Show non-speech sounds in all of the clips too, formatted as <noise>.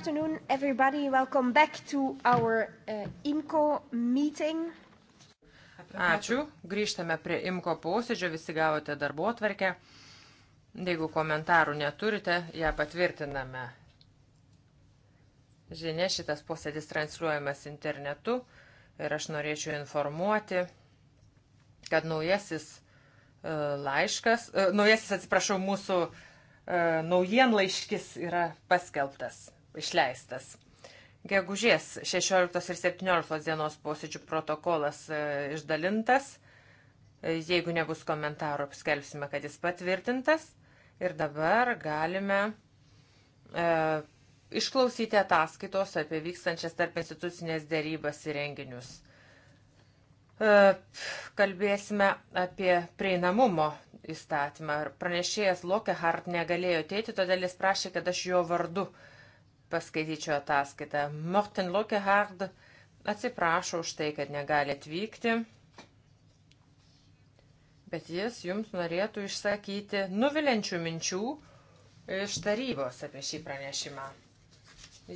afternoon, everybody. Welcome back to our uh, IMCO meeting. Ačiū. Grįžtame prie IMCO posėdžio. Visi gavote darbo atverkę. Jeigu komentarų neturite, ją patvirtiname. Žinia, šitas posėdis transliuojamas internetu ir aš norėčiau informuoti, kad naujasis uh, laiškas, uh, naujasis, atsiprašau, mūsų uh, naujienlaiškis yra paskelbtas išleistas. Gegužės 16 ir 17 dienos posėdžių protokolas e, išdalintas. E, jeigu nebus komentarų, apskelbsime, kad jis patvirtintas. Ir dabar galime e, išklausyti ataskaitos apie vykstančias tarp institucinės dėrybas ir renginius. E, kalbėsime apie prieinamumo įstatymą. Pranešėjas Lokehart negalėjo teiti, todėl jis prašė, kad aš jo vardu e, paskaityčiau ataskaitą. Morten Lokehard atsiprašo už tai, kad negali atvykti, bet jis jums norėtų išsakyti nuvilinčių minčių iš tarybos apie šį pranešimą.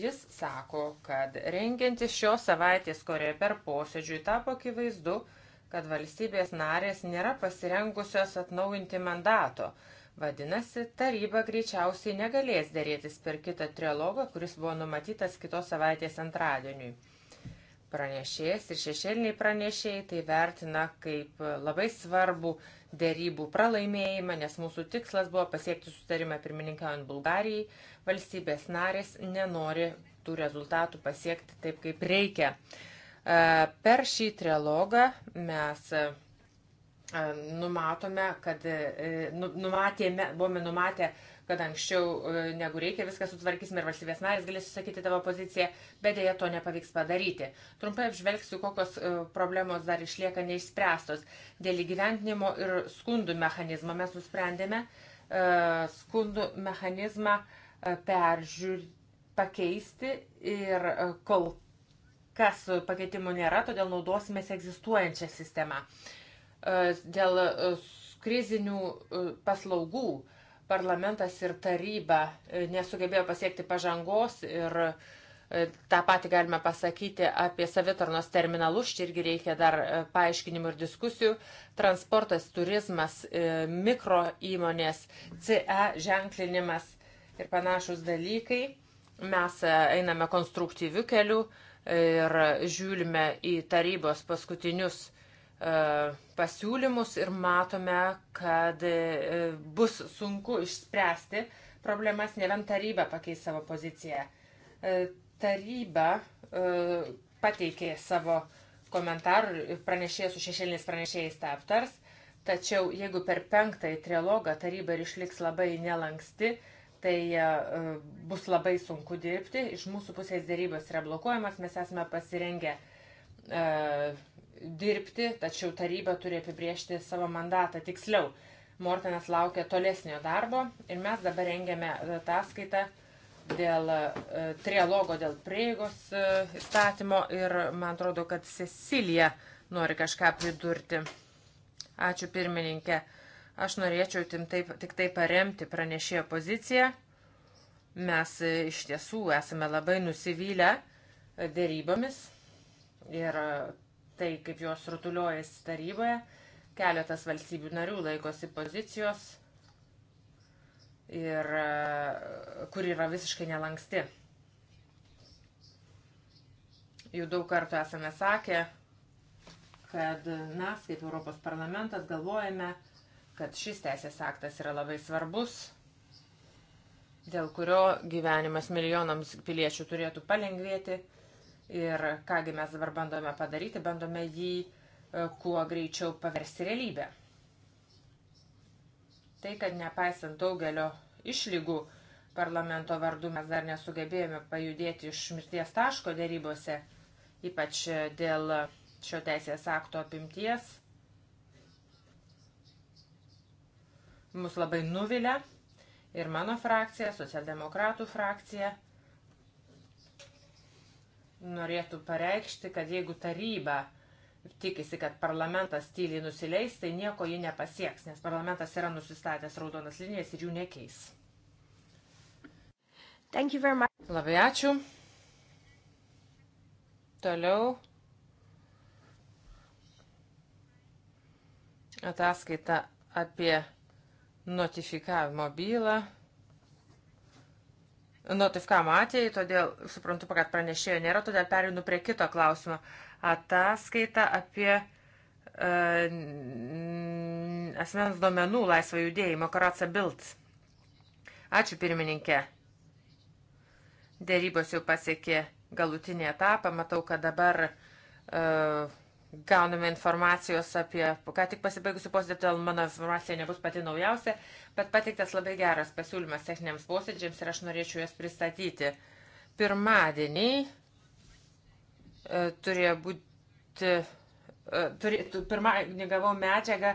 Jis sako, kad rengiantis šios savaitės Koreper posėdžiui tapo akivaizdu, kad valstybės narės nėra pasirengusios atnaujinti mandato, Vadinasi, taryba greičiausiai negalės dėrėtis per kitą trilogą, kuris buvo numatytas kitos savaitės antradieniui. Pranešėjas ir šešėliniai pranešėjai tai vertina kaip labai svarbu dėrybų pralaimėjimą, nes mūsų tikslas buvo pasiekti sutarimą pirmininkaujant Bulgarijai. Valstybės narės nenori tų rezultatų pasiekti taip, kaip reikia. E, per šį trilogą mes numatome, kad e, nu, numatėme, buvome numatę, kad anksčiau e, negu reikia viską sutvarkysime ir valstybės narės galės susakyti tavo poziciją, bet dėja to nepavyks padaryti. Trumpai apžvelgsiu, kokios e, problemos dar išlieka neišspręstos. Dėl įgyvendinimo ir skundų mechanizmo mes nusprendėme skundų mechanizmą peržiūrėti, pakeisti ir kol kas pakeitimų nėra, todėl naudosimės egzistuojančią sistemą. Uh, E, dėl e, krizinių e, paslaugų parlamentas ir taryba nesugebėjo pasiekti pažangos ir tą patį galime pasakyti apie savitarnos terminalus, čia irgi reikia dar paaiškinimų ir diskusijų. Transportas, turizmas, mikro įmonės, CE ženklinimas ir panašus dalykai. Mes einame konstruktyviu keliu ir žiūrime į tarybos paskutinius E, pasiūlymus ir matome, kad e, bus sunku išspręsti problemas, ne vien taryba pakeis savo poziciją. E, taryba pateikė savo komentarų ir pranešėjai su šešėliniais pranešėjais tą aptars, tačiau jeigu per penktąjį trilogą taryba ir išliks labai nelanksti, tai bus labai sunku dirbti. Iš mūsų pusės dėrybos yra blokuojamas, mes esame pasirengę uh, dirbti, tačiau taryba turi apibriežti savo mandatą tiksliau. Mortinas laukia tolesnio darbo ir mes dabar rengiame ataskaitą dėl e, trialogo, dėl prieigos e, įstatymo ir man atrodo, kad Cecilija nori kažką pridurti. Ačiū pirmininkė. Aš norėčiau taip, tik tai paremti pranešėjo poziciją. Mes e, iš tiesų esame labai nusivylę dėrybomis ir tai, kaip jos rutuliojasi taryboje. Keletas valstybių narių laikosi pozicijos, ir, e, kur yra visiškai nelanksti. Jau daug kartų esame sakę, kad mes, kaip Europos parlamentas, galvojame, kad šis teisės aktas yra labai svarbus, dėl kurio gyvenimas milijonams piliečių turėtų palengvėti Ir kągi mes dabar bandome padaryti, bandome jį e, kuo greičiau paversti realybę. Tai, kad nepaisant daugelio išlygų, parlamento vardu mes dar nesugebėjome pajudėti iš mirties taško dėrybose, ypač e, dėl šio teisės akto apimties. Mus labai nuvilia ir mano frakcija, socialdemokratų frakcija, norėtų pareikšti, kad jeigu taryba tikisi, kad parlamentas tyliai nusileis, tai nieko ji nepasieks, nes parlamentas yra nusistatęs raudonas linijas ir jų nekeis. Labai ačiū. Toliau. Ataskaita apie notifikavimo bylą notifikavimo nu, atvejai, todėl suprantu, kad pranešėjo nėra, todėl perinu prie kito klausimo. Ataskaita apie e, asmens duomenų laisvą judėjimą, Karatsa Bilt. Ačiū pirmininkė. Dėrybos jau pasiekė galutinį etapą, matau, kad dabar uh, e, Gauname informacijos apie, ką tik pasibaigusiu posėdį, todėl mano informacija nebus pati naujausia, bet pateiktas labai geras pasiūlymas techniniams posėdžiams ir aš norėčiau jas pristatyti. Pirmadienį e, turėjo būti, e, turė, pirmadienį gavau medžiagą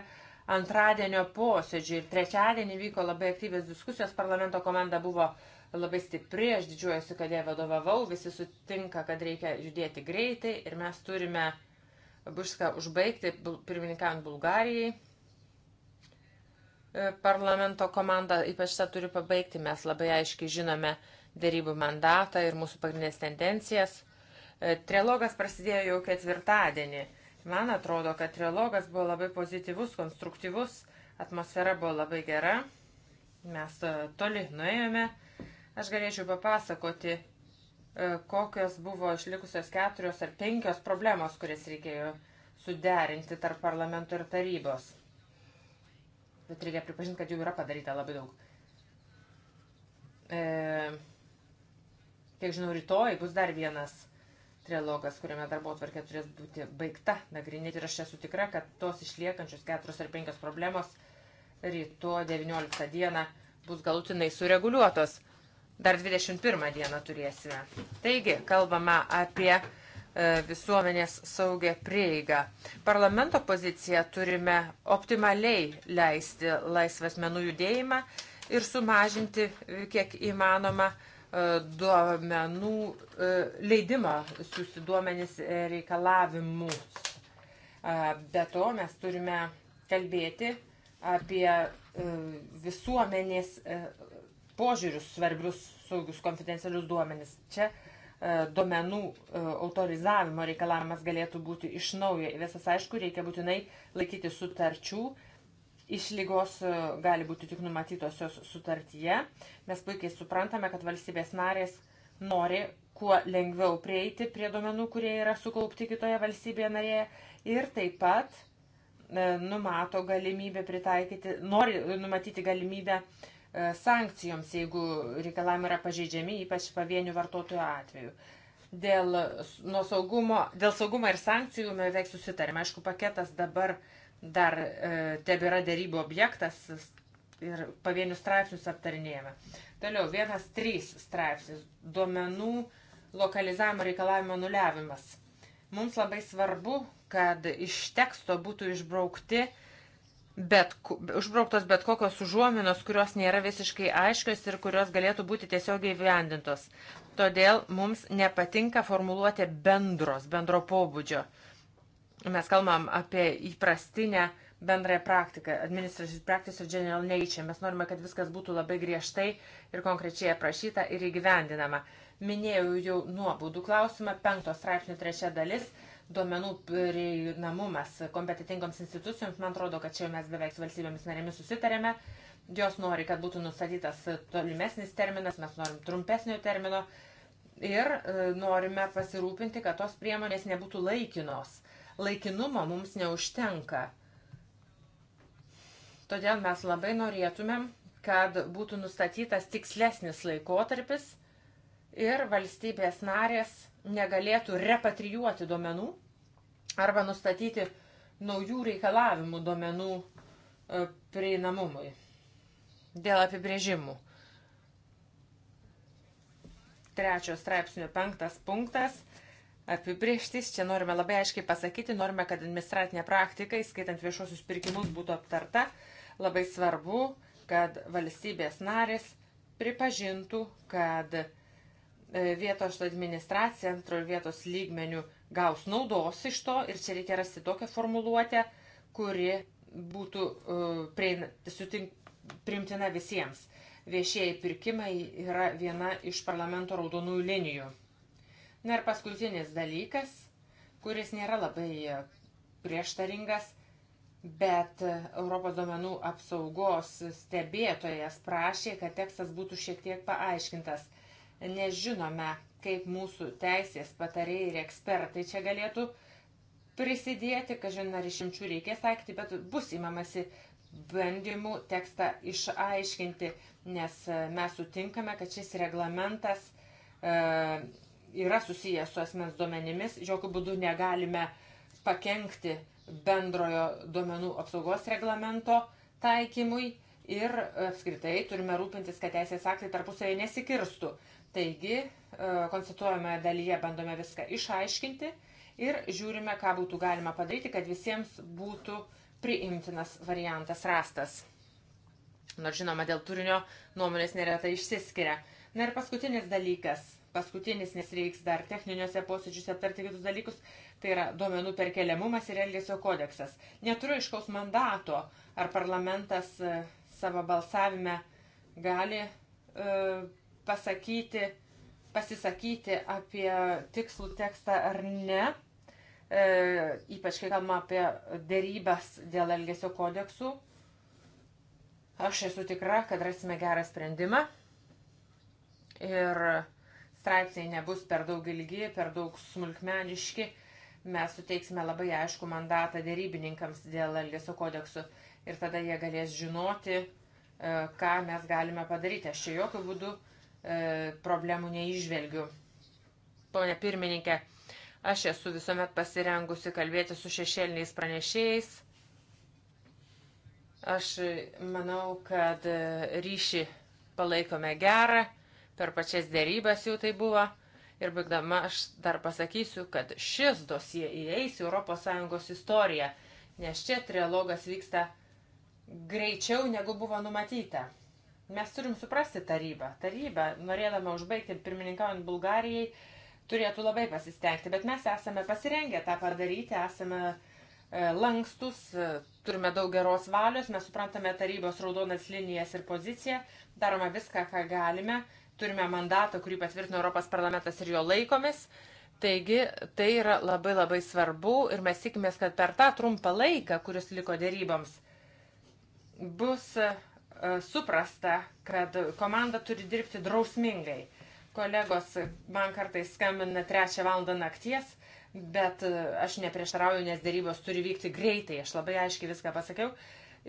antradienio posėdžiui ir trečiadienį vyko labai aktyvės diskusijos, parlamento komanda buvo labai stipri, aš didžiuojuosi, kad ją vadovavau, visi sutinka, kad reikia judėti greitai ir mes turime viską užbaigti, pirmininkant Bulgarijai. E, parlamento komanda ypač tą turi pabaigti, mes labai aiškiai žinome dėrybų mandatą ir mūsų pagrindinės tendencijas. E, trilogas prasidėjo jau ketvirtadienį. Man atrodo, kad trilogas buvo labai pozityvus, konstruktyvus, atmosfera buvo labai gera, mes e, toli nuėjome. Aš galėčiau papasakoti E, kokios buvo išlikusios keturios ar penkios problemos, kurias reikėjo suderinti tarp parlamento ir tarybos. Bet reikia pripažinti, kad jau yra padaryta labai daug. E, kiek žinau, rytoj bus dar vienas trilogas, kuriame darbo atvarkė turės būti baigta nagrinėti. Ir aš esu tikra, kad tos išliekančios keturios ar penkios problemos rytoj 19 dieną bus galutinai sureguliuotos. Dar 21 dieną turėsime. Taigi, kalbama apie e, visuomenės saugę prieigą. Parlamento poziciją turime optimaliai leisti laisvas menų judėjimą ir sumažinti kiek įmanoma e, duomenų e, leidimą siūsti duomenis reikalavimus. Be to mes turime kalbėti apie visuomenės požiūrius svarbius saugius konfidencialius duomenis. Čia e, duomenų e, autorizavimo reikalavimas galėtų būti iš naujo. Visas aišku, reikia būtinai laikyti sutarčių. Išlygos e, gali būti tik numatytos jos sutartyje. Mes puikiai suprantame, kad valstybės narės nori kuo lengviau prieiti prie duomenų, kurie yra sukaupti kitoje valstybėje narėje. Ir taip pat numato galimybę pritaikyti, nori numatyti galimybę uh, E, sankcijoms, jeigu reikalavimai yra pažeidžiami, ypač pavienių vartotojų atveju. Dėl, saugumo, dėl saugumo ir sankcijų mes beveik susitarėme. Aišku, paketas dabar dar e, tebėra dėrybų objektas ir pavienius straipsnius aptarinėjame. Toliau, vienas trys straipsnis - duomenų lokalizavimo reikalavimo nulevimas. Mums labai svarbu, kad iš teksto būtų išbraukti e, bet, užbrauktos bet kokios užuominos, kurios nėra visiškai aiškios ir kurios galėtų būti tiesiogiai įvendintos. Todėl mums nepatinka formuluoti bendros, bendro pobūdžio. Mes kalbam apie įprastinę bendrąją praktiką, administrative practice ir general nature. Mes norime, kad viskas būtų labai griežtai ir konkrečiai aprašyta ir įgyvendinama. Minėjau jau nuobaudų klausimą, penktos straipsnių trečia dalis duomenų prieinamumas kompetitingoms institucijoms, man atrodo, kad čia mes beveik su valstybėmis narėmis susitarėme. Jos nori, kad būtų nustatytas tolimesnis terminas, mes norim trumpesnio termino ir e, norime pasirūpinti, kad tos priemonės nebūtų laikinos. Laikinumo mums neužtenka. Todėl mes labai norėtumėm, kad būtų nustatytas tikslesnis laikotarpis ir valstybės narės negalėtų repatrijuoti duomenų arba nustatyti naujų reikalavimų duomenų e, prieinamumui dėl apibrėžimų. Trečio straipsnio penktas punktas apibrieštis. Čia norime labai aiškiai pasakyti, norime, kad administratinė praktika, įskaitant viešuosius pirkimus, būtų aptarta. Labai svarbu, kad valstybės narės pripažintų, kad E, vietos administracija antro ir vietos lygmenių gaus naudos iš to ir čia reikia rasti tokią formuluotę, kuri būtų e, prieina, sutink, primtina visiems. Viešieji pirkimai yra viena iš parlamento raudonųjų linijų. Na ir paskutinis dalykas, kuris nėra labai e, prieštaringas, bet Europos duomenų apsaugos stebėtojas prašė, kad tekstas būtų šiek tiek paaiškintas – Nežinome, kaip mūsų teisės patarėjai ir ekspertai čia galėtų prisidėti, kažin ar išimčių reikės taikyti, bet bus įmamasi bandymų tekstą išaiškinti, nes e, mes sutinkame, kad šis reglamentas e, yra susijęs su asmens duomenimis, jokių būdų negalime pakengti bendrojo duomenų apsaugos reglamento taikymui ir e, apskritai turime rūpintis, kad teisės aktai tarpusavėje nesikirstų. Taigi, e, konstatuojame dalyje bandome viską išaiškinti ir žiūrime, ką būtų galima padaryti, kad visiems būtų priimtinas variantas rastas. Nors žinoma, dėl turinio nuomonės neretai išsiskiria. Na ir paskutinis dalykas, paskutinis, nes reiks dar techniniuose posėdžiuose aptarti kitus dalykus, tai yra duomenų perkeliamumas ir elgesio kodeksas. Neturiu iškaus mandato, ar parlamentas e, savo balsavime gali e, pasakyti, pasisakyti apie tikslų tekstą ar ne, e, ypač kai kalbama apie dėrybas dėl elgesio kodeksų. Aš esu tikra, kad rasime gerą sprendimą ir straipsniai nebus per daug ilgi, per daug smulkmeniški. Mes suteiksime labai aišku mandatą dėrybininkams dėl elgesio kodeksų ir tada jie galės žinoti, e, ką mes galime padaryti. Aš čia jokių būdų E, problemų neižvelgiu. Pone pirmininkė, aš esu visuomet pasirengusi kalbėti su šešėliniais pranešėjais. Aš manau, kad e, ryšį palaikome gerą, per pačias dėrybas jau tai buvo. Ir baigdama aš dar pasakysiu, kad šis dosie įeis į ES istoriją, nes čia trialogas vyksta greičiau negu buvo numatyta. Mes turim suprasti tarybą. Taryba, norėdama užbaigti pirmininkaujant Bulgarijai, turėtų labai pasistengti, bet mes esame pasirengę tą padaryti, esame e, lankstus, e, turime daug geros valios, mes suprantame tarybos raudonas linijas ir poziciją, darome viską, ką galime, turime mandatą, kurį patvirtino Europos parlamentas ir jo laikomis. Taigi tai yra labai labai svarbu ir mes tikimės, kad per tą trumpą laiką, kuris liko dėryboms, bus E, suprasta, kad komanda turi dirbti drausmingai. Kolegos man kartais skambina trečią valandą nakties, bet e, aš neprieštarauju, nes dėrybos turi vykti greitai. Aš labai aiškiai viską pasakiau.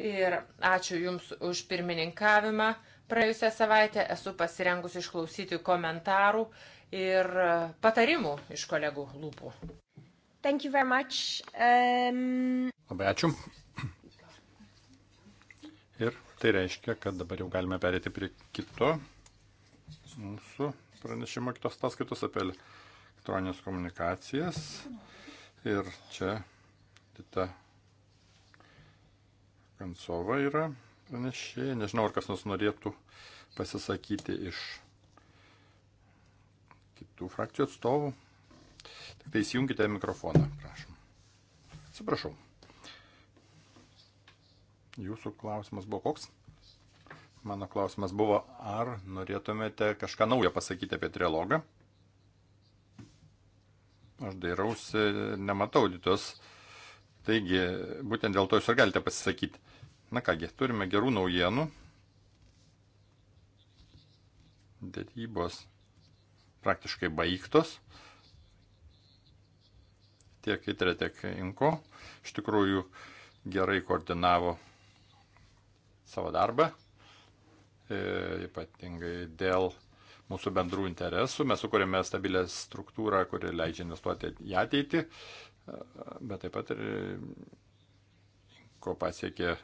Ir ačiū Jums už pirmininkavimą. Praėjusią savaitę esu pasirengusi išklausyti komentarų ir e, patarimų iš kolegų lūpų. Thank you very much. Um... Labai ačiū. Ir Tai reiškia, kad dabar jau galime perėti prie kito mūsų pranešimo, kitos paskaitos apie elektroninės komunikacijas. Ir čia Tita Kancova yra pranešėja. Nežinau, ar kas nors norėtų pasisakyti iš kitų frakcijų atstovų. Tik tai įsijunkite mikrofoną, prašom. Atsiprašau. Jūsų klausimas buvo koks? Mano klausimas buvo, ar norėtumėte kažką naujo pasakyti apie trilogą? Aš dairausi, nematau auditos. Taigi, būtent dėl to jūs ir galite pasisakyti. Na kągi, turime gerų naujienų. Dėrybos praktiškai baigtos. Tiek įtrė, tiek inko. Iš tikrųjų, gerai koordinavo savo darbą, e, ypatingai dėl mūsų bendrų interesų. Mes sukūrėme stabilę struktūrą, kuri leidžia investuoti į ateitį, e, bet taip pat ir ko pasiekė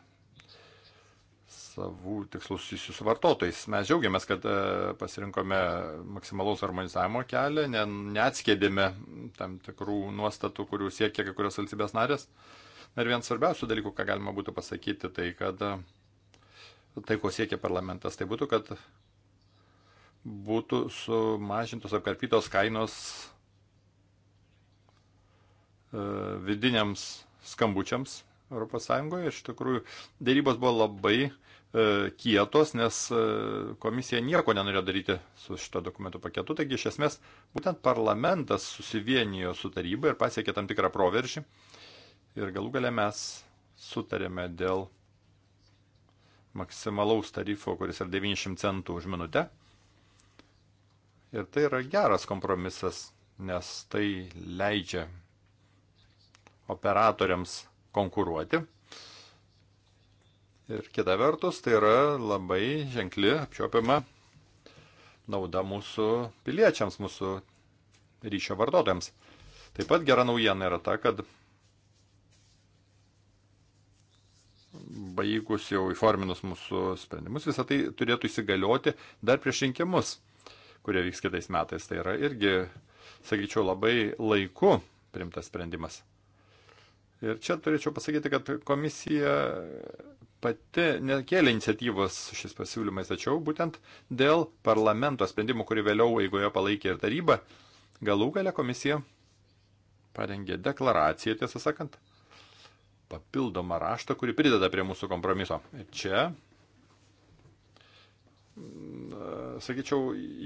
savų tikslų susijusių su vartotojais. Mes džiaugiamės, kad e, pasirinkome maksimalaus harmonizavimo kelią, ne, neatskėdėme tam tikrų nuostatų, kurių siekia kai kurios valstybės narės. Ir vienas svarbiausių dalykų, ką galima būtų pasakyti, tai kad tai, ko siekia parlamentas, tai būtų, kad būtų sumažintos apkarpytos kainos e, vidiniams skambučiams ES. Iš tikrųjų, dėrybos buvo labai e, kietos, nes e, komisija nieko nenorėjo daryti su šito dokumentų paketu. Taigi, iš esmės, būtent parlamentas susivienijo su taryba ir pasiekė tam tikrą proveržį. Ir galų galę mes sutarėme dėl maksimalaus tarifo, kuris yra 90 centų už minutę. Ir tai yra geras kompromisas, nes tai leidžia operatoriams konkuruoti. Ir kita vertus, tai yra labai ženkli apčiopiama nauda mūsų piliečiams, mūsų ryšio vartotojams. Taip pat gera naujiena yra ta, kad baigus jau įforminus mūsų sprendimus, visą tai turėtų įsigalioti dar prieš rinkimus, kurie vyks kitais metais. Tai yra irgi, sakyčiau, labai laiku primtas sprendimas. Ir čia turėčiau pasakyti, kad komisija pati nekėlė iniciatyvos šis pasiūlymais, tačiau būtent dėl parlamento sprendimų, kurį vėliau eigoje palaikė ir taryba, galų gale komisija parengė deklaraciją, tiesą sakant, papildomą raštą, kurį prideda prie mūsų kompromiso. Čia, sakyčiau,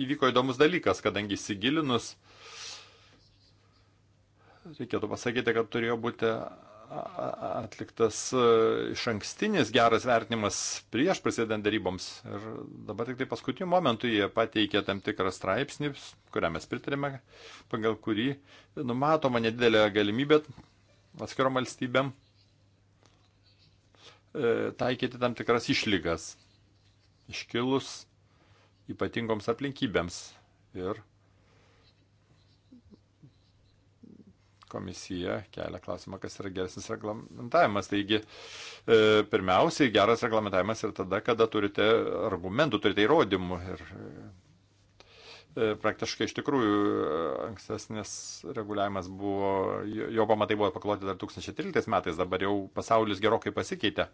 įvyko įdomus dalykas, kadangi įsigilinus, reikėtų pasakyti, kad turėjo būti atliktas e, iš ankstinis geras vertinimas prieš prasidedant daryboms. Ir dabar tik tai paskutiniu momentu jie pateikė tam tikrą straipsnį, kuriam mes pritarėme, pagal kurį numatoma nedidelė galimybė atskirom valstybėm E, taikyti tam tikras išlygas, iškilus ypatingoms aplinkybėms. Ir komisija kelia klausimą, kas yra geresnis reglamentavimas. Taigi, e, pirmiausiai, geras reglamentavimas yra tada, kada turite argumentų, turite įrodymų. Ir E, praktiškai iš tikrųjų e, ankstesnis reguliavimas buvo, jo pamatai buvo pakloti dar 2013 metais, dabar jau pasaulis gerokai pasikeitė.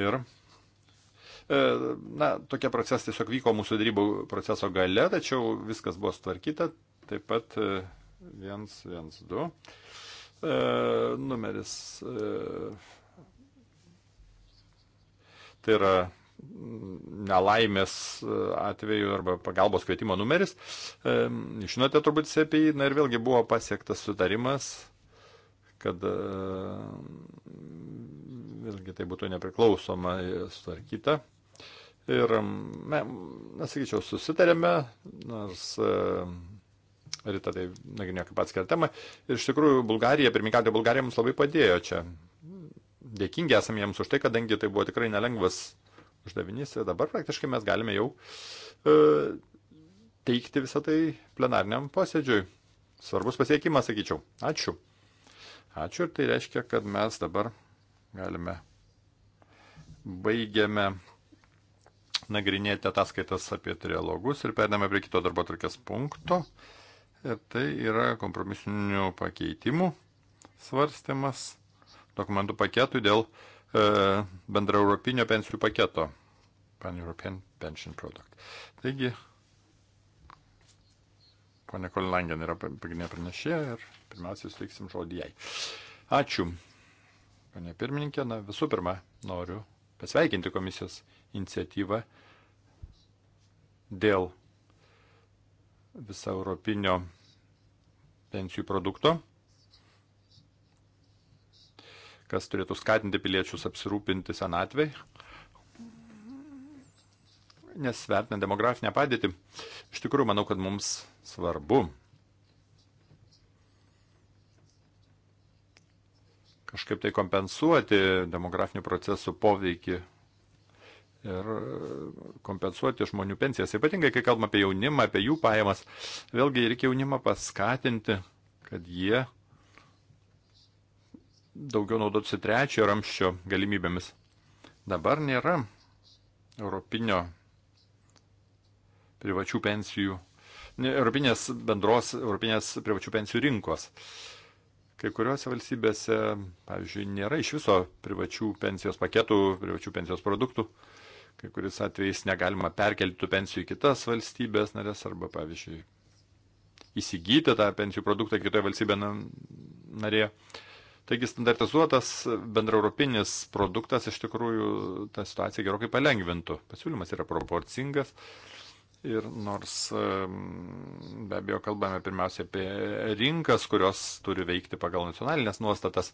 Ir e, Na, tokie procesai tiesiog vyko mūsų darybų proceso gale, tačiau viskas buvo sutvarkyta. Taip pat 112 numeris. Tai yra nelaimės e, atveju arba pagalbos kvietimo numeris. E, žinote turbūt apie jį, na ir vėlgi buvo pasiektas sutarimas, kad e, vėlgi tai būtų nepriklausoma sutvarkyta. Ir mes, sakyčiau, susitarėme, nors ryta tai nagrinėjo kaip atskirą temą. Ir iš tikrųjų Bulgarija, pirmininkatė Bulgarija mums labai padėjo čia. Dėkingi esame jiems už tai, kadangi tai buvo tikrai nelengvas uždavinys ir dabar praktiškai mes galime jau e, teikti visą tai plenariniam posėdžiui. Svarbus pasiekimas, sakyčiau. Ačiū. Ačiū ir tai reiškia, kad mes dabar galime baigiame nagrinėti ataskaitas apie trialogus ir periname prie kito darbo trukės punkto. Ir tai yra kompromisinių pakeitimų svarstymas dokumentų paketų dėl e, bendraeuropinio pensijų paketo. Pan-European Pension Product. Taigi, ponė Kolinangen yra pagrindinė pranešėja ir pirmiausia, suteiksim žodį jai. Ačiū, ponė pirmininkė. Na, visų pirma, noriu pasveikinti komisijos iniciatyvą dėl visą europinio pensijų produkto, kas turėtų skatinti piliečius apsirūpinti senatvėj nes vertinant demografinę padėtį, iš tikrųjų manau, kad mums svarbu kažkaip tai kompensuoti demografinių procesų poveikį ir kompensuoti žmonių pensijas. Ypatingai, kai kalbame apie jaunimą, apie jų pajamas, vėlgi reikia jaunimą paskatinti, kad jie daugiau naudotųsi trečiojo ramščio galimybėmis. Dabar nėra europinio privačių pensijų, europinės bendros, europinės privačių pensijų rinkos. Kai kuriuose valstybėse, pavyzdžiui, nėra iš viso privačių pensijos paketų, privačių pensijos produktų. Kai kuris atvejais negalima perkelti tų pensijų į kitas valstybės narės arba, pavyzdžiui, įsigyti tą pensijų produktą kitoje valstybėje narėje. Taigi standartizuotas bendraeuropinis produktas iš tikrųjų tą situaciją gerokai palengvintų. Pasiūlymas yra proporcingas, Ir nors be abejo kalbame pirmiausia apie rinkas, kurios turi veikti pagal nacionalinės nuostatas,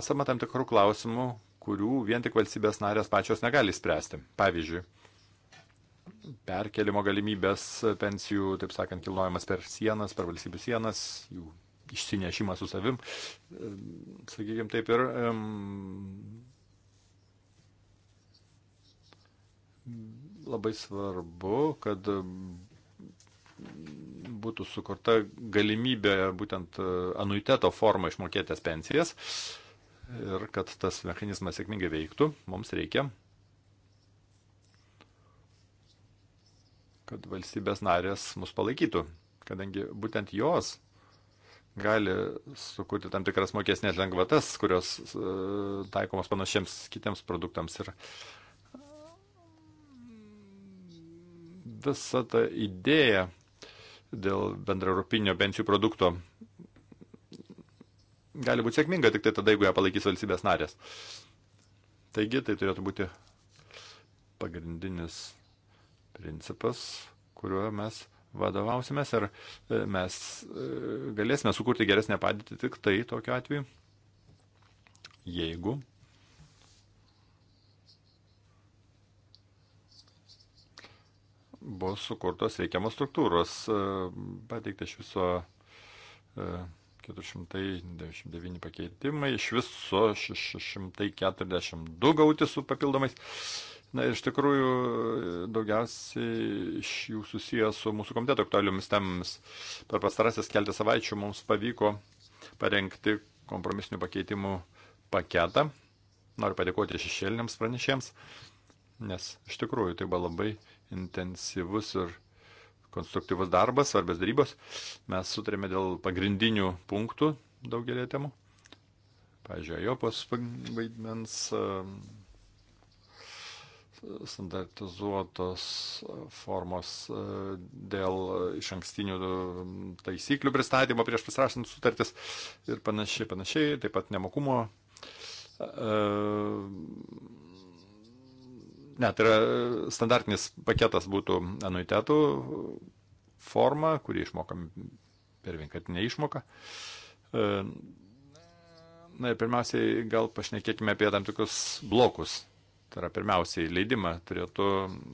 esama tam tikrų klausimų, kurių vien tik valstybės narės pačios negali spręsti. Pavyzdžiui, perkelimo galimybės pensijų, taip sakant, kilnojimas per sienas, per valstybių sienas, jų išsinešimas su savim, sakykime taip ir. Um, labai svarbu, kad mm, būtų sukurta galimybė būtent e, anuiteto formą išmokėtės pensijas ir kad tas mechanizmas sėkmingai veiktų, mums reikia, kad valstybės narės mus palaikytų, kadangi būtent jos gali sukurti tam tikras mokesnės lengvatas, kurios e, taikomos panašiems kitiems produktams. Ir uh, visa ta idėja dėl bendraeuropinio pensijų produkto gali būti sėkminga tik tai tada, jeigu ją palaikys valstybės narės. Taigi tai turėtų būti pagrindinis principas, kuriuo mes vadovausimės ir e, mes e, galėsime sukurti geresnę padėtį tik tai tokiu atveju, jeigu bus sukurtos reikiamos struktūros. E, pateikta iš viso 499 e, pakeitimai, iš viso 642 gauti su papildomais. Na ir iš tikrųjų e, daugiausiai iš jų susijęs su mūsų komiteto aktualiomis temomis. Per pastarąsias keltą savaičių mums pavyko parengti kompromisinių pakeitimų paketą. Noriu padėkoti šešėliniams pranešėjams, nes iš tikrųjų tai buvo labai intensyvus ir konstruktyvus darbas, svarbės darybos. Mes sutarėme dėl pagrindinių punktų daugelį temų. Pavyzdžiui, Jopos vaidmens ehm, standartizuotos formos ehm, dėl iš ankstinių ehm, taisyklių pristatymo prieš pasirašant sutartis ir panašiai, panašiai, taip pat nemokumo Ne, tai yra e, standartinis paketas būtų anuitetų forma, kurį išmokam per vienkartinę išmoką. E, na ir pirmiausiai gal pašnekėkime apie tam tikrus blokus. Tai yra pirmiausiai leidimą turėtų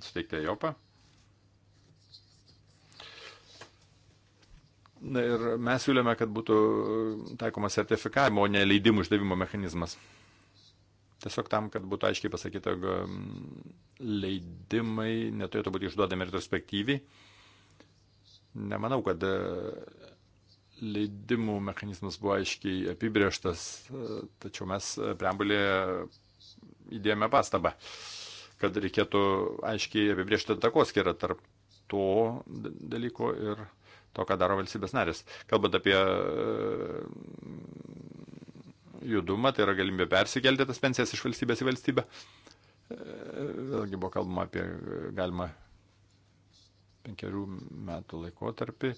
suteikti Jopą. Na ir mes siūlėme, kad būtų taikomas sertifikavimo, o ne leidimų išdavimo mechanizmas. Tiesiog tam, kad būtų aiškiai pasakyta, mm, leidimai neturėtų būti išduodami retrospektyviai. Nemanau, kad e, leidimų mechanizmas buvo aiškiai apibrieštas, e, tačiau mes e, preambulėje įdėjome pastabą, kad reikėtų aiškiai apibriežti takoskirą tarp to dalyko ir to, ką daro valstybės narės. Kalbant apie judumą, tai yra galimybė persikelti tas pensijas iš valstybės į valstybę. E, vėlgi buvo kalbama apie e, galimą penkerių metų laikotarpį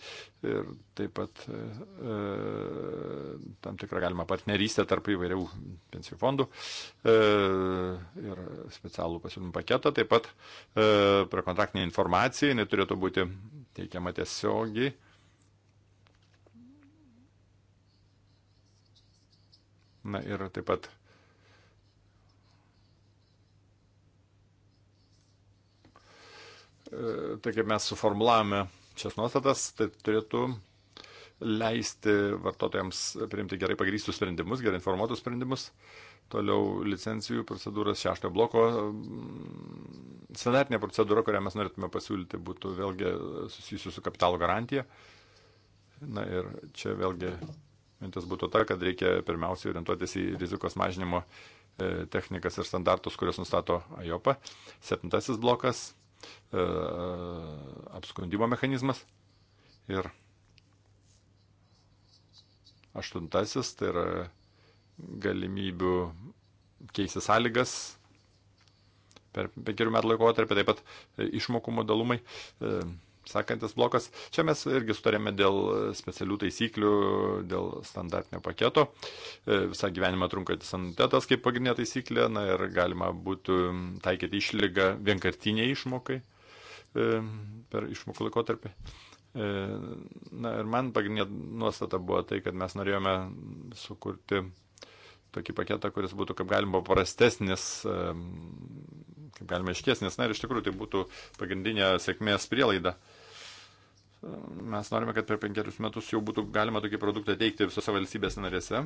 ir taip pat e, e, tam tikrą galimą partnerystę tarp įvairių pensijų fondų e, ir specialų pasiūlymų paketą. Taip pat e, prekontraktinė informacija, jinai turėtų būti teikiama tiesiogiai Na ir taip pat e, tai kaip mes suformulavome šias nuostatas, tai turėtų leisti vartotojams priimti gerai pagrystus sprendimus, gerai informuotus sprendimus. Toliau licencijų procedūras šeštojo bloko. Mm, standartinė procedūra, kurią mes norėtume pasiūlyti, būtų vėlgi susijusi su kapitalo garantija. Na ir čia vėlgi mintis būtų ta, kad reikia pirmiausiai orientuotis į rizikos mažinimo e, technikas ir standartus, kurias nustato AJOPA. Septintasis blokas e, - apskundimo mechanizmas. Ir aštuntasis - tai yra galimybių keisti sąlygas per penkerių metų laikotarpį, taip pat e, išmokų modalumai. E, sekantis blokas. Čia mes irgi sutarėme dėl specialių taisyklių, dėl standartinio paketo. E, visą gyvenimą trunkantis anuitetas kaip pagrindinė taisyklė, na ir galima būtų taikyti išlygą vienkartiniai išmokai e, per išmokų laikotarpį. E, na ir man pagrindinė nuostata buvo tai, kad mes norėjome sukurti tokį paketą, kuris būtų kaip galima paprastesnis, kaip galima iškesnis. Na ir iš tikrųjų tai būtų pagrindinė sėkmės prielaida. Mes norime, kad per penkerius metus jau būtų galima tokį produktą teikti visose valstybės narėse.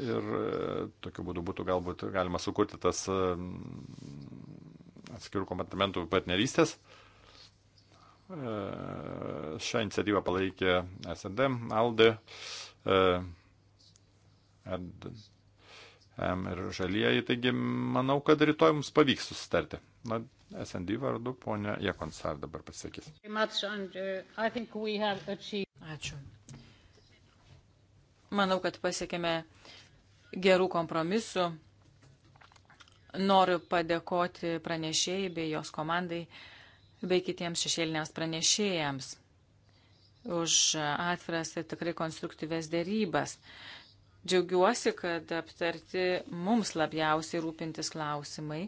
Ir e, tokiu būdu būtų galbūt galima sukurti tas e, atskirų kompartimentų partnerystės. E, šią iniciatyvą palaikė SND, ALDE, M ir žalieji, taigi manau, kad rytoj mums pavyks susitarti. Na, SND vardu ponia Jekonsar dabar pasakys. Uh, Ačiū. Manau, kad pasiekėme gerų kompromisų. Noriu padėkoti pranešėjai bei jos komandai bei kitiems šešėliniams pranešėjams už atviras ir tikrai konstruktyves dėrybas. Džiaugiuosi, kad aptarti mums labiausiai rūpintis klausimai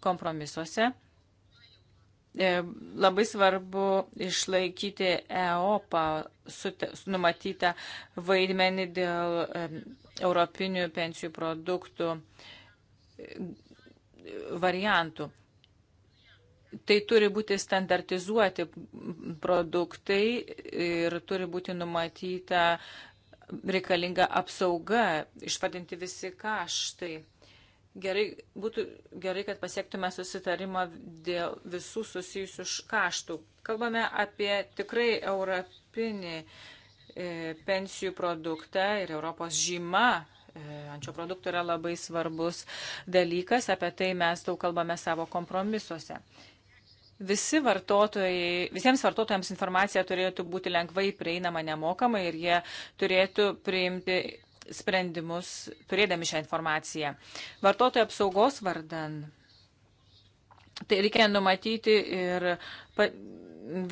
kompromisuose E, labai svarbu išlaikyti EOPA numatytą vaidmenį dėl europinių pensijų produktų e, variantų. Tai turi būti standartizuoti produktai ir turi būti numatyta reikalinga apsauga, išvadinti visi kaštai. Gerai, būtų gerai, kad pasiektume susitarimą dėl visų susijusių kaštų. Kalbame apie tikrai europinį e, pensijų produktą ir Europos žyma. E, ant šio produkto yra labai svarbus dalykas, apie tai mes daug kalbame savo kompromisuose. Visi vartotojai, visiems vartotojams informacija turėtų būti lengvai prieinama nemokamai ir jie turėtų priimti sprendimus, turėdami šią informaciją. Vartotojų apsaugos vardan. Tai reikia numatyti ir pa,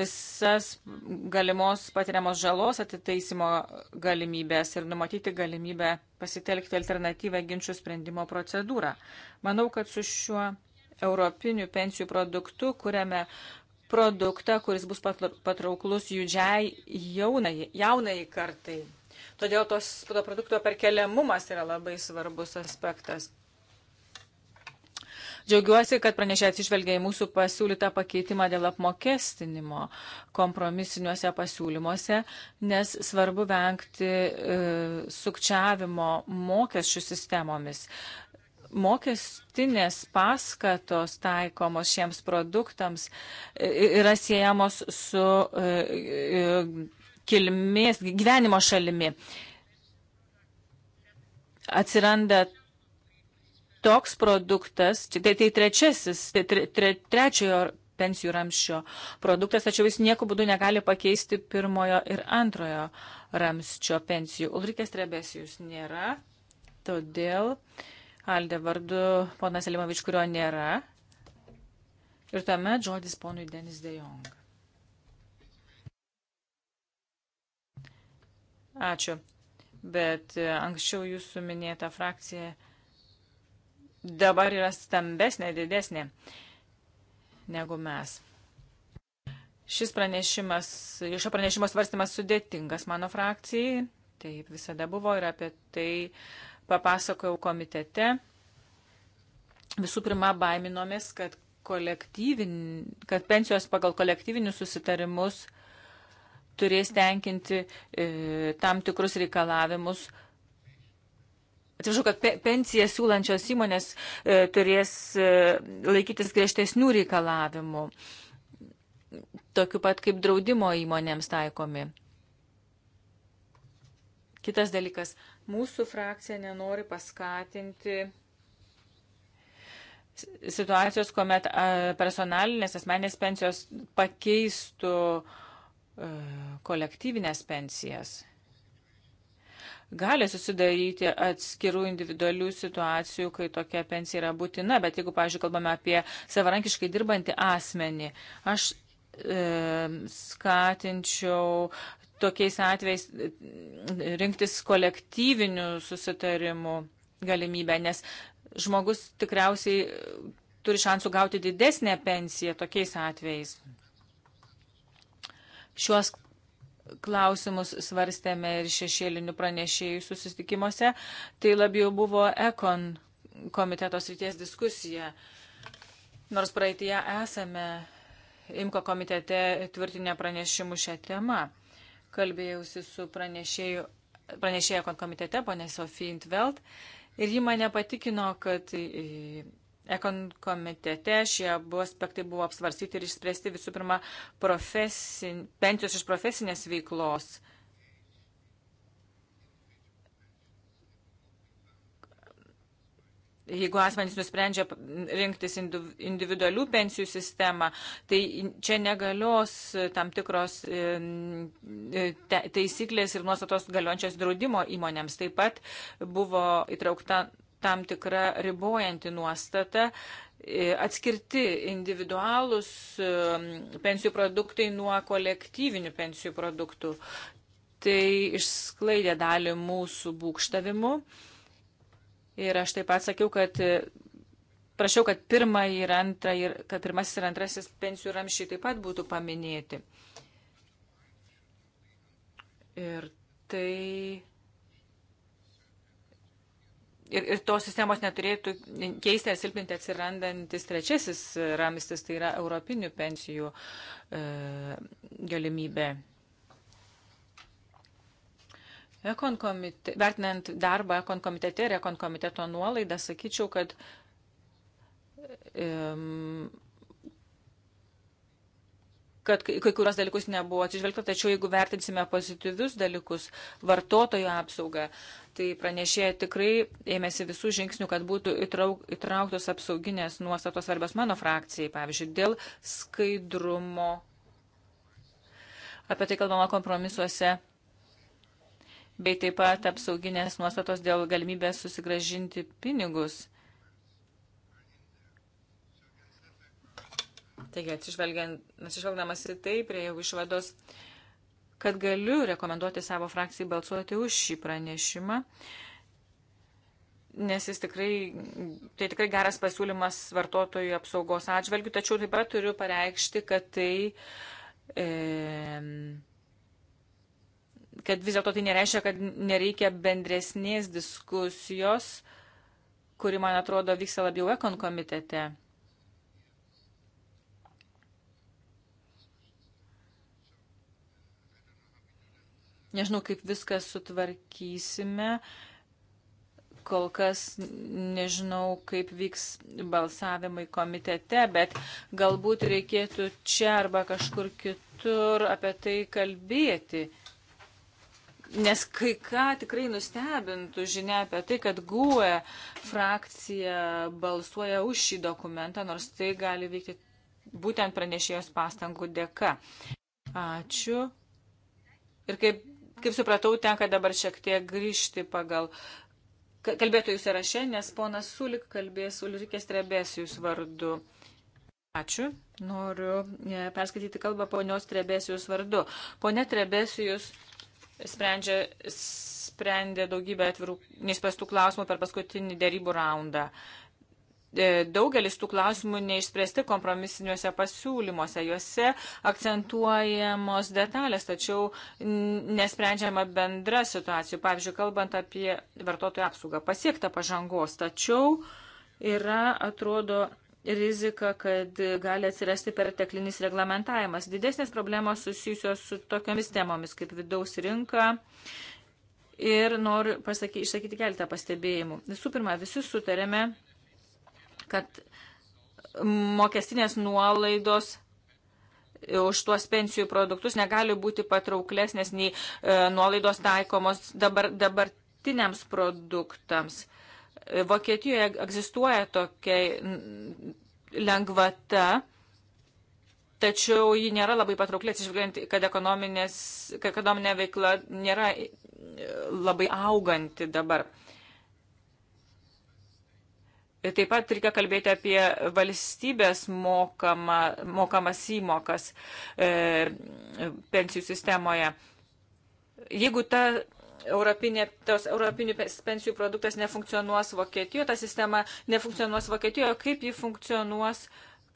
visas galimos patiriamos žalos atitaisimo galimybės ir numatyti galimybę pasitelkti alternatyvę ginčių sprendimo procedūrą. Manau, kad su šiuo europiniu pensijų produktu kuriame produktą, kuris bus patrauklus judžiai jaunai, jaunai kartai. Todėl tos, to produkto perkeliamumas yra labai svarbus aspektas. Džiaugiuosi, kad pranešė atsižvelgia į mūsų pasiūlytą pakeitimą dėl apmokestinimo kompromisiniuose pasiūlymuose, nes svarbu vengti e, sukčiavimo mokesčių sistemomis. Mokestinės paskatos taikomos šiems produktams e, yra siejamos su e, e, kilmės, gyvenimo šalimi. Atsiranda toks produktas, tai, tai trečiasis, tai tre, tre, trečiojo pensijų ramščio produktas, tačiau jis nieku būdu negali pakeisti pirmojo ir antrojo ramščio pensijų. Ulrikės Trebesijus nėra, todėl Alde vardu ponas Elimovič, kurio nėra. Ir tuomet žodis ponui Denis Dejong. Ačiū. Bet e, anksčiau jūsų minėta frakcija dabar yra stambesnė, didesnė negu mes. Šis pranešimas, šio pranešimo svarstymas sudėtingas mano frakcijai, taip visada buvo ir apie tai papasakojau komitete. Visų pirma, baiminomės, kad, kad pensijos pagal kolektyvinius susitarimus uh, turės tenkinti e, tam tikrus reikalavimus. Atsiprašau, kad pe pensiją siūlančios įmonės e, turės e, laikytis griežtesnių reikalavimų, tokiu pat kaip draudimo įmonėms taikomi. Kitas dalykas, mūsų frakcija nenori paskatinti situacijos, kuomet personalinės asmenės pensijos pakeistų uh, E, kolektyvinės pensijas. Gali susidaryti atskirų individualių situacijų, kai tokia pensija yra būtina, bet jeigu, pavyzdžiui, kalbame apie savarankiškai dirbantį asmenį, aš e, skatinčiau tokiais atvejais e, rinktis kolektyvinių susitarimų galimybę, nes žmogus tikriausiai turi šansų gauti didesnę pensiją tokiais atvejais. Šiuos klausimus svarstėme ir šešėlinių pranešėjų susitikimuose. Tai labiau buvo ekon komitetos ryties diskusija. Nors praeitie esame Imko komitete tvirtinę pranešimų šią temą. Kalbėjausi su pranešėju, pranešėjo komitete, ponė Sofija Intveld, ir ji mane patikino, kad Ekon komitete šie abu aspektai buvo apsvarstyti ir išspręsti visų pirma profesin, pensijos iš profesinės veiklos. Jeigu asmenys nusprendžia rinktis individualių pensijų sistemą, tai čia negalios tam tikros e, e, taisyklės ir nuostatos galiojančios draudimo įmonėms. Taip pat buvo įtraukta tam tikra ribojanti nuostata, e, atskirti individualūs e, pensijų produktai nuo kolektyvinių pensijų produktų. Tai išsklaidė dalį mūsų būkštavimų. Ir aš taip pat sakiau, kad e, prašiau, kad, pirmą ir antrą, ir, kad pirmasis ir antrasis pensijų ramšiai taip pat būtų paminėti. Ir tai ir, ir tos sistemos neturėtų keisti ar silpninti atsirandantis trečiasis ramistis, tai yra europinių pensijų e, galimybė. Ekon komite, vertinant darbą Ekon komitete ir Ekon komiteto nuolaidą, sakyčiau, kad um, kad kai, kai kurios dalykus nebuvo atsižvelgta, tačiau jeigu vertinsime pozityvius dalykus, vartotojų apsaugą, tai pranešėja tikrai ėmėsi visų žingsnių, kad būtų įtrauk, įtrauktos apsauginės nuostatos svarbios mano frakcijai, pavyzdžiui, dėl skaidrumo. Apie tai kalbama kompromisuose bei taip pat apsauginės nuostatos dėl galimybės susigražinti pinigus. Taigi, atsižvelgdamas į tai, prie jau išvados, kad galiu rekomenduoti savo frakcijai balsuoti už šį pranešimą, nes jis tikrai, tai tikrai geras pasiūlymas vartotojų apsaugos atžvelgių, tačiau taip pat turiu pareikšti, kad tai. E, kad vis dėlto tai nereiškia, kad nereikia bendresnės diskusijos, kuri, man atrodo, vyksta labiau ekon komitete. Nežinau, kaip viską sutvarkysime. Kol kas nežinau, kaip vyks balsavimai komitete, bet galbūt reikėtų čia arba kažkur kitur apie tai kalbėti. Nes kai ką tikrai nustebintų žinia apie tai, kad GUE frakcija balsuoja už šį dokumentą, nors tai gali vykti būtent pranešėjos pastangų dėka. Ačiū. Ir kaip Kaip supratau, tenka dabar šiek tiek grįžti pagal kalbėtojų sąraše, nes ponas Sulik kalbės Ulrikės Trebesijus vardu. Ačiū. Noriu e, perskaityti kalbą ponios Trebesijus vardu. Pone Trebesijus sprendžia, sprendė daugybę atvirų, neįspręstų klausimų per paskutinį dėrybų raundą. Uh, E, daugelis tų klausimų neišspręsti kompromisiniuose pasiūlymuose. Juose akcentuojamos detalės, tačiau nesprendžiama bendra situacija. Pavyzdžiui, kalbant apie vartotojų apsaugą, pasiekta pažangos, tačiau yra, atrodo, rizika, kad gali atsirasti perteklinis reglamentavimas. Didesnės problemos susijusios su tokiamis temomis kaip vidaus rinka, ir noriu pasaky, išsakyti keletą pastebėjimų. Visų pirma, visi sutarėme, kad mokestinės nuolaidos už tuos pensijų produktus negali būti patrauklesnės nei e, nuolaidos taikomos dabar, dabartiniams produktams. E, Vokietijoje egzistuoja tokia lengvata, tačiau ji nėra labai patraukli, atsižvelgiant, kad, kad ekonominė veikla nėra e, labai auganti dabar. Taip pat reikia kalbėti apie valstybės mokama, mokamas įmokas e, pensijų sistemoje. Jeigu ta europinė, tos europinių pensijų produktas nefunkcionuos Vokietijoje, ta sistema nefunkcionuos Vokietijoje, kaip ji funkcionuos,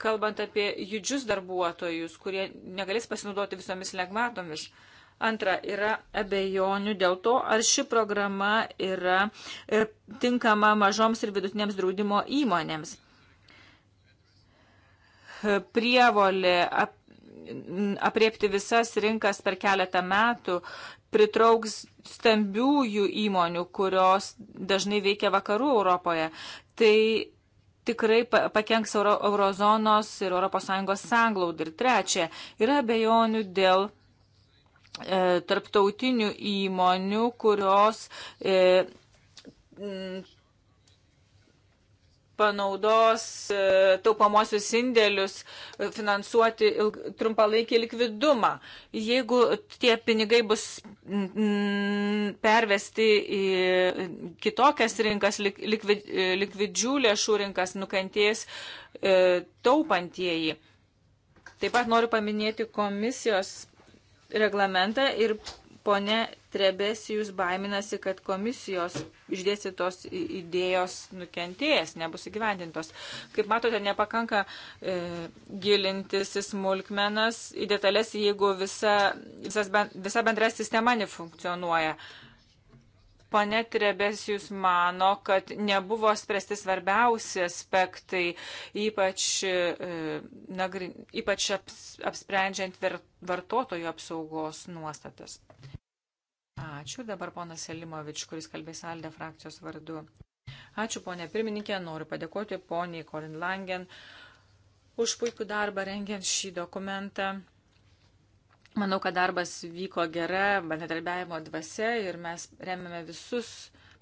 kalbant apie judžius darbuotojus, kurie negalės pasinaudoti visomis legmatomis. E, Antra, yra abejonių dėl to, ar ši programa yra e, tinkama mažoms ir vidutinėms draudimo įmonėms. Prievolė ap, apriepti visas rinkas per keletą metų pritrauks stambiųjų įmonių, kurios dažnai veikia vakarų Europoje. Tai tikrai pakenks euro, eurozonos ir ES sanglaud. Ir trečia, yra bejonių dėl E, tarptautinių įmonių, kurios e, panaudos e, taupamosius indėlius e, finansuoti ilg, trumpalaikį likvidumą. Jeigu tie pinigai bus mm, pervesti į kitokias rinkas, lik, likvid, e, likvidžių lėšų rinkas, nukentės e, taupantieji. Taip pat noriu paminėti komisijos reglamentą ir ponė Trebesijus baiminasi, kad komisijos išdėstytos idėjos nukentėjęs, nebus įgyvendintos. Kaip matote, nepakanka e, gilintis į smulkmenas, į detalės, jeigu visa, visas, visa bendra sistema nefunkcionuoja. E, Pane Trebesijus mano, kad nebuvo spręsti svarbiausi aspektai, ypač, e, nagri, ypač aps, apsprendžiant vartotojų apsaugos nuostatas. Ačiū. Dabar ponas Selimovič, kuris kalbės Alde frakcijos vardu. Ačiū, ponė pirmininkė. Noriu padėkoti poniai Colin Langen už puikų darbą rengiant šį dokumentą. Manau, kad darbas vyko gera bendradarbiavimo dvasia ir mes remiame visus,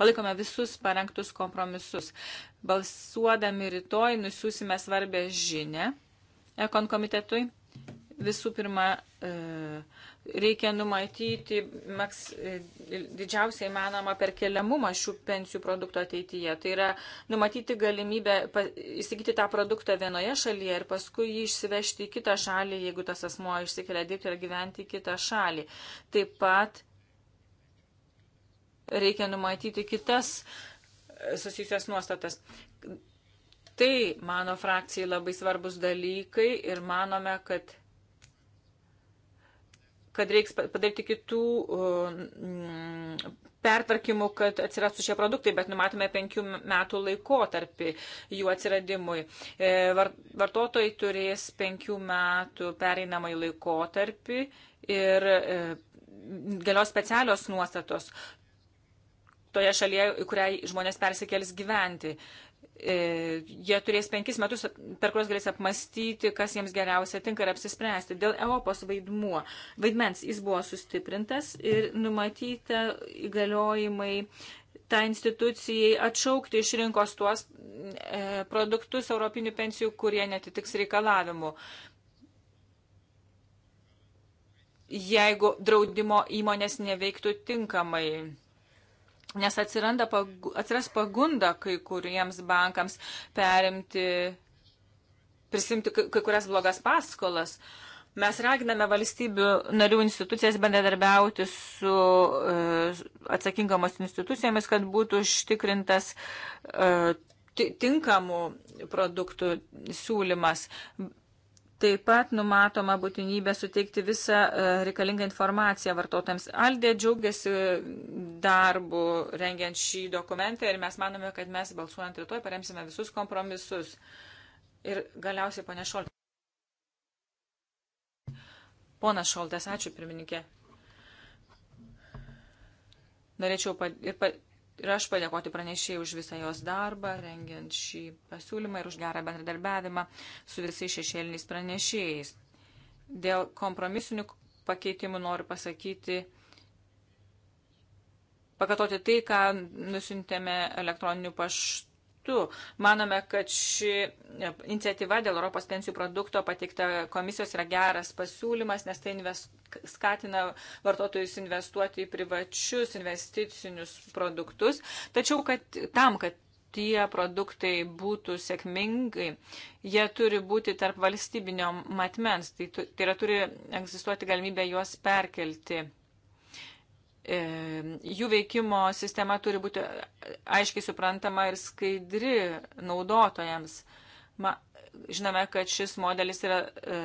palaikome visus parengtus kompromisus. Balsuodami rytoj nusiusime svarbę žinę ekon komitetui. Visų pirma, e, reikia numatyti maks, e, didžiausiai įmanomą perkeliamumą šių pensijų produktų ateityje. Tai yra numatyti galimybę įsigyti tą produktą vienoje šalyje ir paskui jį išsivežti į kitą šalį, jeigu tas asmuo išsikelia dirbti ar gyventi į kitą šalį. Taip pat reikia numatyti kitas e, susijusias nuostatas. Tai mano frakcijai labai svarbus dalykai ir manome, kad kad reiks padaryti kitų mm, pertvarkymų, kad atsirastų šie produktai, bet numatome penkių metų laikotarpį jų atsiradimui. E, vartotojai turės penkių metų pereinamąjį laikotarpį ir e, galios specialios nuostatos toje šalyje, į kurią žmonės persikėlis gyventi. E, jie turės penkis metus, per kuriuos galės apmastyti, kas jiems geriausia tinka ir apsispręsti. Dėl Europos vaidmuo, vaidmens jis buvo sustiprintas ir numatyta įgaliojimai tą tai institucijai atšaukti iš rinkos tuos e, produktus europinių pensijų, kurie netitiks reikalavimų. Jeigu draudimo įmonės neveiktų tinkamai nes atsiranda, atsiras pagunda kai kuriems bankams perimti, prisimti kai kurias blogas paskolas. Mes raginame valstybių narių institucijas bendradarbiauti su e, atsakingamos institucijomis, kad būtų užtikrintas e, tinkamų produktų siūlymas. Taip pat numatoma būtinybė suteikti visą e, reikalingą informaciją vartotojams. Aldė džiaugiasi e, darbu rengiant šį dokumentą ir mes manome, kad mes balsuojant rytoj paremsime visus kompromisus. Ir galiausiai, ponė Šoltė. Ponas Šoltas, ačiū pirmininkė. Norėčiau pa, ir pa, ir aš padėkoti pranešėjai už visą jos darbą, rengiant šį pasiūlymą ir už gerą bendradarbiavimą su visais šešėliniais pranešėjais. Dėl kompromisinių pakeitimų noriu pasakyti, pakatoti tai, ką nusintėme elektroniniu paštu metu. Manome, kad ši iniciatyva dėl Europos pensijų produkto pateikta komisijos yra geras pasiūlymas, nes tai invest, skatina vartotojus investuoti į privačius investicinius produktus. Tačiau, kad tam, kad tie produktai būtų sėkmingai, jie turi būti tarp valstybinio matmens, tai, tai yra turi egzistuoti galimybė juos perkelti E, jų veikimo sistema turi būti aiškiai suprantama ir skaidri naudotojams. Ma, žinome, kad šis modelis yra e,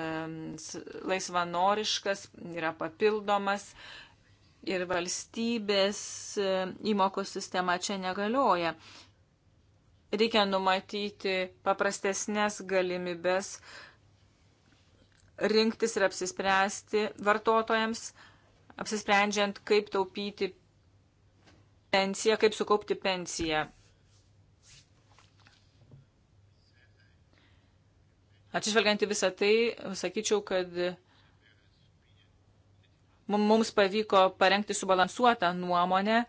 laisvanoriškas, yra papildomas ir valstybės e, įmokos sistema čia negalioja. Reikia numatyti paprastesnės galimybės rinktis ir apsispręsti vartotojams, e, apsisprendžiant, kaip taupyti pensiją, kaip sukaupti pensiją. Atsižvelgiant į visą tai, sakyčiau, kad mums pavyko parengti subalansuotą nuomonę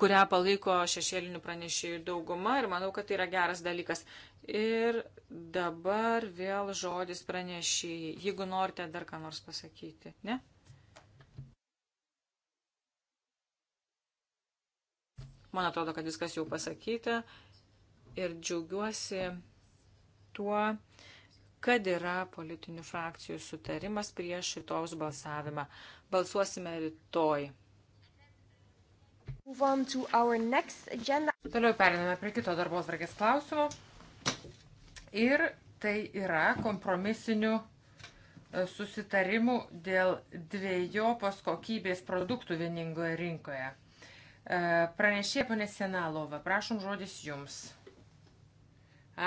kurią palaiko šešėlinių pranešėjų dauguma ir manau, kad tai yra geras dalykas. Ir dabar vėl žodis pranešėjai, jeigu norite dar ką nors pasakyti, ne? Man atrodo, kad viskas jau pasakyta ir džiaugiuosi tuo, kad yra politinių frakcijų sutarimas prieš šitos balsavimą. Balsuosime rytoj. Toliau periname prie kito darbos vargės klausimo. Ir tai yra kompromisinių e, susitarimų dėl dviejopos kokybės produktų vieningoje rinkoje. E, pranešė ponė Senalova, prašom žodis jums.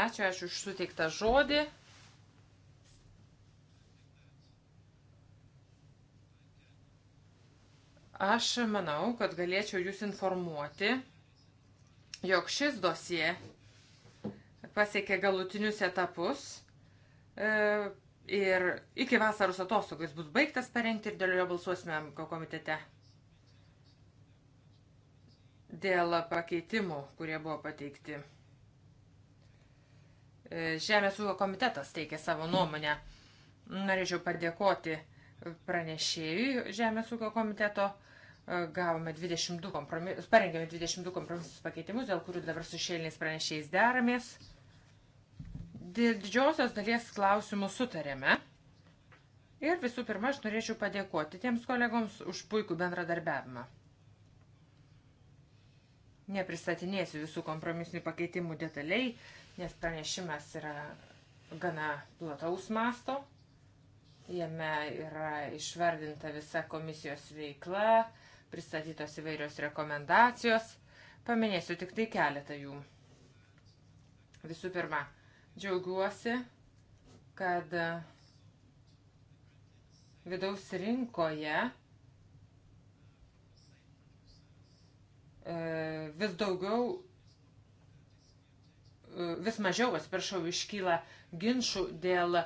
Ačiū, ačiū už suteiktą žodį. Aš manau, kad galėčiau jūs informuoti, jog šis dosie pasiekė galutinius etapus e, ir iki vasaros atostogų jis bus baigtas parengti ir dėl jo balsuosime komitete. Dėl pakeitimų, kurie buvo pateikti. E, Žemės ūkio komitetas teikė savo nuomonę. Norėčiau padėkoti pranešėjui Žemės ūkio komiteto gavome 22 kompromisus, parengėme 22 kompromisus pakeitimus, dėl kurių dabar su šėliniais pranešėjais deramės. Didžiosios dalies klausimų sutarėme. Ir visų pirma, aš norėčiau padėkoti tiems kolegoms už puikų bendradarbiavimą. Nepristatinėsiu visų kompromisinių pakeitimų detaliai, nes pranešimas yra gana plataus masto. Jame yra išvardinta visa komisijos veikla, uh, pristatytos įvairios rekomendacijos. Paminėsiu tik tai keletą jų. Visų pirma, džiaugiuosi, kad e, vidaus rinkoje e, vis daugiau, e, vis mažiau, atsiprašau, iškyla ginčių dėl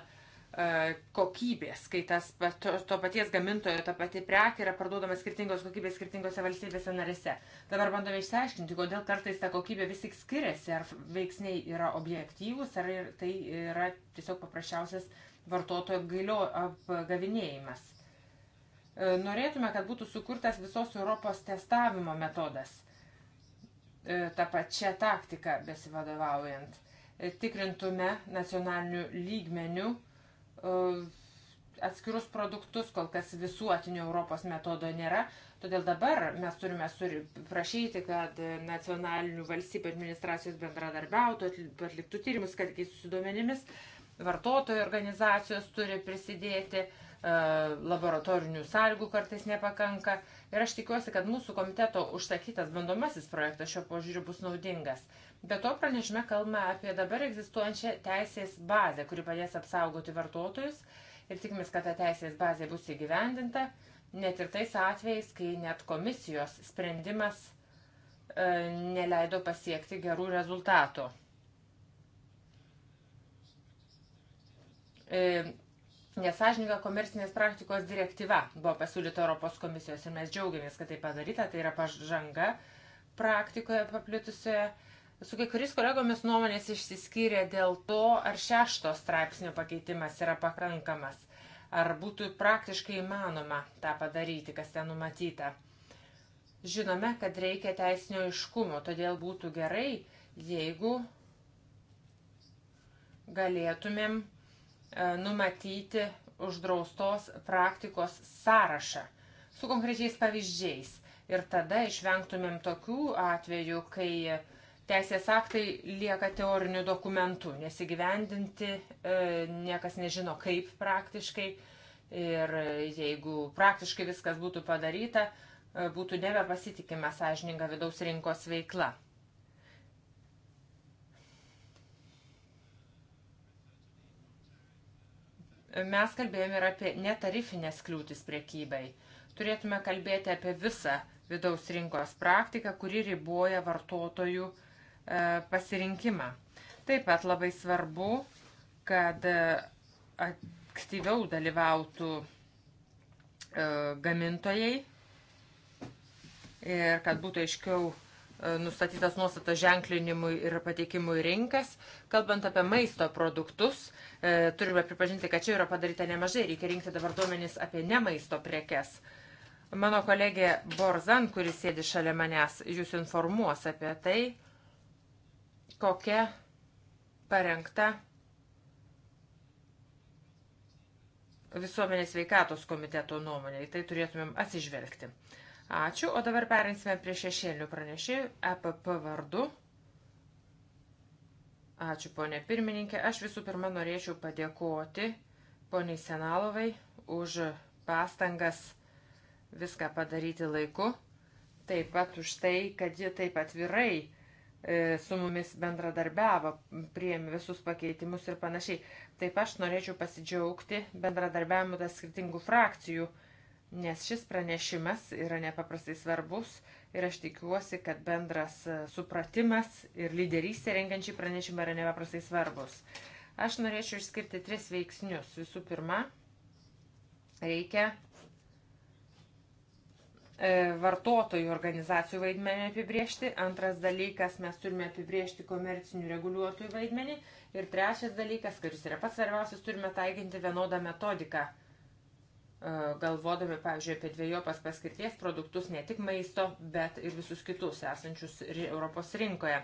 E, kokybės, kai tas to, to paties gamintojo, ta pati prekė yra parduodama skirtingos kokybės skirtingose valstybėse narėse. Dabar bandome išsiaiškinti, kodėl kartais ta kokybė vis tik skiriasi, ar veiksniai yra objektyvūs, ar tai yra tiesiog paprasčiausias vartotojo gailio apgavinėjimas. E, norėtume, kad būtų sukurtas visos Europos testavimo metodas, e, ta pačia taktika besivadovaujant. Tikrintume nacionaliniu lygmeniu, E, atskirus produktus, kol kas visuotinio Europos metodo nėra. Todėl dabar mes turime suri, prašyti, kad nacionalinių valstybių administracijos bendradarbiautų, atliktų tyrimus, kad keistųsi duomenimis. Uh, vartotojų organizacijos turi prisidėti, e, laboratorinių sąlygų kartais nepakanka. Ir aš tikiuosi, kad mūsų komiteto užsakytas bandomasis projektas šio požiūriu bus naudingas. Be to pranešime kalbame apie dabar egzistuojančią teisės bazę, kuri padės apsaugoti vartotojus ir tikimės, kad ta teisės bazė bus įgyvendinta, net ir tais atvejais, kai net komisijos sprendimas e, neleido pasiekti gerų rezultatų. E, nesažininga komercinės praktikos direktyva buvo pasiūlyta Europos komisijos ir mes džiaugiamės, kad tai padaryta, tai yra pažanga praktikoje paplitusioje. Su kai kuriais kolegomis nuomonės išsiskyrė dėl to, ar šešto straipsnio pakeitimas yra pakankamas, ar būtų praktiškai įmanoma tą padaryti, kas ten numatyta. Žinome, kad reikia teisinio iškumo, todėl būtų gerai, jeigu galėtumėm uh, E, numatyti uždraustos praktikos sąrašą su konkrečiais pavyzdžiais. Ir tada išvengtumėm tokių atvejų, kai teisės aktai lieka teoriniu dokumentu, nesigyvendinti, e, niekas nežino kaip praktiškai. Ir jeigu praktiškai viskas būtų padaryta, e, būtų nebepasitikima sąžininga vidaus rinkos veikla. Mes kalbėjome ir apie netarifinės kliūtis priekybai. Turėtume kalbėti apie visą vidaus rinkos praktiką, kuri riboja vartotojų e, pasirinkimą. Taip pat labai svarbu, kad e, aktyviau dalyvautų e, gamintojai ir kad būtų aiškiau nustatytas nuostatas ženklinimui ir pateikimui rinkas. Kalbant apie maisto produktus, e, turime pripažinti, kad čia yra padaryta nemažai, reikia rinkti dabar duomenys apie ne maisto prekes. Mano kolegė Borzan, kuris sėdi šalia manęs, jūs informuos apie tai, kokia parengta visuomenės veikatos komiteto nuomonė. Į tai turėtumėm atsižvelgti. Ačiū, o dabar perinsime prie šešėlių pranešėjų EPP vardu. Ačiū, ponė pirmininkė. Aš visų pirma norėčiau padėkoti poniai Senalovai už pastangas viską padaryti laiku. Taip pat už tai, kad ji taip atvirai e, su mumis bendradarbiavo, prieimi visus pakeitimus ir panašiai. Taip aš norėčiau pasidžiaugti bendradarbiavimu tas skirtingų frakcijų nes šis pranešimas yra nepaprastai svarbus ir aš tikiuosi, kad bendras e, supratimas ir lyderystė rengiančiai pranešimą yra nepaprastai svarbus. Aš norėčiau išskirti tris veiksnius. Visų pirma, reikia e, vartotojų organizacijų vaidmenį apibriežti. Antras dalykas, mes turime apibriežti komercinių reguliuotojų vaidmenį. Ir trečias dalykas, kuris yra pats svarbiausias, turime taikinti vienodą metodiką E, galvodami, pavyzdžiui, apie dviejopas paskirties produktus, ne tik maisto, bet ir visus kitus esančius Europos rinkoje.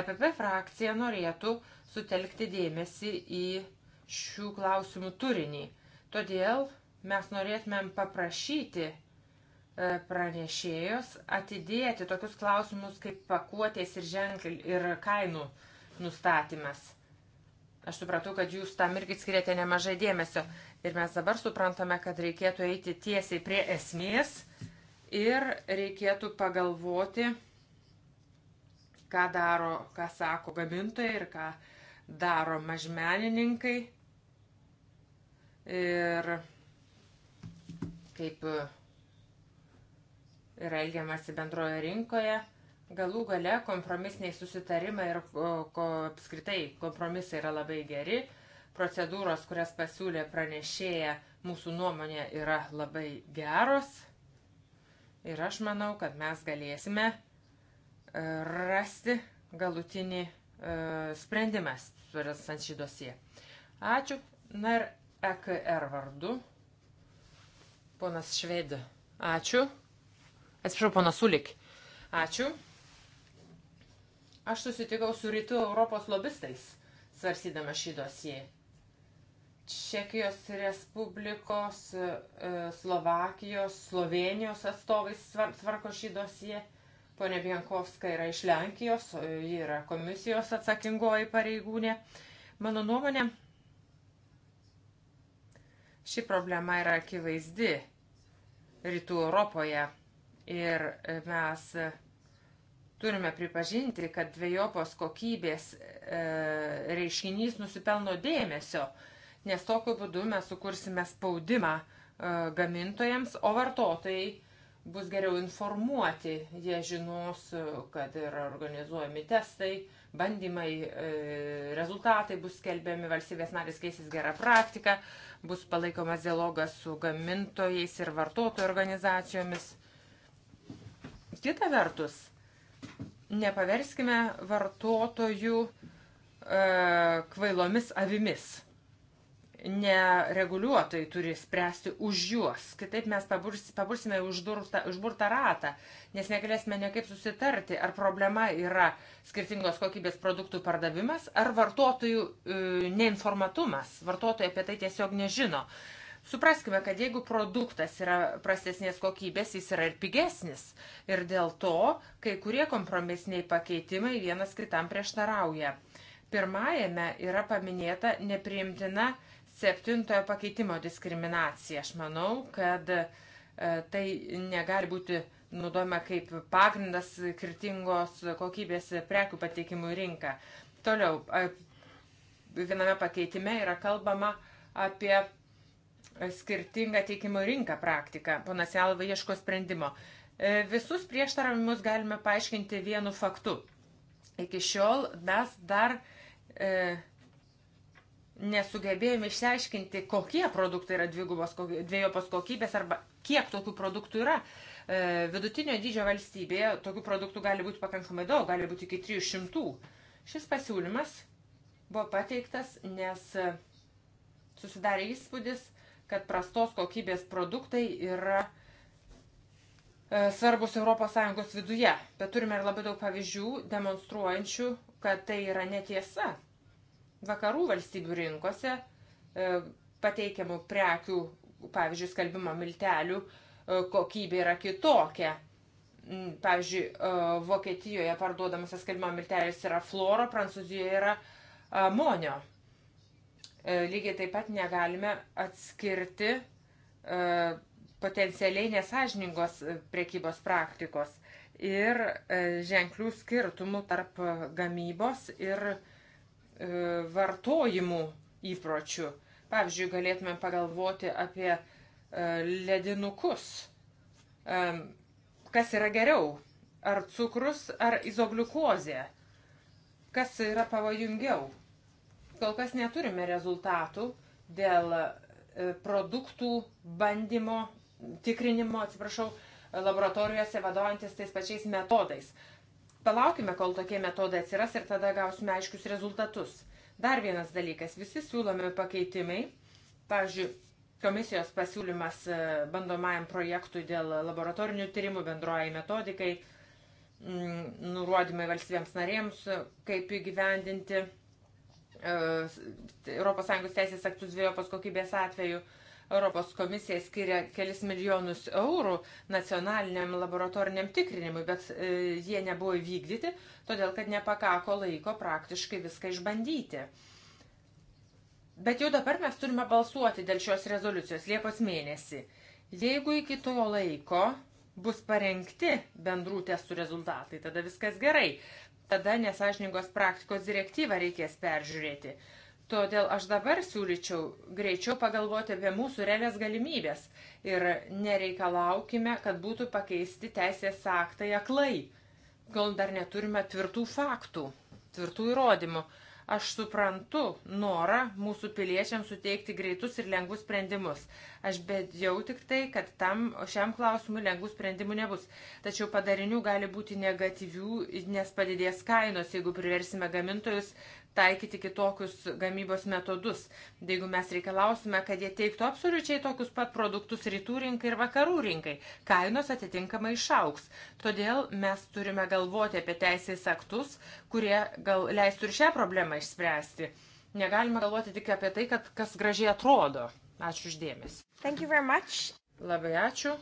EPP frakcija norėtų sutelkti dėmesį į šių klausimų turinį. Todėl mes norėtumėm paprašyti e, pranešėjus atidėti tokius klausimus kaip pakuotės ir, ženkl, ir kainų nustatymas Aš supratau, kad jūs tam irgi skiriate nemažai dėmesio. Ir mes dabar suprantame, kad reikėtų eiti tiesiai prie esmės ir reikėtų pagalvoti, ką daro, ką sako gamintojai ir ką daro mažmenininkai. Ir kaip yra elgiamasi bendroje rinkoje. Galų gale kompromisiniai susitarimai ir ko, apskritai kompromisai yra labai geri. Procedūros, kurias pasiūlė pranešėja, mūsų nuomonė yra labai geros. Ir aš manau, kad mes galėsime e, rasti galutinį e, sprendimą surasant šį dosiją. Ačiū. Na ir EKR vardu. Ponas Švedė. Ačiū. Atsiprašau, ponas Sulik. Ačiū. Aš susitikau su rytų Europos lobistais, svarsydama šį dosiją. Čekijos Respublikos, e, Slovakijos, Slovenijos atstovais svarko šį dosiją. Pone Bienkovska yra iš Lenkijos, ji yra komisijos atsakingoji pareigūnė. Mano nuomonė, ši problema yra akivaizdi rytų Europoje ir mes Turime pripažinti, kad dviejopos kokybės e, reiškinys nusipelno dėmesio, nes tokiu būdu mes sukursime spaudimą e, gamintojams, o vartotojai bus geriau informuoti, jie žinos, e, kad yra organizuojami testai, bandymai, e, rezultatai bus skelbiami, valstybės narės keisis gerą praktiką, bus palaikomas dialogas su gamintojais ir vartotojų organizacijomis. Kita vertus, Nepaverskime vartotojų e, kvailomis avimis. Nereguliuotojai turi spręsti už juos. Kitaip mes pabursime užburtą ratą, nes negalėsime niekaip susitarti, ar problema yra skirtingos kokybės produktų pardavimas, ar vartotojų e, neinformatumas. Vartotojai apie tai tiesiog nežino. Uh, Supraskime, kad jeigu produktas yra prastesnės kokybės, jis yra ir pigesnis. Ir dėl to kai kurie kompromisiniai pakeitimai vienas kitam prieštarauja. Pirmajame yra paminėta nepriimtina septintojo pakeitimo diskriminacija. Aš manau, kad e, tai negali būti naudojama kaip pagrindas skirtingos kokybės prekių pateikimų į rinką. Toliau, e, viename pakeitime yra kalbama apie skirtingą teikimo rinką praktiką. Ponas Jelva ieško sprendimo. E, visus prieštaravimus galime paaiškinti vienu faktu. Iki šiol mes dar e, nesugebėjome išsiaiškinti, kokie produktai yra dvigubos, dviejopos kokybės arba kiek tokių produktų yra. E, vidutinio dydžio valstybėje tokių produktų gali būti pakankamai daug, gali būti iki 300. Šis pasiūlymas buvo pateiktas, nes e, susidarė įspūdis, kad prastos kokybės produktai yra e, svarbus ES viduje, bet turime ir labai daug pavyzdžių demonstruojančių, kad tai yra netiesa. Vakarų valstybių rinkose e, pateikiamų prekių, pavyzdžiui, skalbimo miltelių e, kokybė yra kitokia. Mm, pavyzdžiui, Vokietijoje parduodamas skalbimo miltelis yra fluoro, Prancūzijoje yra amonio. E, lygiai taip pat negalime atskirti e, potencialiai nesažiningos e, prekybos praktikos ir ženklių skirtumų tarp gamybos ir vartojimų įpročių. Pavyzdžiui, galėtume pagalvoti apie ledinukus. Kas yra geriau? Ar cukrus, ar izogliukozė? Kas yra pavojingiau? kol kas neturime rezultatų dėl e, produktų bandymo, tikrinimo, atsiprašau, laboratorijose vadovantis tais pačiais metodais. Palaukime, kol tokie metodai atsiras ir tada gausime aiškius rezultatus. Dar vienas dalykas, visi siūlomi pakeitimai, pavyzdžiui, komisijos pasiūlymas e, bandomajam projektui dėl laboratorinių tyrimų bendrojai metodikai, mm, nurodymai valstybėms narėms, kaip įgyvendinti ES teisės aktus dviejopos kokybės atveju. Europos komisija skiria kelis milijonus eurų nacionaliniam laboratoriniam tikrinimui, bet e, jie nebuvo įvykdyti, todėl kad nepakako laiko praktiškai viską išbandyti. Bet jau dabar mes turime balsuoti dėl šios rezoliucijos Liepos mėnesį. Jeigu iki to laiko bus parengti bendrų testų rezultatai, tada viskas gerai tada nesažiningos praktikos direktyvą reikės peržiūrėti. Todėl aš dabar siūlyčiau greičiau pagalvoti apie mūsų realias galimybės ir nereikalaukime, kad būtų pakeisti teisės aktai aklai, kol dar neturime tvirtų faktų, tvirtų įrodymų. Aš suprantu norą mūsų piliečiams suteikti greitus ir lengvus sprendimus. Aš bedėjau tik tai, kad tam šiam klausimui lengvų sprendimų nebus. Tačiau padarinių gali būti negatyvių, nes padidės kainos, jeigu priversime gamintojus taikyti kitokius gamybos metodus. Tai jeigu mes reikalausime, kad jie teiktų absoliučiai tokius pat produktus rytų rinkai ir vakarų rinkai, kainos atitinkamai išauks. Todėl mes turime galvoti apie teisės aktus, kurie gal leistų ir šią problemą išspręsti. Negalime galvoti tik apie tai, kad kas gražiai atrodo. Ačiū uždėmesi. Labai ačiū.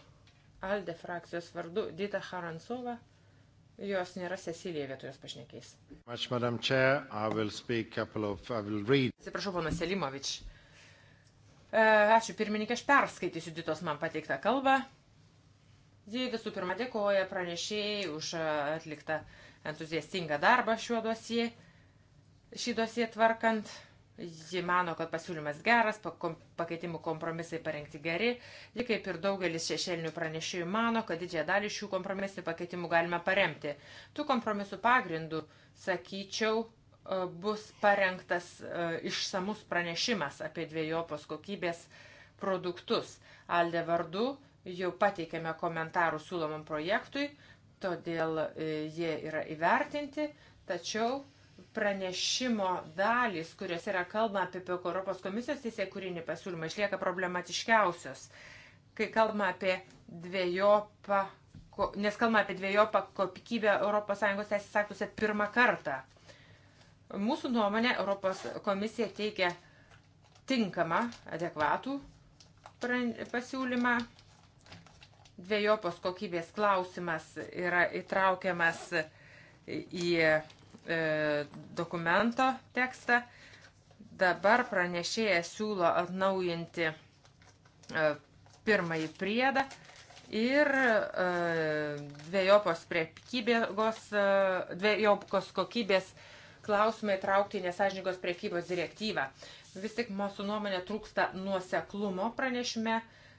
Alde frakcijos vardu Dita Haransova. Jos nėra Cecilija vietojos pašnekiais. Atsiprašau, ponas Selimovič. E, ačiū pirmininkė, aš perskaitysiu Ditos man pateiktą kalbą. Ji visų pirma dėkoja pranešėjai už atliktą entuziastingą darbą šiuo dosie, šį dosie tvarkant. Ji mano, kad pasiūlymas geras, pakeitimų kompromisai parengti geri. Ji kaip ir daugelis šešėlinių pranešėjų mano, kad didžiąją dalį šių kompromisų pakeitimų galime paremti. Tų kompromisų pagrindų, sakyčiau, e, bus parengtas e, išsamus pranešimas apie dviejopos kokybės produktus. Alde vardu jau pateikėme komentarų siūlomam projektui, todėl e, jie yra įvertinti, tačiau pranešimo dalys, kurios yra kalbama apie Europos komisijos teisėkūrinį pasiūlymą, išlieka problematiškiausios. Kai kalbama apie dviejopą, nes kalbama apie dviejopą kokybę ES teisės aktuose pirmą kartą. Mūsų nuomonė, Europos komisija teikia tinkamą, adekvatų pasiūlymą. Dviejopos kokybės klausimas yra įtraukiamas į e, dokumento tekstą. Dabar pranešėjas siūlo atnaujinti e, pirmąjį priedą ir e, dviejopos priekybės, e, dviejopos kokybės klausimai traukti į nesažininkos priekybos direktyvą. Vis tik mūsų nuomonė trūksta nuoseklumo pranešime,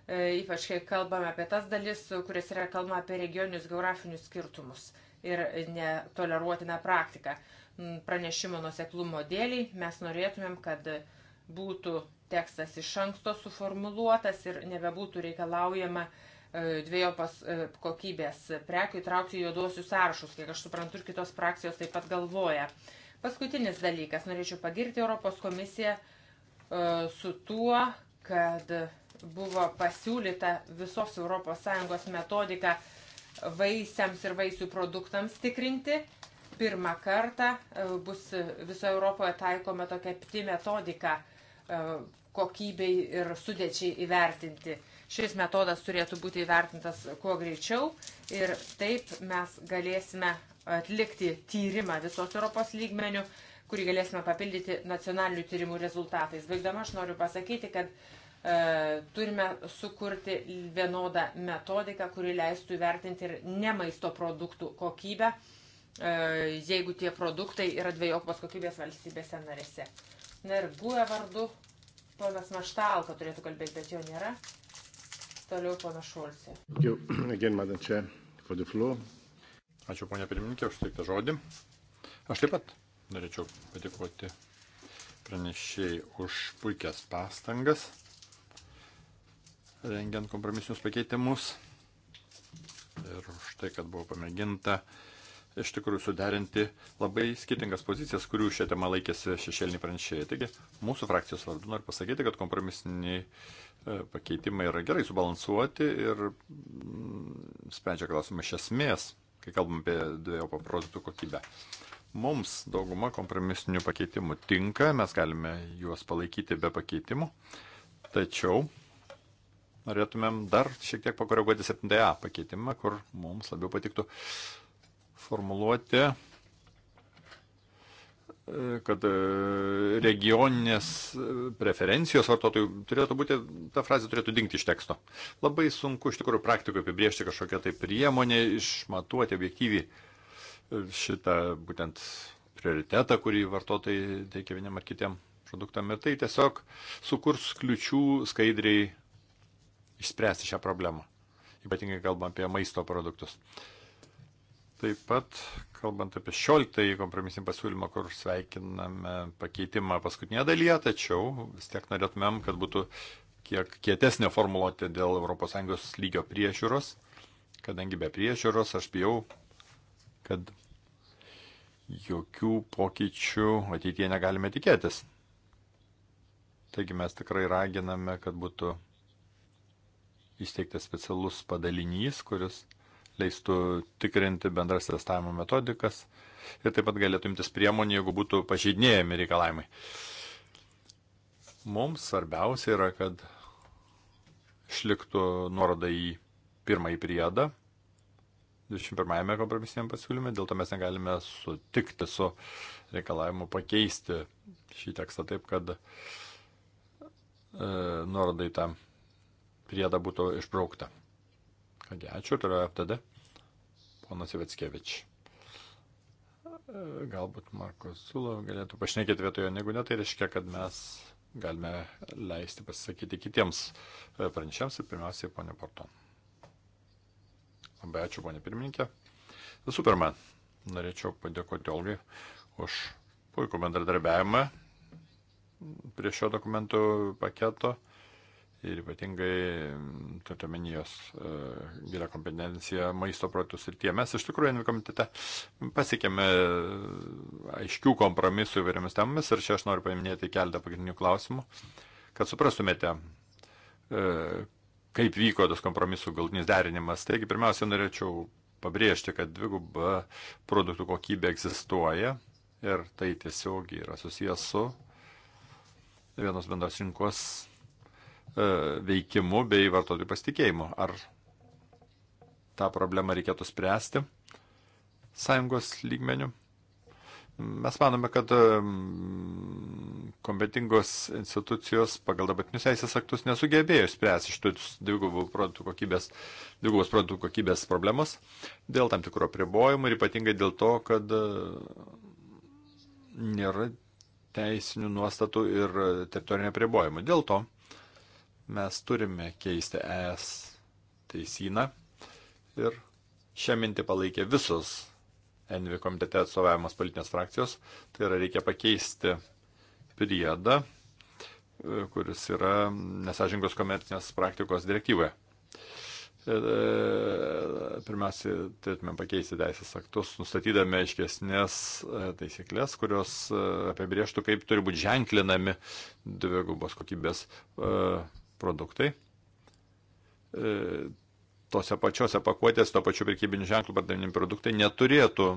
e, ypač kai kalbame apie tas dalis, kuris yra kalbama apie regioninius geografinius skirtumus ir netoleruotiną praktiką. Mm, pranešimo nuseklumo dėliai mes norėtumėm, kad būtų tekstas iš anksto suformuluotas ir nebebūtų reikalaujama e, dviejopos e, kokybės prekių įtraukti juodosius sąrašus, kiek aš suprantu, ir kitos frakcijos taip pat galvoja. Paskutinis dalykas, norėčiau pagirti Europos komisiją e, su tuo, kad buvo pasiūlyta visos ES metodika vaisiams ir vaisių produktams tikrinti. Pirmą kartą e, bus viso Europoje taikoma tokia pti metodika e, kokybei ir sudėčiai įvertinti. Šis metodas turėtų būti įvertintas kuo greičiau ir taip mes galėsime atlikti tyrimą visos Europos lygmenių, kurį galėsime papildyti nacionalinių tyrimų rezultatais. Baigdama aš noriu pasakyti, kad E, turime sukurti vienodą metodiką, kuri leistų įvertinti ir ne maisto produktų kokybę, e, jeigu tie produktai yra dviejopos kokybės valstybėse narėse. Na ir guė vardu, ponas Maštalka turėtų kalbėti, bet jo nėra. Toliau ponas Šulcė. <clears throat> Ačiū, ponia pirmininkė, už teiktą žodį. Aš taip pat norėčiau padėkoti pranešėjai už puikias pastangas rengiant kompromisinius pakeitimus. Ir štai, kad buvo pamėginta iš tikrųjų suderinti labai skirtingas pozicijas, kurių šią temą laikėsi šešėliniai pranešėjai. Taigi, mūsų frakcijos vardu noriu pasakyti, kad kompromisiniai e, pakeitimai yra gerai subalansuoti ir mm, sprendžia klausimą iš esmės, kai kalbam apie dviejopą produktų kokybę. Mums dauguma kompromisinių pakeitimų tinka, mes galime juos palaikyti be pakeitimų, tačiau norėtumėm dar šiek tiek pakoreguoti 7a pakeitimą, kur mums labiau patiktų formuluoti, kad e, regioninės preferencijos vartotojų turėtų būti, ta frazė turėtų dingti iš teksto. Labai sunku iš tikrųjų praktikoje apibriežti kažkokią tai priemonę, išmatuoti objektyviai e, šitą būtent prioritetą, kurį vartotojai teikia vienam ar kitiem produktam. Ir tai tiesiog sukurs kliučių skaidriai išspręsti šią problemą. Ypatingai kalbam apie maisto produktus. Taip pat, kalbant apie 16 kompromisinį pasiūlymą, kur sveikiname pakeitimą paskutinėje dalyje, tačiau vis tiek norėtumėm, kad būtų kiek kietesnė formuluotė dėl ES lygio priežiūros, kadangi be priežiūros aš bijau, kad jokių pokyčių ateityje negalime tikėtis. Taigi mes tikrai raginame, kad būtų įsteigtas specialus padalinys, kuris leistų tikrinti bendras testavimo metodikas ir taip pat galėtų imtis priemonių, jeigu būtų pažydinėjami reikalavimai. Mums svarbiausia yra, kad išliktų nuoroda į pirmąjį priedą 21-ame kompromisiniam pasiūlyme, dėl to mes negalime sutikti su reikalavimu pakeisti šį tekstą taip, kad e, nuoroda į tą prieda būtų išbraukta. Kągi, ačiū, turiu tai FTD. Ponas Ivetskevič. Galbūt Markus Sulo galėtų pašnekėti vietoje, negu ne, tai reiškia, kad mes galime leisti pasisakyti kitiems pranešėms ir pirmiausiai ponė Porton. Labai ačiū, ponė pirmininkė. Visų pirma, norėčiau padėkoti Olgai už puikų bendradarbiavimą prie šio dokumentų paketo ir ypatingai mm, turtuomenijos e, gilę kompetenciją maisto projektų srityje. Mes iš tikrųjų Envi komitete pasiekėme e, aiškių kompromisų įvairiomis temomis ir čia aš noriu paminėti keletą pagrindinių klausimų, kad suprastumėte, e, kaip vyko tas kompromisų galtinis derinimas. Taigi, pirmiausia, norėčiau pabrėžti, kad dviguba produktų kokybė egzistuoja ir tai tiesiog yra susijęs su vienos bendros rinkos E, veikimu bei vartotojų pasitikėjimu. Ar tą problemą reikėtų spręsti sąjungos lygmenių? Mes manome, kad e, kompetingos institucijos pagal dabartinius teisės aktus nesugebėjo spręsti šitų dvigubų produktų kokybės, dvigubos produktų kokybės problemos dėl tam tikro pribojimų ir ypatingai dėl to, kad e, nėra teisinių nuostatų ir teritorinio pribojimų. Dėl to Mes turime keisti ES teisyną ir šią mintį palaikė visos Envi komitete atstovavimas politinės frakcijos. Tai yra reikia pakeisti priedą, e, kuris yra nesažingos komercinės praktikos direktyvoje. E, pirmiausia, turėtume pakeisti teisės aktus, nustatydami aiškesnės e, taisyklės, kurios apibrieštų, kaip turi būti ženklinami dvigubos kokybės produktai e, tose pačiose pakuotės, to pačiu prekybiniu ženklu pardavinimi produktai neturėtų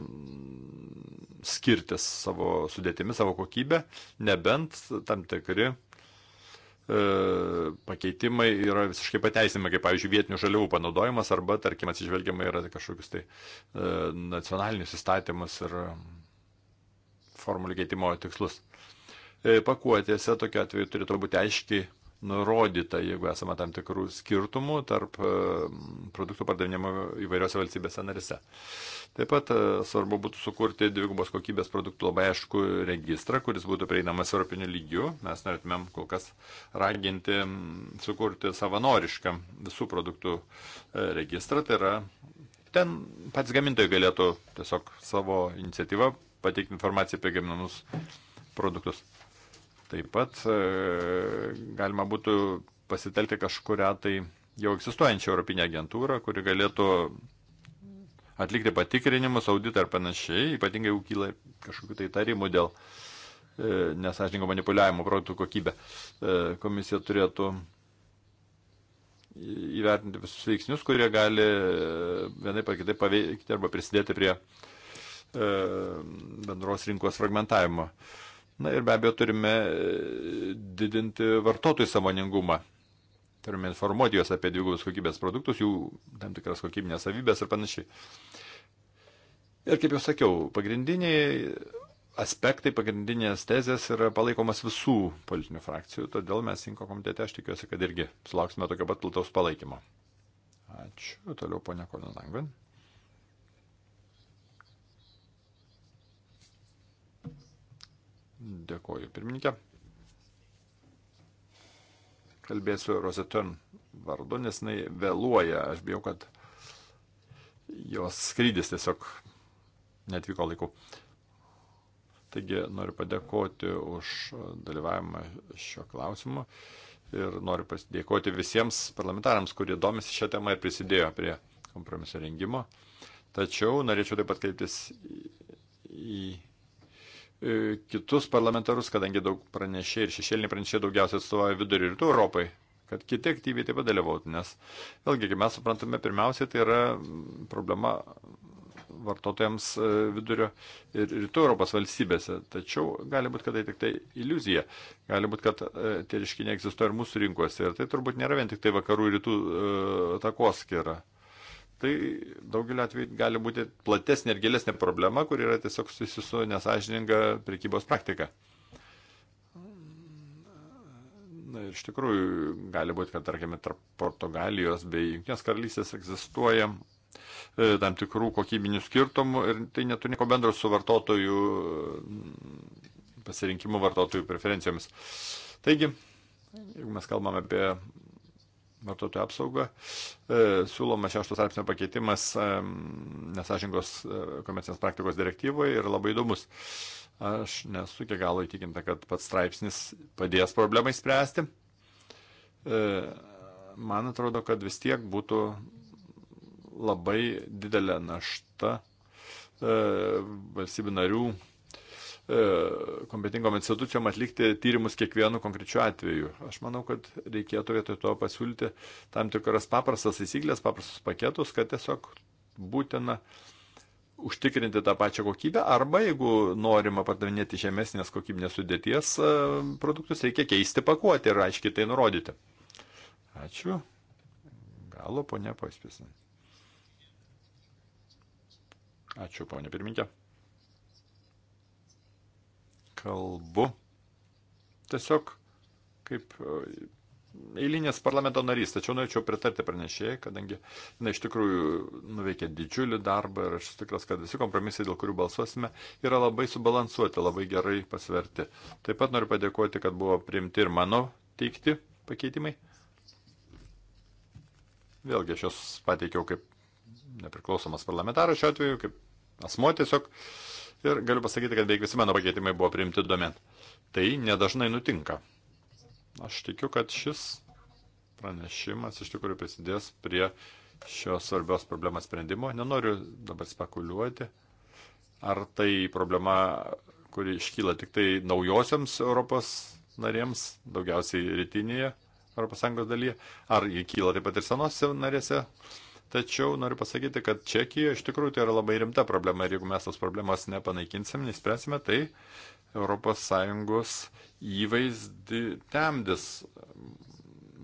skirtis savo sudėtimi, savo kokybę, nebent tam tikri e, pakeitimai yra visiškai pateisinami, kaip pavyzdžiui vietinių žaliavų panaudojimas arba, tarkim, atsižvelgiama yra kažkokius tai e, nacionalinius įstatymus ir formulių keitimo tikslus. E, pakuotėse tokiu atveju turėtų būti aiškiai nurodyta, jeigu esame tam tikrų skirtumų tarp e, produktų pardavinimo įvairiose valstybėse narise. Taip pat e, svarbu būtų sukurti dvigubos kokybės produktų labai aišku registrą, kuris būtų prieinamas europiniu lygiu. Mes norėtumėm kol kas raginti sukurti savanorišką visų produktų e, registrą. Tai yra, ten pats gamintojai galėtų tiesiog savo iniciatyvą pateikti informaciją apie gaminamus produktus. Taip pat e, galima būtų pasitelkti kažkuria tai jau egzistuojančią Europinę agentūrą, kuri galėtų atlikti patikrinimus, auditą ir panašiai, ypatingai jau kyla kažkokiu tai tarimu dėl e, nesažininko manipuliavimo produktų kokybę. E, komisija turėtų įvertinti visus veiksnius, kurie gali vienaip ar kitaip paveikti arba prisidėti prie bendros rinkos fragmentavimo. Uh, Na ir be abejo turime e, didinti vartotojų samoningumą. Turime informuoti juos apie dvigubos kokybės produktus, jų tam tikras kokybinės savybės ir panašiai. Ir kaip jau sakiau, pagrindiniai aspektai, pagrindinės tezės yra palaikomas visų politinių frakcijų, todėl mes Inko komitete aš tikiuosi, kad irgi sulauksime tokio pat plataus palaikymo. Ačiū, toliau ponia Kolin Langvin. Dėkoju, pirmininkė. Kalbėsiu Rosetun vardu, nes jinai vėluoja. Aš bijau, kad jos skrydis tiesiog netvyko laiku. Taigi noriu padėkoti už dalyvavimą šio klausimu ir noriu pasidėkoti visiems parlamentarams, kurie domisi šią temą ir prisidėjo prie kompromiso rengimo. Tačiau norėčiau taip pat kreiptis į E, kitus parlamentarus, kadangi daug pranešė ir šešėlinį pranešė daugiausiai atstovauja vidurio rytų Europai, kad kiti aktyviai taip pat dalyvautų, nes vėlgi, kaip mes suprantame, pirmiausiai tai yra problema vartotojams e, vidurio ir rytų Europos valstybėse. Tačiau gali būti, kad tai tik tai iliuzija. Gali būti, kad e, tie reiškiniai egzistuoja ir mūsų rinkose. Ir tai turbūt nėra vien tik tai vakarų ir rytų takoskira. Tai daugelio atveju gali būti platesnė ir gilesnė problema, kur yra tiesiog susijusi su nesažininga prekybos praktika. Na ir iš tikrųjų gali būti, kad tarkime tarp Portugalijos bei Junktinės karalystės egzistuoja e, tam tikrų kokybinių skirtumų ir tai neturi nieko bendro su vartotojų pasirinkimu vartotojų preferencijomis. Taigi, jeigu mes kalbame apie vartotojų apsaugą. E, siūloma šešto straipsnio pakeitimas e, nesažingos e, komercinės praktikos direktyvoje ir labai įdomus. Aš nesu iki galo įtikinta, kad pats straipsnis padės problemai spręsti. Man atrodo, kad vis tiek būtų labai didelė našta valstybių narių E, kompetingom institucijom atlikti tyrimus kiekvienu konkrečiu atveju. Aš manau, kad reikėtų vietoj to pasiūlyti tam tikras paprastas taisyklės, paprastus paketus, kad tiesiog būtina užtikrinti tą pačią kokybę arba jeigu norima pardavinėti žemesnės kokybinės sudėties e, produktus, reikia keisti pakuoti ir aiškiai tai nurodyti. Ačiū. Galo, ponia Paspėsna. Ačiū, ponia pirmininkė kalbu tiesiog kaip e, eilinės parlamento narys, tačiau norėčiau pritarti pranešėjai, kadangi na, iš tikrųjų nuveikė didžiulį darbą ir aš tikras, kad visi kompromisai, dėl kurių balsuosime, yra labai subalansuoti, labai gerai pasverti. Taip pat noriu padėkoti, kad buvo priimti ir mano teikti pakeitimai. Vėlgi aš juos pateikiau kaip nepriklausomas parlamentaras šiuo atveju, kaip asmo tiesiog. Uh, Ir galiu pasakyti, kad beveik visi mano pakeitimai buvo priimti domen. Tai nedažnai nutinka. Aš tikiu, kad šis pranešimas iš tikrųjų prisidės prie šios svarbios problemos sprendimo. Nenoriu dabar spekuliuoti, ar tai problema, kuri iškyla tik tai naujosiams Europos narėms, daugiausiai rytinėje ES dalyje, ar jį kyla taip pat ir senose narėse. Uh, Tačiau noriu pasakyti, kad Čekijoje iš tikrųjų tai yra labai rimta problema ir jeigu mes tos problemos nepanaikinsim, neįspręsime, tai ES įvaizdį temdis.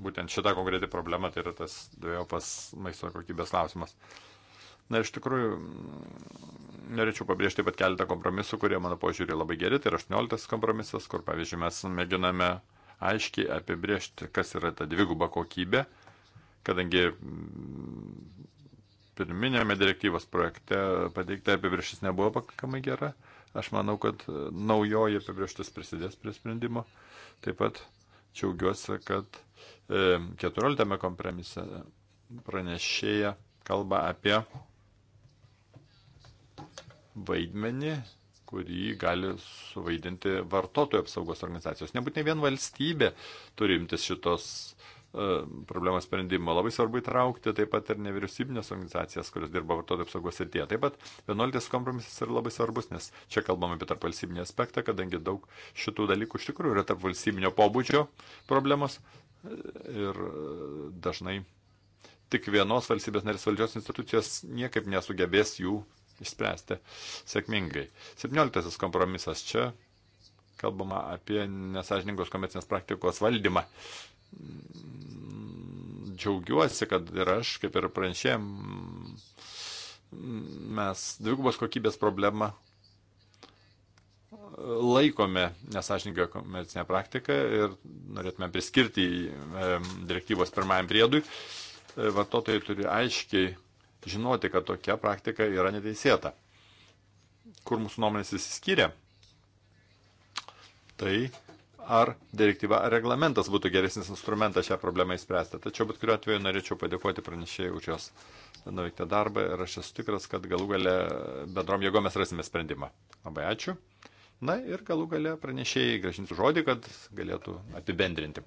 Būtent šita konkreti problema tai yra tas dviejopas maisto kokybės klausimas. Na, iš tikrųjų, norėčiau pabrėžti taip pat keletą kompromisų, kurie, mano požiūrį, labai geri. Tai yra 18 kompromisas, kur, pavyzdžiui, mes mėginame aiškiai apibriežti, kas yra ta dviguba kokybė kadangi mm, pirminėme direktyvos projekte pateikta apibrieštis nebuvo pakankamai gera. Aš manau, kad e, naujoji apibrieštis prisidės prie sprendimo. Taip pat džiaugiuosi, kad 14 e, kompromise pranešėja kalba apie vaidmenį, kurį gali suvaidinti vartotojų apsaugos organizacijos. Nebūtinai vien valstybė turi imtis šitos uh, E, problemos sprendimo. Labai svarbu įtraukti taip pat ir nevyriausybinės organizacijas, kurios dirba vartotojų apsaugos srityje. Taip pat 11 kompromisas yra labai svarbus, nes čia kalbame apie tarpvalstybinį aspektą, kadangi daug šitų dalykų iš tikrųjų yra tarpvalstybinio pobūdžio problemos ir dažnai tik vienos valstybės narės valdžios institucijos niekaip nesugebės jų išspręsti sėkmingai. 17 kompromisas čia kalbama apie nesažiningos komercinės praktikos valdymą džiaugiuosi, kad ir aš, kaip ir pranešėjom, mes dvigubos kokybės problemą laikome nesažininką komercinę praktiką ir norėtume priskirti e, direktyvos pirmajam priedui. E, vartotojai turi aiškiai žinoti, kad tokia praktika yra neteisėta. Kur mūsų nuomonės įsiskyrė? Tai ar direktyva ar reglamentas būtų geresnis instrumentas šią problemą įspręsti. Tačiau bet kuriuo atveju norėčiau padėkoti pranešėjai už jos nuveiktą darbą ir aš esu tikras, kad galų gale bendrom jėgom mes rasime sprendimą. Labai ačiū. Na ir galų gale pranešėjai gražinti žodį, kad galėtų apibendrinti.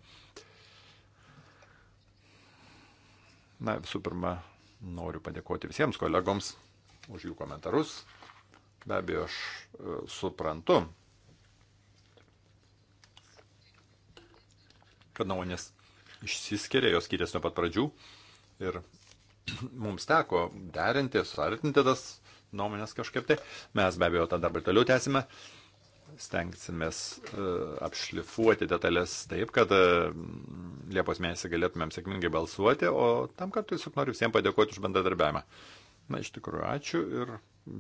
Na, visų pirma, noriu padėkoti visiems kolegoms už jų komentarus. Be abejo, aš e, suprantu kad nuomonės išsiskiria, jos skiriasi nuo pat pradžių. Ir <clears throat> mums teko derinti, suartinti tas nuomonės kažkaip tai. Mes be abejo tą darbą ir toliau tęsime. Stengsimės uh, apšlifuoti detalės taip, kad uh, Liepos mėnesį galėtumėm sėkmingai balsuoti, o tam kartu tiesiog noriu visiems padėkoti už bendradarbiavimą. Na, iš tikrųjų, ačiū ir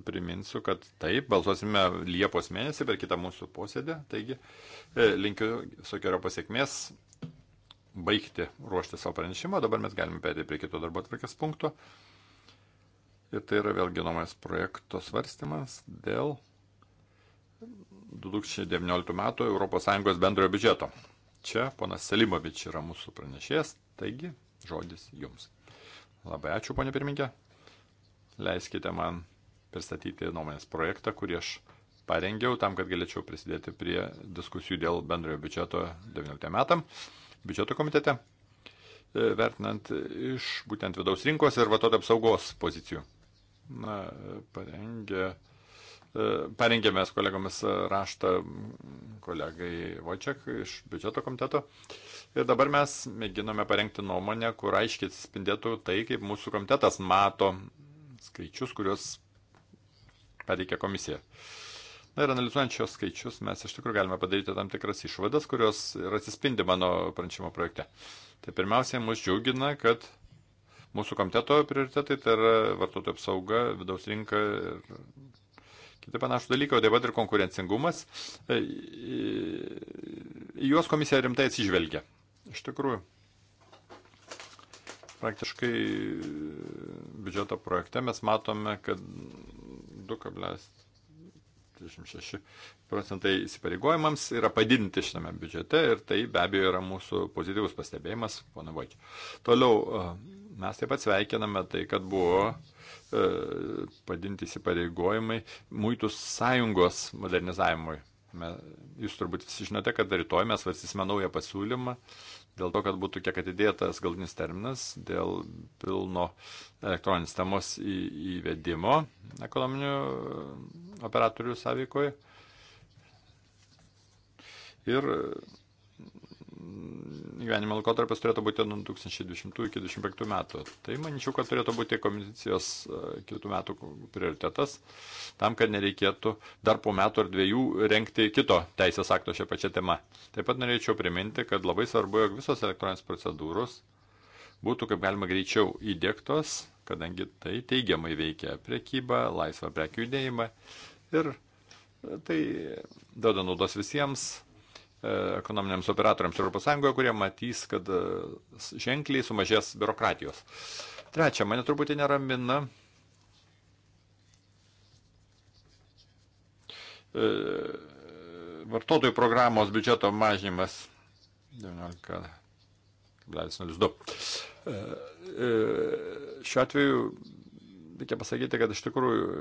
priminsiu, kad taip, balsuosime Liepos mėnesį per kitą mūsų posėdį. Taigi, e, linkiu visokio pasiekmės baigti ruošti savo pranešimą, dabar mes galime perėti prie kito darbo atvarkės punkto. Ir tai yra vėlgi nuomonės projekto svarstymas dėl 2019 metų ES bendrojo biudžeto. Čia ponas Selimovič yra mūsų pranešėjas, taigi žodis jums. Labai ačiū, ponė pirmininkė. Leiskite man pristatyti nuomonės projektą, kurį aš parengiau tam, kad galėčiau prisidėti prie diskusijų dėl bendrojo biudžeto 19 metam biudžeto komitete, e, vertinant iš būtent vidaus rinkos ir vartotojų apsaugos pozicijų. Na, parengė, e, parengėme su kolegomis raštą kolegai Vočiak iš biudžeto komiteto. Ir dabar mes mėginome parengti nuomonę, kur aiškiai atsispindėtų tai, kaip mūsų komitetas mato skaičius, kuriuos pateikė komisija. Uh, Na ir analizuojant šios skaičius, mes iš tikrųjų galime padaryti tam tikras išvadas, kurios ir atsispindi mano pranešimo projekte. Tai pirmiausia, mus džiugina, kad mūsų komiteto prioritetai tai yra vartotojų apsauga, vidaus rinka ir kiti panašų dalykai, o taip pat ir konkurencingumas. E, juos komisija rimtai atsižvelgia. Iš tikrųjų, praktiškai biudžeto projekte mes matome, kad 2,3 36 procentai įsipareigojimams yra padidinti šitame biudžete ir tai be abejo yra mūsų pozityvus pastebėjimas, pana Vaikia. Toliau, mes taip pat sveikiname tai, kad buvo e, padinti įsipareigojimai muitų sąjungos modernizavimui. Jūs turbūt visi žinote, kad rytoj mes varsysime naują pasiūlymą dėl to, kad būtų kiek atidėtas galtinis terminas dėl pilno elektroninės temos į, įvedimo ekonominių operatorių sąveikoje. Ir gyvenimo laikotarpis turėtų būti nuo 2020 iki 2025 metų. Tai manyčiau, kad turėtų būti komisijos e, kitų metų prioritetas, tam, kad nereikėtų dar po metų ar dviejų renkti kito teisės akto šią pačią temą. Taip pat norėčiau priminti, kad labai svarbu, jog visos elektroninės procedūros būtų kaip galima greičiau įdėktos, kadangi tai teigiamai veikia prekybą, laisvą prekių judėjimą ir tai duoda naudos visiems E, ekonominiams operatoriams ES, kurie matys, kad e, ženkliai sumažės biurokratijos. Trečia, mane truputį neramina e, vartotojų programos biudžeto mažinimas 19,02. Šiuo atveju reikia pasakyti, kad iš tikrųjų e,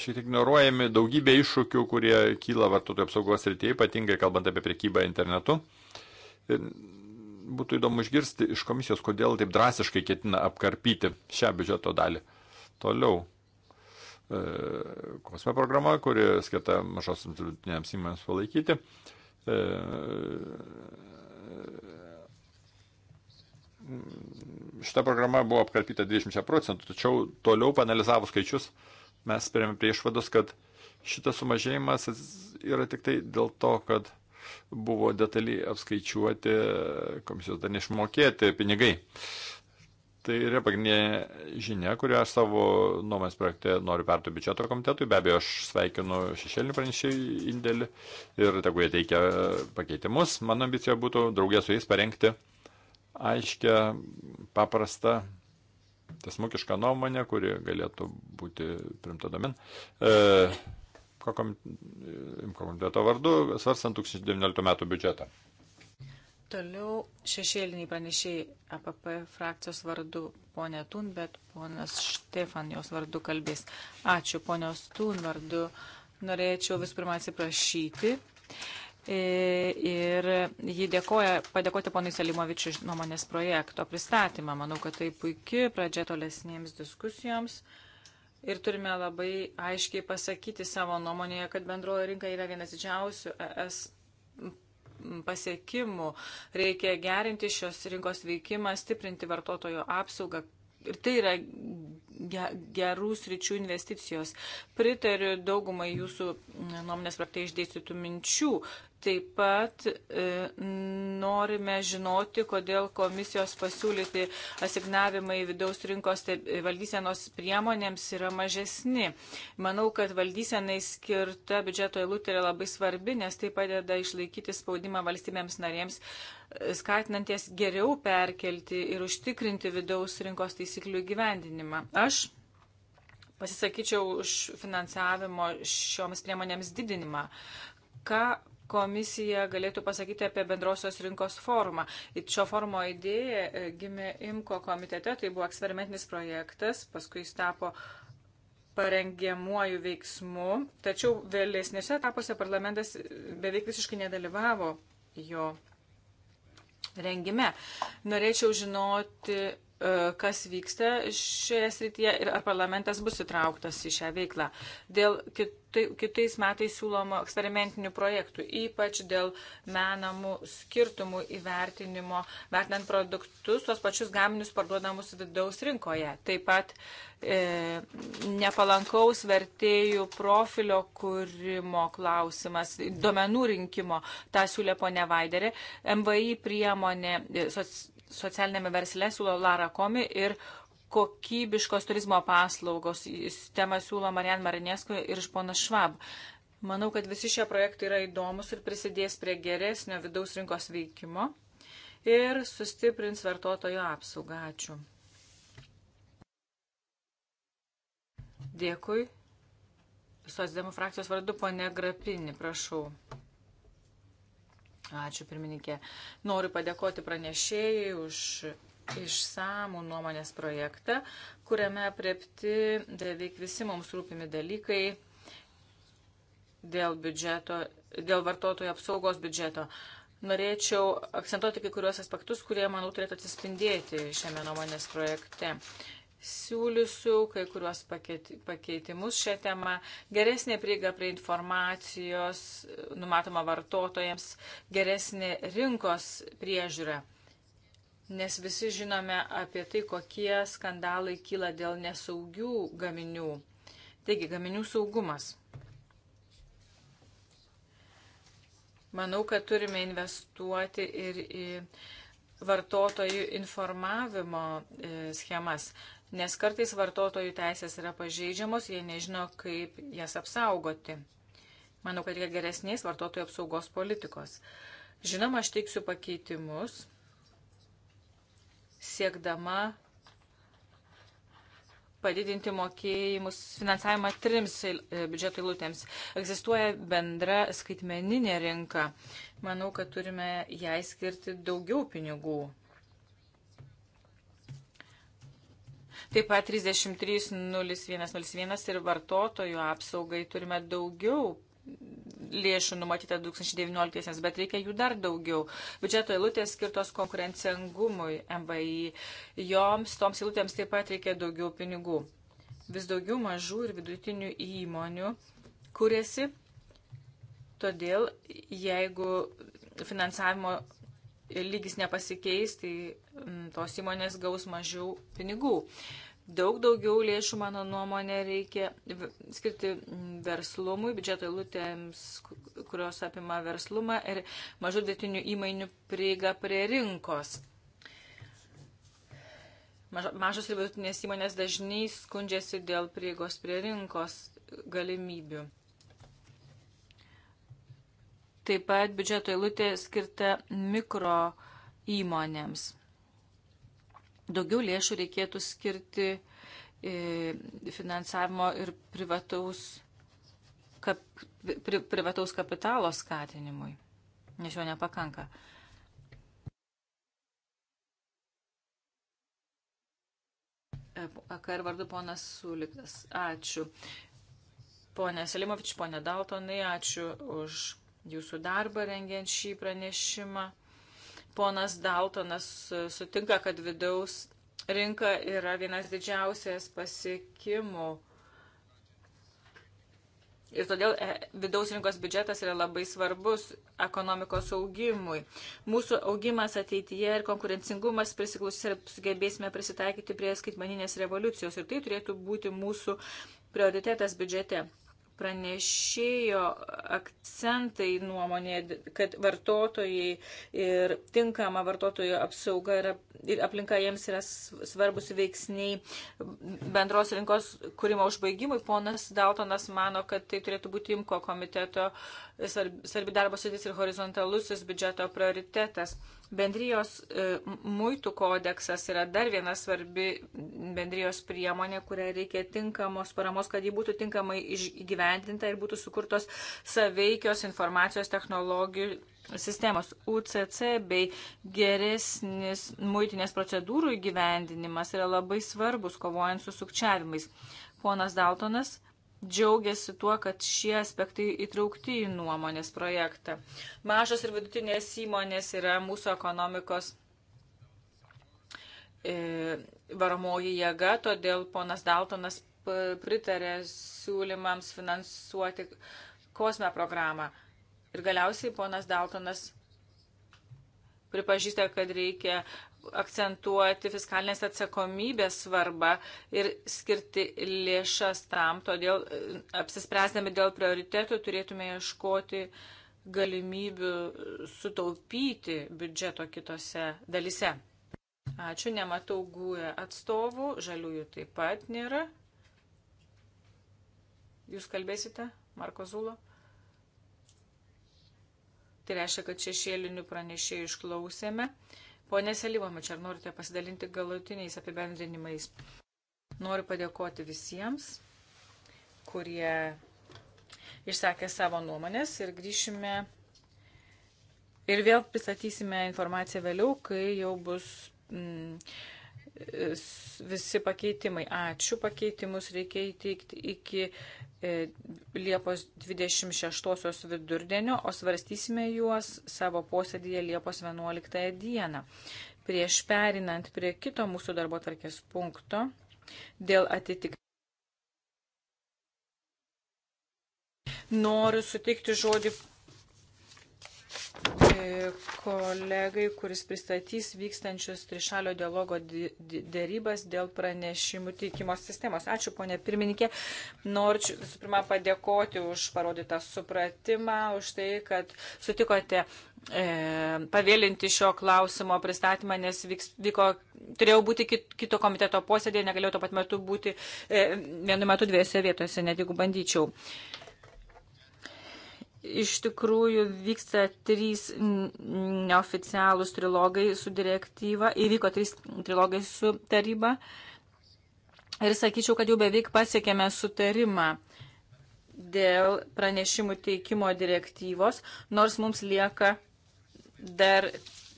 šiek tiek ignoruojami daugybė iššūkių, kurie kyla vartotojų apsaugos rytyje, ypatingai kalbant apie priekybą internetu. Ir būtų įdomu išgirsti iš komisijos, kodėl taip drastiškai ketina apkarpyti šią biudžeto dalį. Toliau. E, kosme programa, kuri skirta mažos vidutinėms įmonėms palaikyti. E, e, šita programa buvo apkarpyta 20 procentų, tačiau toliau panalizavus skaičius mes prieėmėm prie išvados, kad šitas sumažėjimas yra tik tai dėl to, kad buvo detaliai apskaičiuoti komisijos dar neišmokėti pinigai. Tai yra pagrindinė žinia, kurią aš savo nuomonės projekte noriu perduoti biudžeto komitetui. Be abejo, aš sveikinu šešėlinį pranešėjų indėlį ir tegu jie teikia pakeitimus. Mano ambicija būtų draugė su jais parengti aiškę, paprastą, tiesmukišką nuomonę, kuri galėtų būti primta domen. E, komiteto vardu, svarstant 2019 metų biudžetą. Toliau šešėliniai pranešiai APP frakcijos vardu ponė Tun, bet ponas Štefan jos vardu kalbės. Ačiū ponios Tun vardu. Norėčiau vis pirma atsiprašyti E, ir ji dėkoja, padėkoti ponui Selimovičiu iš nuomonės projekto pristatymą. Manau, kad tai puikia pradžia tolesnėms diskusijoms. Ir turime labai aiškiai pasakyti savo nuomonėje, kad bendroji rinka yra vienas didžiausių ES pasiekimų. Reikia gerinti šios rinkos veikimą, stiprinti vartotojo apsaugą. Ir tai yra gerų sričių investicijos. Pritariu daugumai jūsų nuomonės praktai išdėstytų minčių Taip pat e, norime žinoti, kodėl komisijos pasiūlyti asignavimai vidaus rinkos valdysenos priemonėms yra mažesni. Manau, kad valdysenai skirta biudžeto eilutė yra labai svarbi, nes tai padeda išlaikyti spaudimą valstybėms narėms, e, skatinanties geriau perkelti ir užtikrinti vidaus rinkos taisyklių gyvendinimą. Aš pasisakyčiau už finansavimo šioms priemonėms didinimą. Ką komisija galėtų pasakyti apie bendrosios rinkos formą. Šio forumo idėja e, gimė IMKO komitete, tai buvo eksperimentinis projektas, paskui jis tapo parengiamuoju veiksmu, tačiau vėlesnėse etapuose parlamentas e, beveik visiškai nedalyvavo jo rengime. Norėčiau žinoti, E, kas vyksta šioje srityje ir ar parlamentas bus įtrauktas į šią veiklą. Dėl kitai, kitais metais siūlomo eksperimentinių projektų, ypač dėl menamų skirtumų įvertinimo, vertinant produktus, tuos pačius gaminius parduodamus vidaus rinkoje. Taip pat e, nepalankaus vertėjų profilio kūrimo klausimas, duomenų rinkimo, tą siūlė ponia Vaiderė, MVI priemonė. E, soc socialinėme versle siūlo Lara Komi ir kokybiškos turizmo paslaugos. Temą siūlo Marian Marinesko ir ponas Švab. Manau, kad visi šie projektai yra įdomus ir prisidės prie geresnio vidaus rinkos veikimo ir sustiprins vartotojo apsaugą. Ačiū. Dėkui. Sosdemų frakcijos vardu ponė Grapinį, prašau. Ačiū, pirmininkė. Noriu padėkoti pranešėjai už išsamų nuomonės projektą, kuriame priepti beveik visi mums rūpimi dalykai dėl biudžeto, dėl vartotojų apsaugos biudžeto. Norėčiau akcentuoti kai kuriuos aspektus, kurie, manau, turėtų atsispindėti šiame nuomonės projekte siūlysiu kai kuriuos pakeitimus šią temą. Geresnė prieiga prie informacijos numatoma vartotojams, geresnė rinkos priežiūra. Nes visi žinome apie tai, kokie skandalai kyla dėl nesaugių gaminių. Taigi, gaminių saugumas. Manau, kad turime investuoti ir į vartotojų informavimo e, schemas nes kartais vartotojų teisės yra pažeidžiamos, jie nežino, kaip jas apsaugoti. Manau, kad reikia geresnės vartotojų apsaugos politikos. Žinoma, aš teiksiu pakeitimus, siekdama padidinti mokėjimus finansavimą trims biudžeto eilutėms. Egzistuoja bendra skaitmeninė rinka. Manau, kad turime jai skirti daugiau pinigų. Taip pat 33.01.01 ir vartotojų apsaugai turime daugiau lėšų numatyta 2019, bet reikia jų dar daugiau. Biudžeto eilutės skirtos konkurencingumui MVI. Joms, toms eilutėms taip pat reikia daugiau pinigų. Vis daugiau mažų ir vidutinių įmonių kuriasi. Todėl, jeigu finansavimo lygis nepasikeis, tai tos įmonės gaus mažiau pinigų. Daug daugiau lėšų, mano nuomonė, reikia skirti verslumui, biudžeto eilutėms, kurios apima verslumą ir mažų dėtinių įmainių prieiga prie rinkos. Mažos ir vidutinės įmonės dažnai skundžiasi dėl prieigos prie rinkos galimybių. Taip pat biudžeto eilutė skirta mikro įmonėms. Daugiau lėšų reikėtų skirti e, finansavimo ir privataus, kap, pri, privataus kapitalo skatinimui, nes jo nepakanka. E, AKR vardu ponas Suliktas. Ačiū. Pone Selimovič, pone Daltonai, ačiū už jūsų darbą rengiant šį pranešimą. Ponas Daltonas e, sutinka, kad vidaus rinka yra vienas didžiausias pasiekimų. Ir todėl e, vidaus rinkos biudžetas yra labai svarbus ekonomikos augimui. Mūsų augimas ateityje ir konkurencingumas prisiklausys ir sugebėsime prisitaikyti prie skaitmaninės revoliucijos. Ir tai turėtų būti mūsų prioritetas biudžete pranešėjo akcentai nuomonė, kad vartotojai ir tinkama vartotojų apsauga yra, ir aplinka jiems yra svarbus veiksniai bendros rinkos kūrimo užbaigimui. Ponas Daltonas mano, kad tai turėtų būti imko komiteto svarbi darbo sėdis ir horizontalusis biudžeto prioritetas. Bendrijos e, muitų kodeksas yra dar viena svarbi bendrijos priemonė, kuriai reikia tinkamos paramos, kad ji būtų tinkamai įgyvendinta ir būtų sukurtos saveikios informacijos technologijų sistemos UCC bei geresnis muitinės procedūrų įgyvendinimas yra labai svarbus kovojant su sukčiavimais. Ponas Daltonas džiaugiasi tuo, kad šie aspektai įtraukti į nuomonės projektą. Mažos ir vidutinės įmonės yra mūsų ekonomikos e, varomoji jėga, todėl ponas Daltonas pritarė siūlymams finansuoti kosmę programą. Ir galiausiai ponas Daltonas pripažįsta, kad reikia akcentuoti fiskalinės atsakomybės svarbą ir skirti lėšas tam. Todėl e, apsispręsdami dėl prioritetų turėtume ieškoti galimybių sutaupyti biudžeto kitose dalise. Ačiū, nematau gūję e atstovų, žaliųjų taip pat nėra. Jūs kalbėsite, Marko Zulo? Tai reiškia, kad šešėlinių pranešėjų išklausėme. Pone Selivomič, ar norite pasidalinti galutiniais apibendrinimais? Noriu padėkoti visiems, kurie išsakė savo nuomonės ir grįšime ir vėl pristatysime informaciją vėliau, kai jau bus. Mm, visi pakeitimai. Ačiū. Pakeitimus reikia įteikti iki e, Liepos 26 vidurdienio, o svarstysime juos savo posėdėje Liepos 11 dieną. Prieš perinant prie kito mūsų darbo tvarkės punkto dėl atitikimo. Noriu sutikti žodį kolegai, kuris pristatys vykstančius trišalio dialogo dėrybas dėl pranešimų teikimo sistemos. Ačiū, ponė pirmininkė. Norčiau visų pirma padėkoti už parodytą supratimą, už tai, kad sutikote e, pavėlinti šio klausimo pristatymą, nes vyks, vyko, turėjau būti kit, kito komiteto posėdėje, negalėjau tuo pat metu būti e, vienu metu dviejose vietose, net jeigu bandyčiau. E, Iš tikrųjų vyksta trys neoficialūs trilogai su direktyva, įvyko trys trilogai su taryba ir sakyčiau, kad jau beveik pasiekėme sutarimą dėl pranešimų teikimo direktyvos, nors mums lieka dar,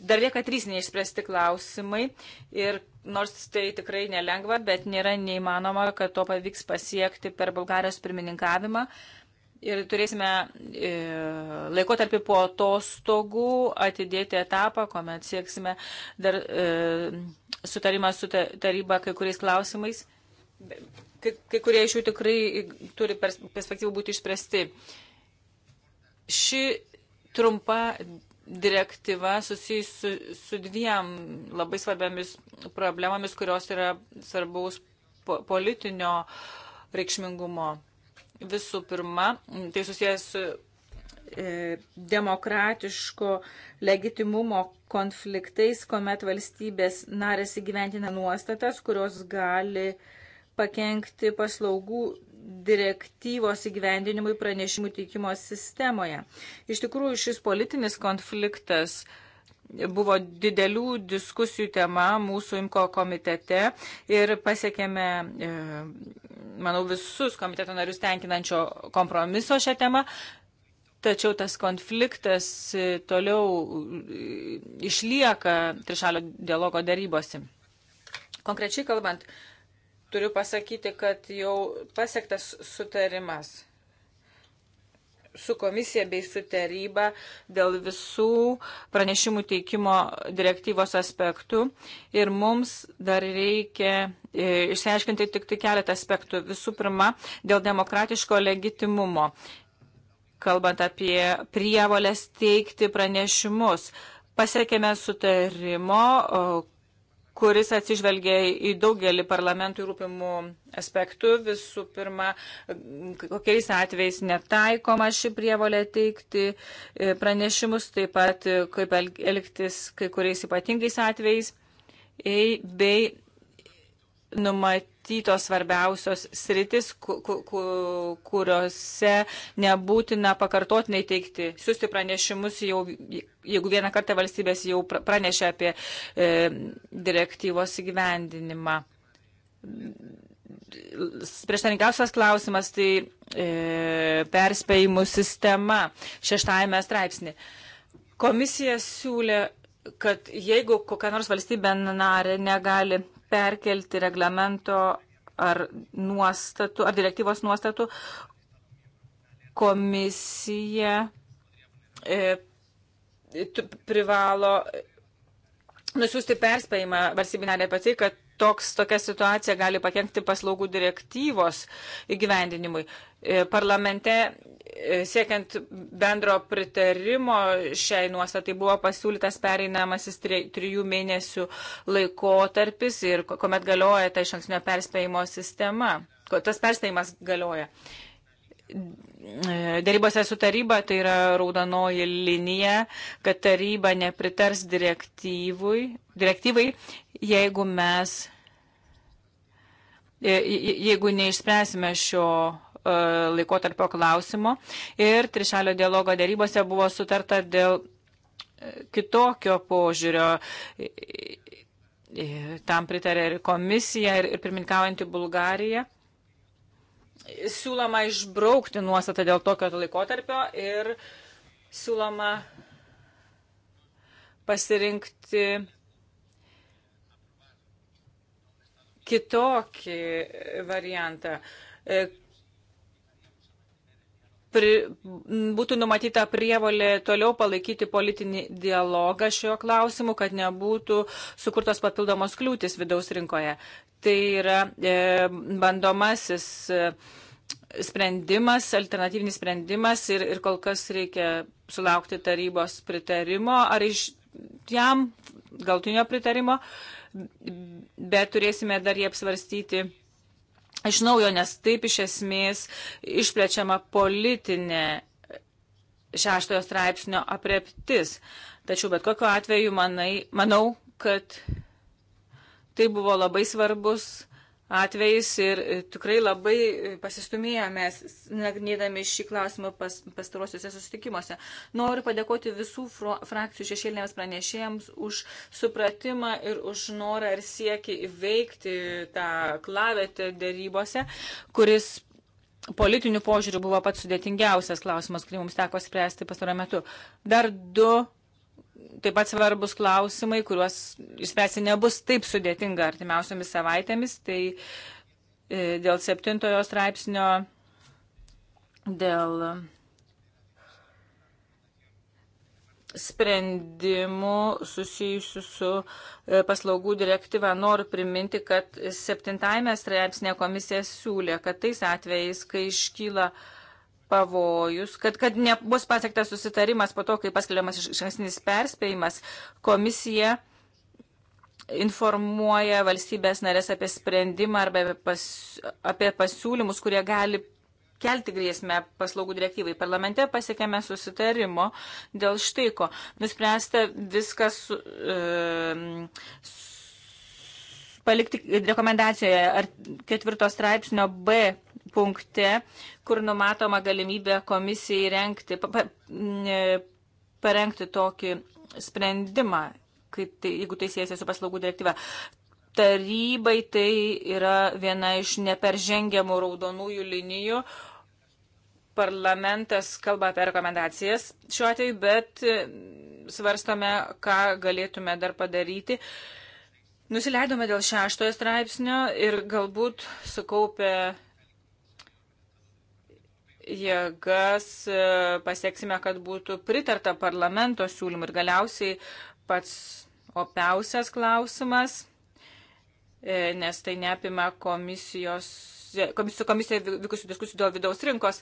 dar lieka trys neišspręsti klausimai ir nors tai tikrai nelengva, bet nėra neįmanoma, kad to pavyks pasiekti per Bulgarijos pirmininkavimą. Uh, ir turėsime e, laikotarpį po atostogų atidėti etapą, kuomet sieksime dar e, sutarimą su taryba kai kuriais klausimais. Kai, kai kurie iš jų tikrai turi perspektyvų būti išspręsti. Ši trumpa direktyva susijus su, su dviem labai svarbiamis problemomis, kurios yra svarbaus politinio reikšmingumo. Visų pirma, tai susijęs su e, demokratiško legitimumo konfliktais, kuomet valstybės narės įgyventina nuostatas, kurios gali pakengti paslaugų direktyvos įgyvendinimui pranešimų teikimo sistemoje. Iš tikrųjų, šis politinis konfliktas uh, buvo didelių diskusijų tema mūsų imko komitete ir pasiekėme, e, manau, visus komiteto narius tenkinančio kompromiso šią temą. Tačiau tas konfliktas e, toliau e, išlieka trišalio dialogo darybosi. Konkrečiai kalbant, turiu pasakyti, kad jau pasiektas sutarimas su komisija bei su taryba dėl visų pranešimų teikimo direktyvos aspektų ir mums dar reikia e, išsiaiškinti tik tai keletą aspektų. Visų pirma, dėl demokratiško legitimumo, kalbant apie prievolės teikti pranešimus. Pasiekėme sutarimo kuris atsižvelgia į daugelį parlamentų rūpimų aspektų. Visų pirma, kokiais atvejais netaikoma ši prievolė teikti e, pranešimus, taip pat e, kaip elgtis kai kuriais ypatingais atvejais bei numatytos svarbiausios sritis, kuriuose nebūtina pakartotinai teikti, siūsti pranešimus, jau, jeigu vieną kartą valstybės jau pranešė apie e, direktyvos įgyvendinimą. Prieštaringiausias klausimas tai e, perspėjimų sistema šeštajame straipsnė. Komisija siūlė kad jeigu kokia nors valstybė narė negali perkelti reglamento ar, nuostatų, ar direktyvos nuostatų komisija e, privalo nusiųsti perspėjimą valstybinarė apie tai, kad toks, tokia situacija gali pakengti paslaugų direktyvos įgyvendinimui. E, parlamente e, siekiant bendro pritarimo šiai nuostatai buvo pasiūlytas pereinamasis trijų mėnesių laikotarpis ir kuomet galioja ta iš anksnio perspėjimo sistema. Tas perspėjimas galioja. E, Dėrybose su taryba tai yra raudonoji linija, kad taryba nepritars direktyvai, jeigu mes E, jeigu neišspręsime šio e, laikotarpio klausimo. Ir trišalio dialogo dėrybose buvo sutarta dėl e, kitokio požiūrio. Tam pritarė ir komisija, ir, ir pirmininkaujantį Bulgariją. Siūloma išbraukti nuostatą dėl tokio laikotarpio ir siūloma pasirinkti kitokį e, variantą. E, pri, būtų numatyta prievolė toliau palaikyti politinį dialogą šiuo klausimu, kad nebūtų sukurtos papildomos kliūtis vidaus rinkoje. Tai yra e, bandomasis. E, sprendimas, alternatyvinis sprendimas ir, ir kol kas reikia sulaukti tarybos pritarimo ar iš jam galtinio pritarimo. E, bet turėsime dar jį apsvarstyti iš naujo, nes taip iš esmės išplečiama politinė šeštojo straipsnio apreptis. Tačiau bet kokiu atveju manai, manau, kad tai buvo labai svarbus atvejais ir e, tikrai labai e, pasistumėjome, nagrinėdami šį klausimą pas, pastarosiuose susitikimuose. Noriu padėkoti visų fro, frakcijų šešėlėms pranešėjams už supratimą ir už norą ir siekį įveikti tą klavetę dėrybose, kuris politinių požiūrių buvo pats sudėtingiausias klausimas, kurį mums teko spręsti pastaruoju metu. Dar du taip pat svarbus klausimai, kuriuos išspręsti nebus taip sudėtinga artimiausiomis savaitėmis. Tai e, dėl septintojo straipsnio, dėl sprendimų susijusių su e, paslaugų direktyva. Noriu priminti, kad septintajame straipsnė komisija siūlė, kad tais atvejais, kai iškyla uh, pavojus, kad, kad nebus pasiektas susitarimas po to, kai paskelbiamas išankstinis perspėjimas, komisija informuoja valstybės narės apie sprendimą arba apie, pas, apie pasiūlymus, kurie gali kelti grėsmę paslaugų direktyvai. Parlamente pasiekėme susitarimo dėl štai ko. Nuspręsta viskas su, e, su palikti rekomendacijoje ar ketvirto straipsnio B punkte, kur numatoma galimybė komisijai rengti, pa, pa, parengti tokį sprendimą, tai, jeigu tai siejasi su paslaugų direktyva. Tarybai tai yra viena iš neperžengiamų raudonųjų linijų. Parlamentas kalba apie rekomendacijas šiuo atveju, bet svarstome, ką galėtume dar padaryti. Uh, Nusileidome dėl šeštojo straipsnio ir galbūt sukaupę jėgas e, pasieksime, kad būtų pritarta parlamento siūlymų ir galiausiai pats opiausias klausimas, e, nes tai neapima komisijos e, komisijų komisija vykusių diskusijų dėl vidaus rinkos,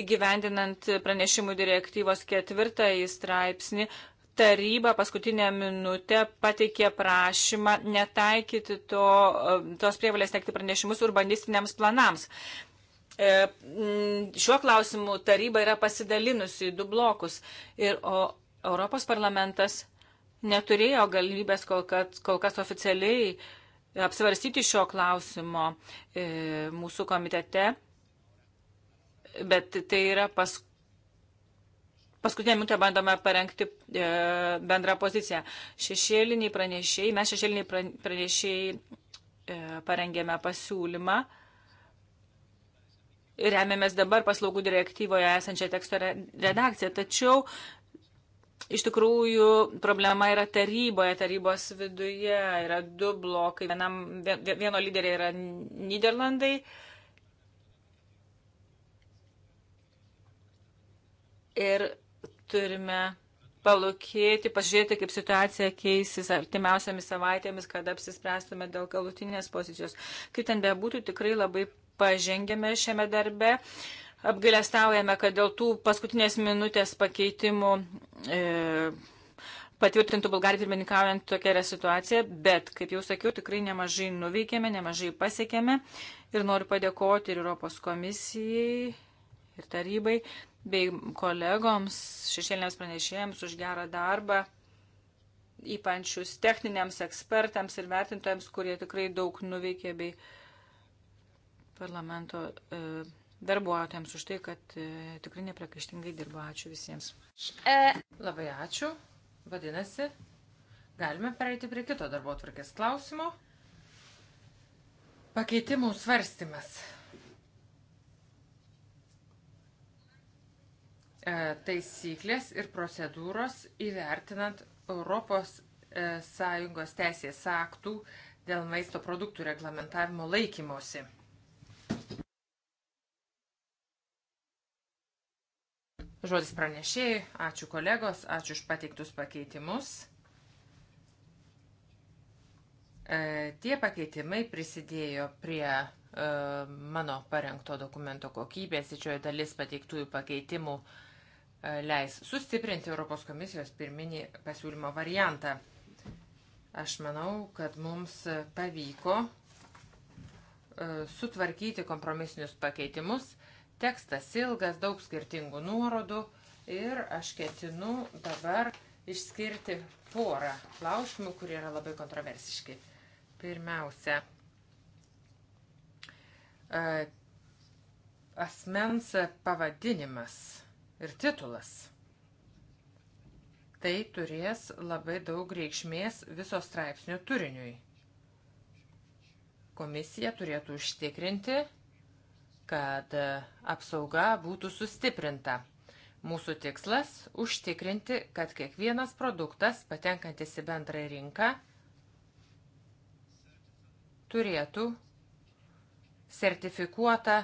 įgyvendinant pranešimų direktyvos ketvirtąjį straipsnį, taryba paskutinę minutę pateikė prašymą netaikyti to, tos prievalės teikti pranešimus urbanistiniams planams. E, šiuo klausimu taryba yra pasidalinusi į du blokus. Ir, o Europos parlamentas neturėjo galimybės kol kas, kol kas oficialiai apsvarstyti šio klausimo e, mūsų komitete. Bet tai yra pas, paskutinę minutę bandome parengti e, bendrą poziciją. Šešėliniai pranešėjai, mes šešėliniai pranešėjai e, parengėme pasiūlymą. Remiamės dabar paslaugų direktyvoje esančią teksto redakciją, tačiau iš tikrųjų problema yra taryboje, tarybos viduje yra du blokai. Vienam, vieno lyderė yra Niderlandai. Ir turime palūkėti, pažiūrėti, kaip situacija keisis artimiausiamis savaitėmis, kada apsispręstume dėl galutinės pozicijos. Kaip ten bebūtų, tikrai labai pažengėme šiame darbe. Apgailestaujame, kad dėl tų paskutinės minutės pakeitimų e, patvirtintų Bulgarijai pirmininkaujant tokia yra situacija, bet, kaip jau sakiau, tikrai nemažai nuveikėme, nemažai pasiekėme ir noriu padėkoti ir Europos komisijai, ir tarybai, bei kolegoms, šešėlėms pranešėjams už gerą darbą, ypač šius techniniams ekspertams ir vertintojams, kurie tikrai daug nuveikė, bei parlamento e, darbuotojams už tai, kad e, tikrai neprikaištingai dirbo. Ačiū visiems. E. Labai ačiū. Vadinasi, galime pereiti prie kito darbo tvarkės klausimo. Pakeitimų svarstymas. E, taisyklės ir procedūros įvertinant Europos e, Sąjungos teisės aktų dėl maisto produktų reglamentavimo laikymosi. Žodis pranešėjai, ačiū kolegos, ačiū už pateiktus pakeitimus. E, tie pakeitimai prisidėjo prie e, mano parengto dokumento kokybės, didžioji dalis pateiktųjų pakeitimų e, E, leis sustiprinti Europos komisijos pirminį pasiūlymo variantą. Aš manau, kad mums pavyko e, sutvarkyti kompromisinius pakeitimus. Tekstas ilgas, daug skirtingų nuorodų ir aš ketinu dabar išskirti porą klausimų, kurie yra labai kontroversiški. Pirmiausia, e, asmens pavadinimas ir titulas. Tai turės labai daug reikšmės viso straipsnio turiniui. Komisija turėtų užtikrinti, kad apsauga būtų sustiprinta. Mūsų tikslas - užtikrinti, kad kiekvienas produktas patenkantis į bendrą rinką turėtų sertifikuotą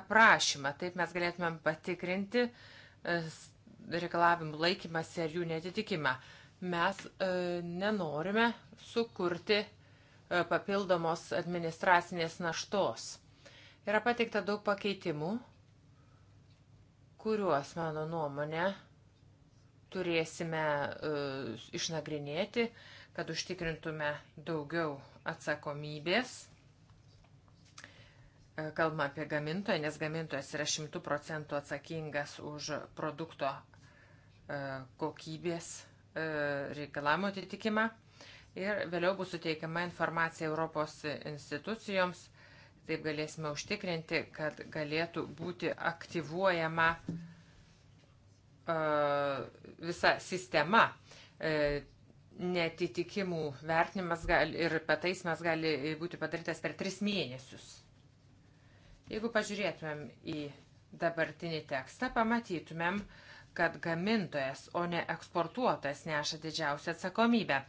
aprašymą. Taip mes galėtumėm patikrinti, uh, E, reikalavimų laikymasi ar jų netitikimą. Mes e, nenorime sukurti e, papildomos administracinės naštos. Yra pateikta daug pakeitimų, kuriuos, mano nuomonė, turėsime uh, išnagrinėti, kad užtikrintume daugiau atsakomybės kalbam apie gamintoją, nes gamintojas yra šimtų procentų atsakingas už produkto e, kokybės e, reikalavimo atitikimą. Ir vėliau bus suteikiama informacija Europos institucijoms. Taip galėsime užtikrinti, kad galėtų būti aktyvuojama e, visa sistema. Netitikimų vertinimas gali, ir pataismas gali būti padarytas per tris mėnesius. Jeigu pažiūrėtumėm į dabartinį tekstą, pamatytumėm, kad gamintojas, o ne eksportuotojas neša didžiausią atsakomybę.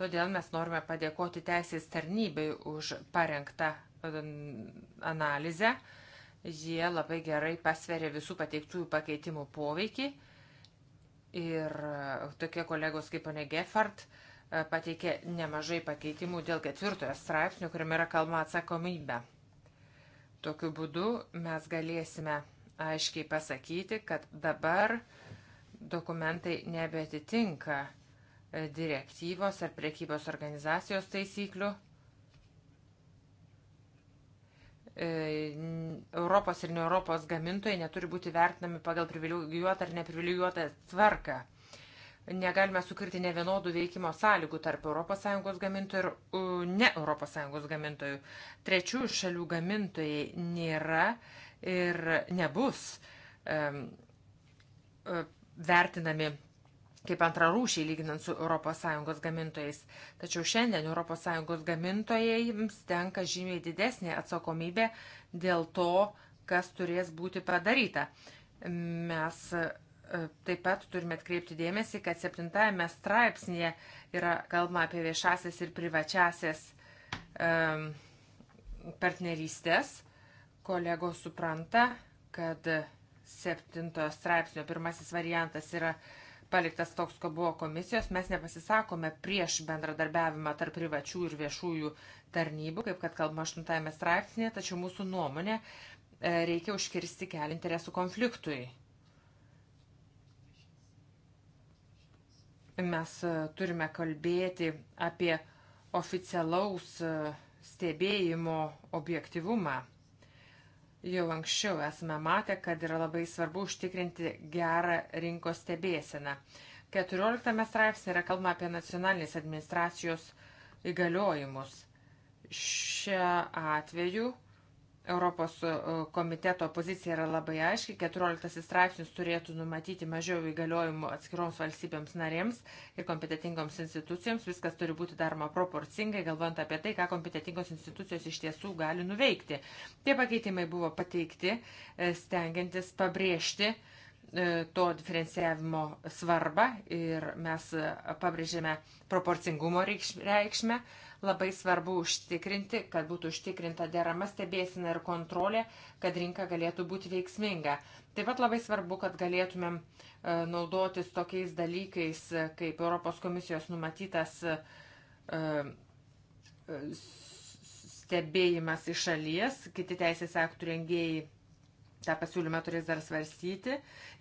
Todėl mes norime padėkoti Teisės tarnybai už parengtą um, analizę. Jie labai gerai pasveria visų pateiktųjų pakeitimų poveikį. Ir uh, tokie kolegos kaip ponė Geffart uh, pateikė nemažai pakeitimų dėl ketvirtojo straipsnio, kuriame yra kalba atsakomybė. Tokiu būdu mes galėsime aiškiai pasakyti, kad dabar dokumentai nebetitinka e, direktyvos ar priekybos organizacijos taisyklių. E, Europos ir ne Europos gamintojai neturi būti vertinami pagal privilegijuotą ar neprivilegijuotą tvarką negalime sukurti ne vienodų veikimo sąlygų tarp ES gamintojų ir ne ES gamintojų. Trečiųjų šalių gamintojai nėra ir nebus um, vertinami kaip antrarūšiai lyginant su ES gamintojais. Tačiau šiandien ES gamintojams tenka žymiai didesnė atsakomybė dėl to, kas turės būti padaryta. Mes E, taip pat turime atkreipti dėmesį, kad septintajame straipsnėje yra kalbama apie viešasias ir privačiasias um, partnerystės. Kolegos supranta, kad septintojo straipsnio pirmasis variantas yra paliktas toks, ko buvo komisijos. Mes nepasisakome prieš bendradarbiavimą tarp privačių ir viešųjų tarnybų, kaip kad kalbama aštuntajame straipsnėje, tačiau mūsų nuomonė e, reikia užkirsti kelią interesų konfliktui mes e, turime kalbėti apie oficialaus e, stebėjimo objektivumą. Jau anksčiau esame matę, kad yra labai svarbu užtikrinti gerą rinkos stebėseną. 14 straipsnė yra kalba apie nacionalinės administracijos įgaliojimus. Šią atveju Europos e, komiteto pozicija yra labai aiški. 14 straipsnis turėtų numatyti mažiau įgaliojimų atskiroms valstybėms narėms ir kompetitingoms institucijoms. Viskas turi būti daroma proporcingai, galvant apie tai, ką kompetitingos institucijos iš tiesų gali nuveikti. Tie pakeitimai buvo pateikti, e, stengiantis pabrėžti e, to diferencijavimo svarbą ir mes pabrėžėme proporcingumo reikšmę. reikšmę Labai svarbu užtikrinti, kad būtų užtikrinta derama stebėsina ir kontrolė, kad rinka galėtų būti veiksminga. Taip pat labai svarbu, kad galėtumėm e, naudotis tokiais dalykais, e, kaip Europos komisijos numatytas e, stebėjimas iš šalies, kiti teisės aktų rengėjai tą pasiūlymą turės dar svarstyti.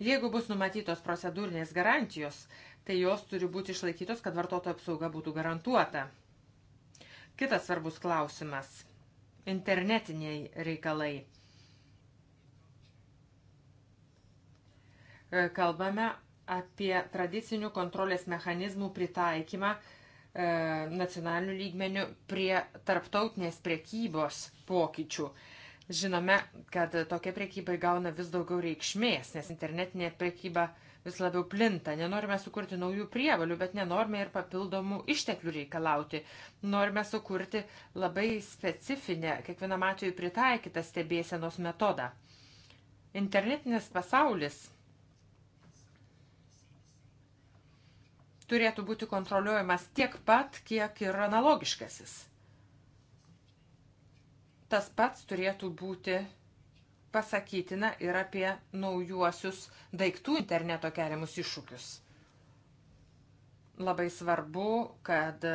Jeigu bus numatytos procedūrinės garantijos, tai jos turi būti išlaikytos, kad vartotojo apsauga būtų garantuota. Kitas svarbus klausimas - internetiniai reikalai. E, kalbame apie tradicinių kontrolės mechanizmų pritaikymą e, nacionalinių lygmenių prie tarptautinės priekybos pokyčių. Žinome, kad tokia priekyba įgauna vis daugiau reikšmės, nes internetinė priekyba uh, vis labiau plinta. Nenorime sukurti naujų prievalių, bet nenorime ir papildomų išteklių reikalauti. Norime sukurti labai specifinę, kiekvienam atveju pritaikytą stebėsenos metodą. Internetinis pasaulis turėtų būti kontroliuojamas tiek pat, kiek ir analogiškasis. Tas pats turėtų būti pasakytina ir apie naujuosius daiktų interneto keliamus iššūkius. Labai svarbu, kad e,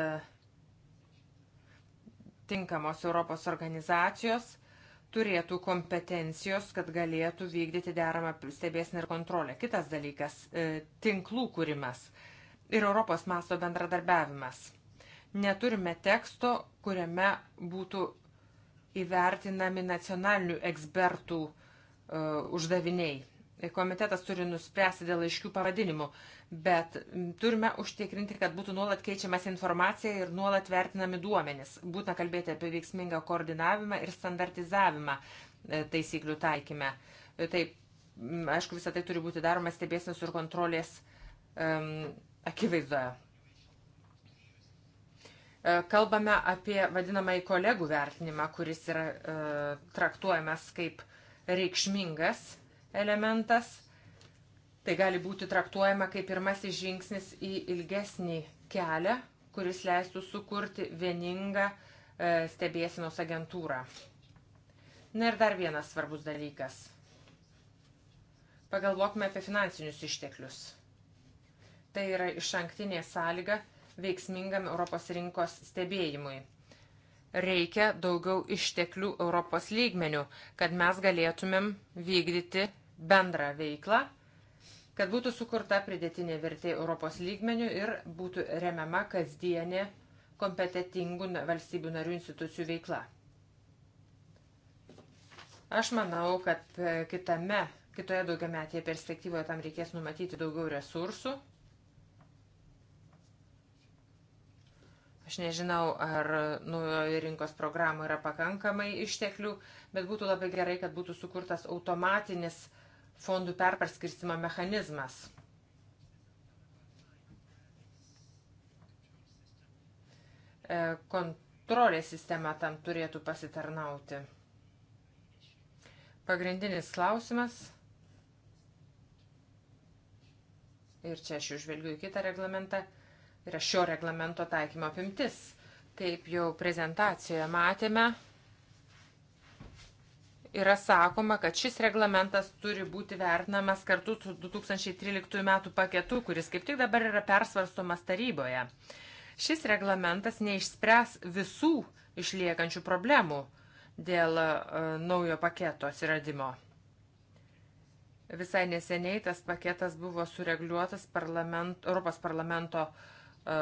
tinkamos Europos organizacijos turėtų kompetencijos, kad galėtų vykdyti deramą stebėsinę ir kontrolę. Kitas dalykas - e, tinklų kūrimas ir Europos masto bendradarbiavimas. Neturime teksto, kuriame būtų įvertinami nacionalinių ekspertų e, uždaviniai. Komitetas turi nuspręsti dėl aiškių pavadinimų, bet turime užtikrinti, kad būtų nuolat keičiamas informacija ir nuolat vertinami duomenys. Būtina kalbėti apie veiksmingą koordinavimą ir standartizavimą e, taisyklių taikymę. E, taip, aišku, visą tai turi būti daroma stebėsinos ir kontrolės um, akivaizdoje. E, kalbame apie vadinamąjį kolegų vertinimą, kuris yra e, traktuojamas kaip reikšmingas elementas. Tai gali būti traktuojama kaip pirmasis žingsnis į ilgesnį kelią, kuris leistų sukurti vieningą e, stebėsinos agentūrą. Na ir dar vienas svarbus dalykas. Pagalvokime apie finansinius išteklius. Tai yra iš anktinė sąlyga veiksmingam Europos rinkos stebėjimui. Reikia daugiau išteklių Europos lygmenių, kad mes galėtumėm vykdyti bendrą veiklą, kad būtų sukurta pridėtinė vertė Europos lygmenių ir būtų remiama kasdienė kompetitingų valstybių narių institucijų veikla. Aš manau, kad e, kitame, kitoje daugiametėje perspektyvoje tam reikės numatyti daugiau resursų Aš nežinau, ar naujojo rinkos programų yra pakankamai išteklių, bet būtų labai gerai, kad būtų sukurtas automatinis fondų perparskirstimo mechanizmas. E, kontrolės sistema tam turėtų pasitarnauti. Pagrindinis klausimas. Ir čia aš užvelgiu į kitą reglamentą yra šio reglamento taikymo apimtis. Kaip jau prezentacijoje matėme, yra sakoma, kad šis reglamentas turi būti vertinamas kartu su 2013 metų paketu, kuris kaip tik dabar yra persvarstomas taryboje. Šis reglamentas neišspręs visų išliekančių problemų dėl e, naujo paketo atsiradimo. Visai neseniai tas paketas buvo sureguliuotas parlament, Europos parlamento uh, E,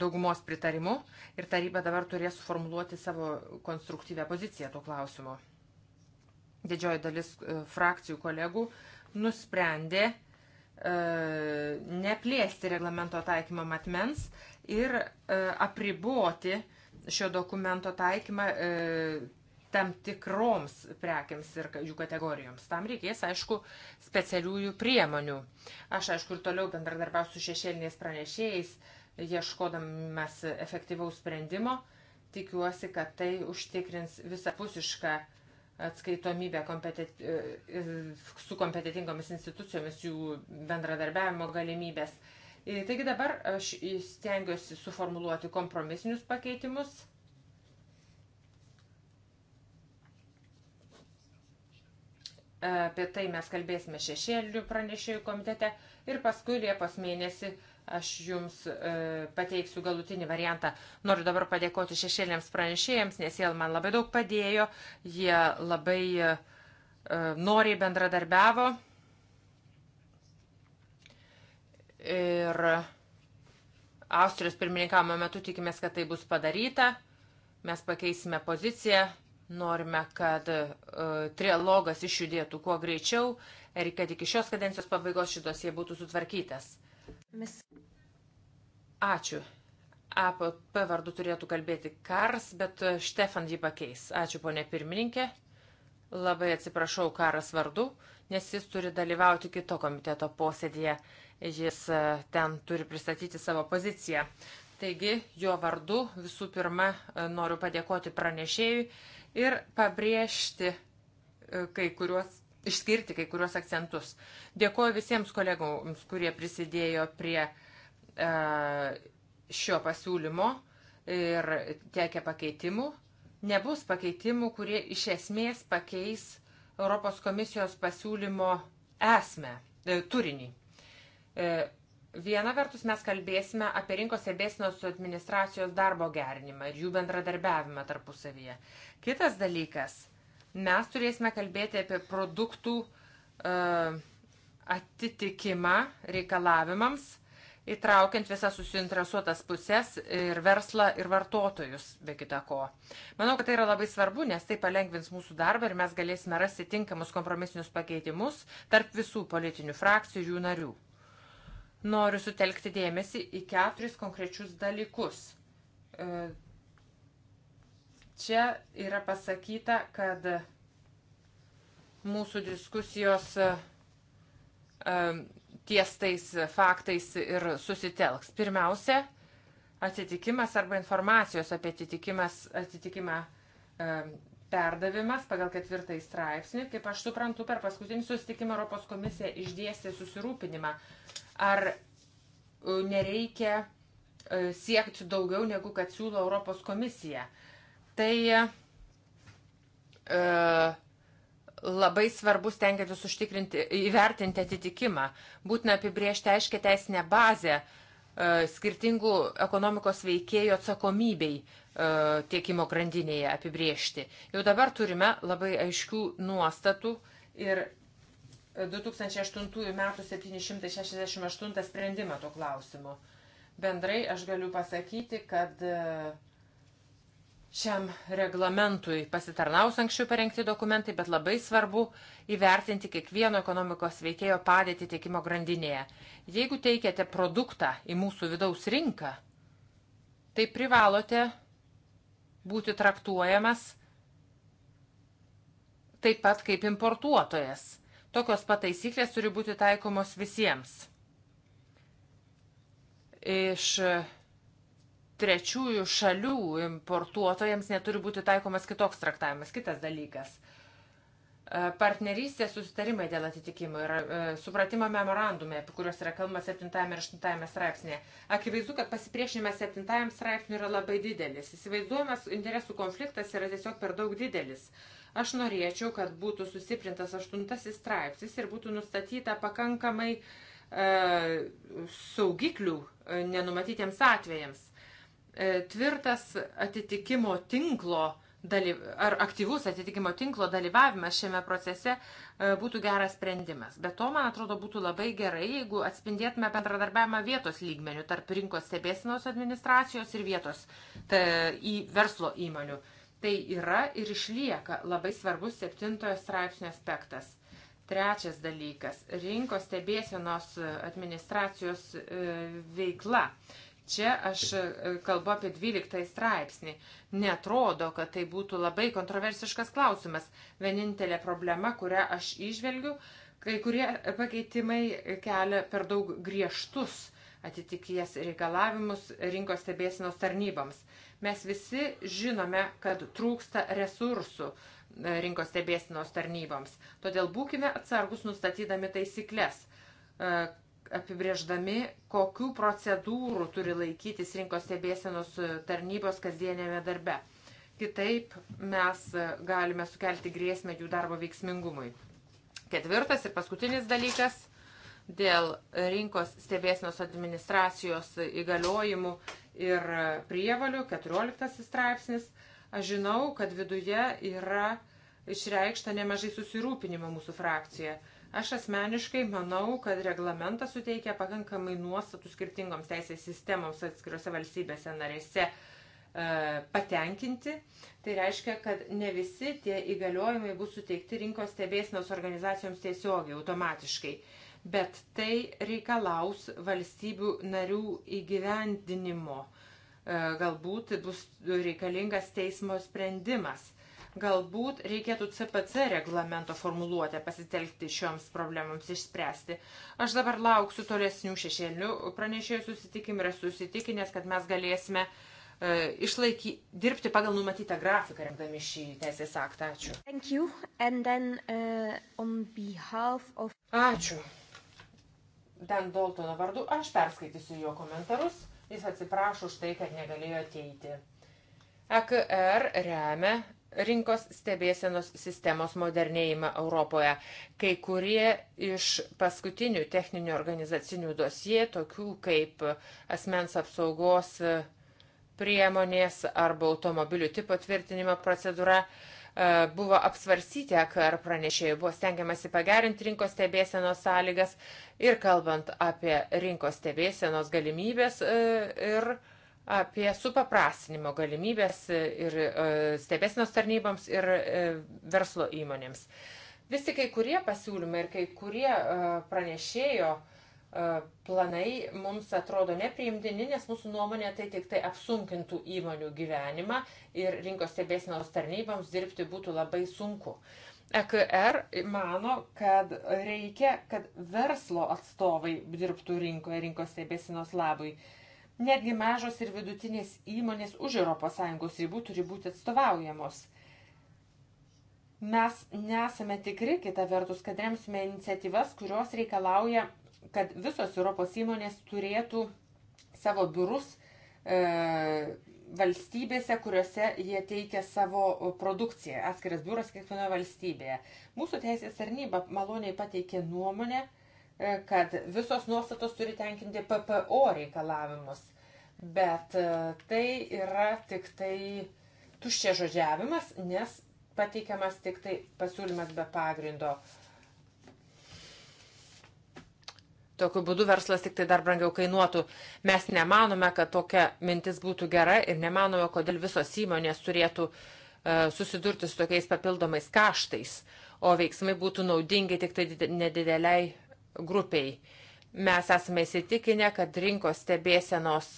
daugumos pritarimu ir taryba dabar turės suformuluoti savo konstruktyvę poziciją tuo klausimu. Didžioji dalis e, frakcijų kolegų nusprendė e, neplėsti reglamento taikymo matmens ir apriboti šio dokumento taikymą tam tikroms prekiams ir jų kategorijoms. Tam reikės, aišku, specialiųjų priemonių. Aš, aišku, ir toliau bendradarbiausiu su šešėliniais pranešėjais, ieškodamas efektyvaus sprendimo. Tikiuosi, kad tai užtikrins visapusišką atskaitomybę kompetit... E, su kompetitingomis institucijomis, jų bendradarbiavimo galimybės. E, taigi dabar aš stengiuosi suformuluoti kompromisinius pakeitimus Apie tai mes kalbėsime šešėlių pranešėjų komitete ir paskui Liepos mėnesį aš jums e, pateiksiu galutinį variantą. Noriu dabar padėkoti šešėliams pranešėjams, nes jie man labai daug padėjo, jie labai e, e, noriai bendradarbiavo. Ir Austrijos pirmininkavimo metu tikimės, kad tai bus padaryta. Mes pakeisime poziciją Norime, kad uh, trialogas išjudėtų kuo greičiau ir kad iki šios kadencijos pabaigos šitos jie būtų sutvarkytas. Mes... Ačiū. APP vardu turėtų kalbėti Kars, bet e, Štefan jį pakeis. Ačiū, ponė pirmininkė. Labai atsiprašau Karas vardu, nes jis turi dalyvauti kito komiteto posėdėje. Jis e, ten turi pristatyti savo poziciją. Taigi, jo vardu visų pirma noriu padėkoti pranešėjui ir pabrėžti e, kai kuriuos, išskirti kai kuriuos akcentus. Dėkuoju visiems kolegoms, kurie prisidėjo prie e, šio pasiūlymo ir tiekia pakeitimų. Nebus pakeitimų, kurie iš esmės pakeis Europos komisijos pasiūlymo esmę, e, turinį. Viena vertus mes kalbėsime apie rinkos stebėsinos su administracijos darbo gerinimą ir jų bendradarbiavimą tarpusavyje. Kitas dalykas, mes turėsime kalbėti apie produktų uh, atitikimą reikalavimams, įtraukiant visas susinteresuotas pusės ir verslą ir vartotojus, be kita ko. Manau, kad tai yra labai svarbu, nes tai palengvins mūsų darbą ir mes galėsime rasti tinkamus kompromisinius pakeitimus tarp visų politinių frakcijų ir jų narių noriu sutelkti dėmesį į keturis konkrečius dalykus. E, čia yra pasakyta, kad mūsų diskusijos e, e, ties tais faktais ir susitelks. Pirmiausia, atitikimas arba informacijos apie atitikimas, atitikimą perdavimas pagal ketvirtąjį straipsnį, kaip aš suprantu, per paskutinį susitikimą Europos komisija išdėstė susirūpinimą, ar e, nereikia e, siekti daugiau negu kad siūlo Europos komisija. Tai e, labai svarbu stengiantis užtikrinti, įvertinti atitikimą, būtina apibriežti aiškę teisinę bazę e, skirtingų ekonomikos veikėjų atsakomybei E, tiekimo grandinėje apibriežti. Jau dabar turime labai aiškių nuostatų ir 2008 m. 768 sprendimą tuo klausimu. Bendrai aš galiu pasakyti, kad e, šiam reglamentui pasitarnaus anksčiau parengti dokumentai, bet labai svarbu įvertinti kiekvieno ekonomikos veikėjo padėtį tiekimo grandinėje. Jeigu teikiate produktą į mūsų vidaus rinką, tai privalote būti traktuojamas taip pat kaip importuotojas. Tokios pataisyklės turi būti taikomos visiems. Iš trečiųjų šalių importuotojams neturi būti taikomas kitoks traktavimas. Kitas dalykas. E, partnerystės susitarimai dėl atitikimo ir e, supratimo memorandume, apie kuriuos yra kalbama 7 ir 8 straipsnėje. Akivaizdu, kad pasipriešinimas 7 straipsniui yra labai didelis. Įsivaizduojamas interesų konfliktas yra tiesiog per daug didelis. Aš norėčiau, kad būtų sustiprintas 8 straipsnis ir būtų nustatyta pakankamai e, saugiklių e, nenumatytiems atvejams. E, tvirtas atitikimo tinklo e, dalyv... ar aktyvus atitikimo tinklo dalyvavimas šiame procese e, būtų geras sprendimas. Bet to, man atrodo, būtų labai gerai, jeigu atspindėtume bendradarbiavimą vietos lygmenių tarp rinkos stebėsinos administracijos ir vietos ta, į verslo įmonių. Tai yra ir išlieka labai svarbus septintojo straipsnio aspektas. Trečias dalykas - rinkos stebėsienos administracijos e, veikla. Čia aš e, kalbu apie 12 straipsnį. Netrodo, kad tai būtų labai kontroversiškas klausimas. Vienintelė problema, kurią aš išvelgiu, kai kurie pakeitimai kelia per daug griežtus atitikties reikalavimus rinkos stebėsinos tarnyboms. Mes visi žinome, kad trūksta resursų e, rinkos stebėsinos tarnyboms. Todėl būkime atsargus nustatydami taisyklės e, apibrėždami, kokių procedūrų turi laikytis rinkos stebėsenos tarnybos kasdienėme darbe. Kitaip mes galime sukelti grėsmę jų darbo veiksmingumui. Ketvirtas ir paskutinis dalykas dėl rinkos stebėsenos administracijos įgaliojimų ir prievalių, 14 straipsnis. Aš žinau, kad viduje yra išreikšta nemažai susirūpinimo mūsų frakcijoje Aš asmeniškai manau, kad reglamentas suteikia pakankamai nuostatų skirtingoms teisės sistemoms atskiriuose valstybėse narėse e, patenkinti. Tai reiškia, kad ne visi tie įgaliojimai bus suteikti rinkos stebėsinos organizacijoms tiesiogiai, automatiškai. Bet tai reikalaus valstybių narių įgyvendinimo. E, galbūt bus reikalingas teismo sprendimas. Galbūt reikėtų CPC reglamento formuluotę pasitelkti šioms problemams išspręsti. Aš dabar lauksiu tolesnių šešėlių pranešėjų susitikimų ir esu susitikinęs, kad mes galėsime e, išlaiky, dirbti pagal numatytą grafiką, rengdami šį teisės aktą. Ačiū. Then, uh, of... Ačiū. Dan Daltono vardu aš perskaitysiu jo komentarus. Jis atsiprašo už tai, kad negalėjo ateiti. EKR remia rinkos stebėsenos sistemos modernėjimą Europoje. Kai kurie iš paskutinių techninių organizacinių dosie, tokių kaip asmens apsaugos priemonės arba automobilių tipo tvirtinimo procedūra, e, buvo apsvarstyti, ar pranešėjai buvo stengiamasi pagerinti rinkos stebėsenos sąlygas ir kalbant apie rinkos stebėsenos galimybės e, ir apie supaprastinimo galimybės ir e, stebėsinos tarnyboms ir e, verslo įmonėms. Vis tik kai kurie pasiūlymai ir kai kurie e, pranešėjo planai mums atrodo nepriimtini, nes mūsų nuomonė tai tik tai apsunkintų įmonių gyvenimą ir rinkos stebėsinos tarnyboms dirbti būtų labai sunku. EKR mano, kad reikia, kad verslo atstovai dirbtų rinkoje rinkos stebėsinos labui. Uh, Netgi mažos ir vidutinės įmonės už ES ribų turi būti atstovaujamos. Mes nesame tikri, kita vertus, kad remsime iniciatyvas, kurios reikalauja, kad visos Europos įmonės turėtų savo biurus e, valstybėse, kuriuose jie teikia savo produkciją, atskiras biuras kiekvienoje valstybėje. Mūsų teisės tarnyba maloniai pateikė nuomonę, e, E, kad visos nuostatos turi tenkinti PPO reikalavimus, bet e, tai yra tik tai tuščia žodžiavimas, nes pateikiamas tik tai pasiūlymas be pagrindo. Tokiu būdu verslas tik tai dar brangiau kainuotų. Mes nemanome, kad tokia mintis būtų gera ir nemanome, kodėl visos įmonės turėtų uh, susidurti su tokiais papildomais kaštais, o veiksmai būtų naudingi tik tai nedideliai grupiai. Mes esame įsitikinę, kad rinkos stebėsenos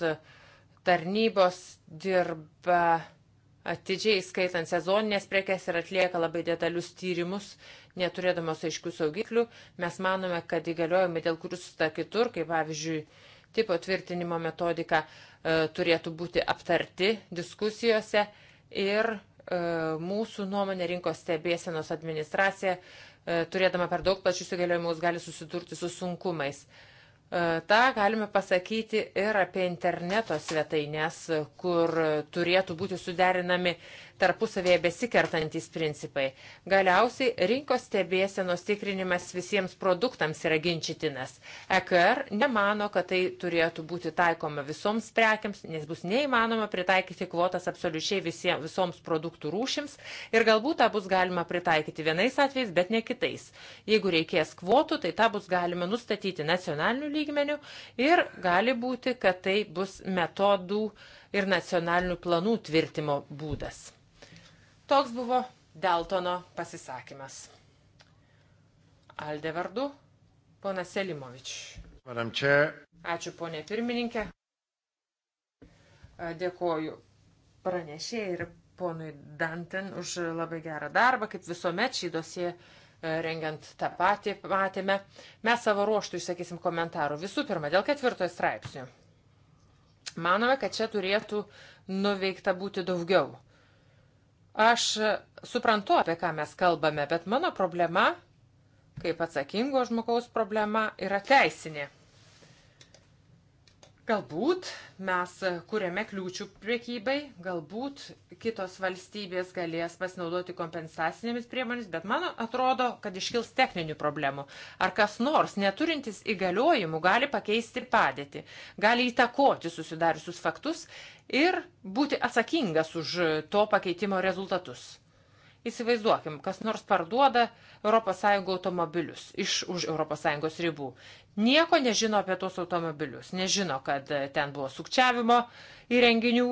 tarnybos dirba atidžiai, skaitant sezoninės prekes ir atlieka labai detalius tyrimus, neturėdamos aiškių saugiklių. Mes manome, kad įgaliojimai, dėl kurių susta kitur, kaip pavyzdžiui, tipo tvirtinimo metodika, e, turėtų būti aptarti diskusijose ir e, mūsų nuomonė rinkos stebėsenos administracija E, turėdama per daug plačius įgaliojimus, gali susidurti su sunkumais. E, Ta galime pasakyti ir apie interneto svetainės, kur turėtų būti suderinami tarpusavėje besikertantys principai. Galiausiai rinkos stebėsenos tikrinimas visiems produktams yra ginčytinas. EKR nemano, kad tai turėtų būti taikoma visoms prekiams, nes bus neįmanoma pritaikyti kvotas absoliučiai visie, visoms produktų rūšims ir galbūt tą bus galima pritaikyti vienais atvejais, bet ne kitais. Jeigu reikės kvotų, tai tą bus galima nustatyti nacionaliniu lygmeniu ir gali būti, kad tai bus metodų ir nacionalinių planų tvirtimo būdas. Toks buvo Deltono pasisakymas. Alde vardu, ponas Selimovič. Madam Chair. Ačiū, ponė pirmininkė. Dėkoju pranešėjai ir ponui Dantin už labai gerą darbą, kaip visuomet šį dosiją e, rengiant tą patį matėme. Mes savo ruoštų išsakysim komentarų. Visų pirma, dėl ketvirtojo straipsnio. Manome, kad čia turėtų nuveikta būti daugiau. Aš e, suprantu, apie ką mes kalbame, bet mano problema, kaip atsakingo žmogaus problema, yra teisinė. Galbūt mes kuriame kliūčių priekybai, galbūt kitos valstybės galės pasinaudoti kompensacinėmis priemonėmis, bet man atrodo, kad iškils techninių problemų. Ar kas nors, neturintis įgaliojimų, gali pakeisti padėtį, gali įtakoti susidariusius faktus ir būti atsakingas už to pakeitimo rezultatus. Įsivaizduokim, kas nors parduoda ES automobilius iš už ES ribų. Nieko nežino apie tos automobilius. Nežino, kad ten buvo sukčiavimo įrenginių,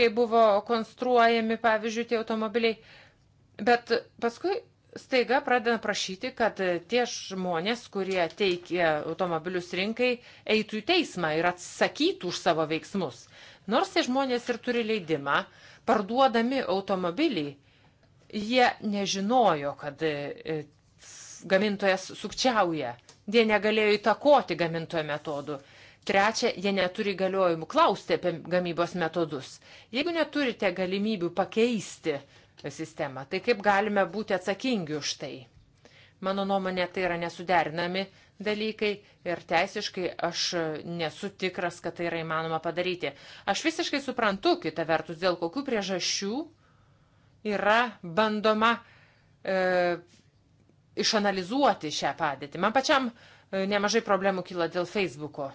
kai buvo konstruojami, pavyzdžiui, tie automobiliai. Bet paskui staiga pradeda prašyti, kad tie žmonės, kurie teikia automobilius rinkai, eitų į teismą ir atsakytų už savo veiksmus. Nors tie žmonės ir turi leidimą, parduodami automobiliai Jie nežinojo, kad e, gamintojas sukčiauja. Jie negalėjo įtakoti gamintojo metodų. Trečia, jie neturi galiojimų klausti apie gamybos metodus. Jeigu neturite galimybių pakeisti sistemą, tai kaip galime būti atsakingi už tai? Mano nuomonė, tai yra nesuderinami dalykai ir teisiškai aš nesu tikras, kad tai yra įmanoma padaryti. Aš visiškai suprantu, kita vertus, dėl kokių priežasčių uh, yra bandoma e, išanalizuoti šią padėtį. Man pačiam e, nemažai problemų kyla dėl Facebooko.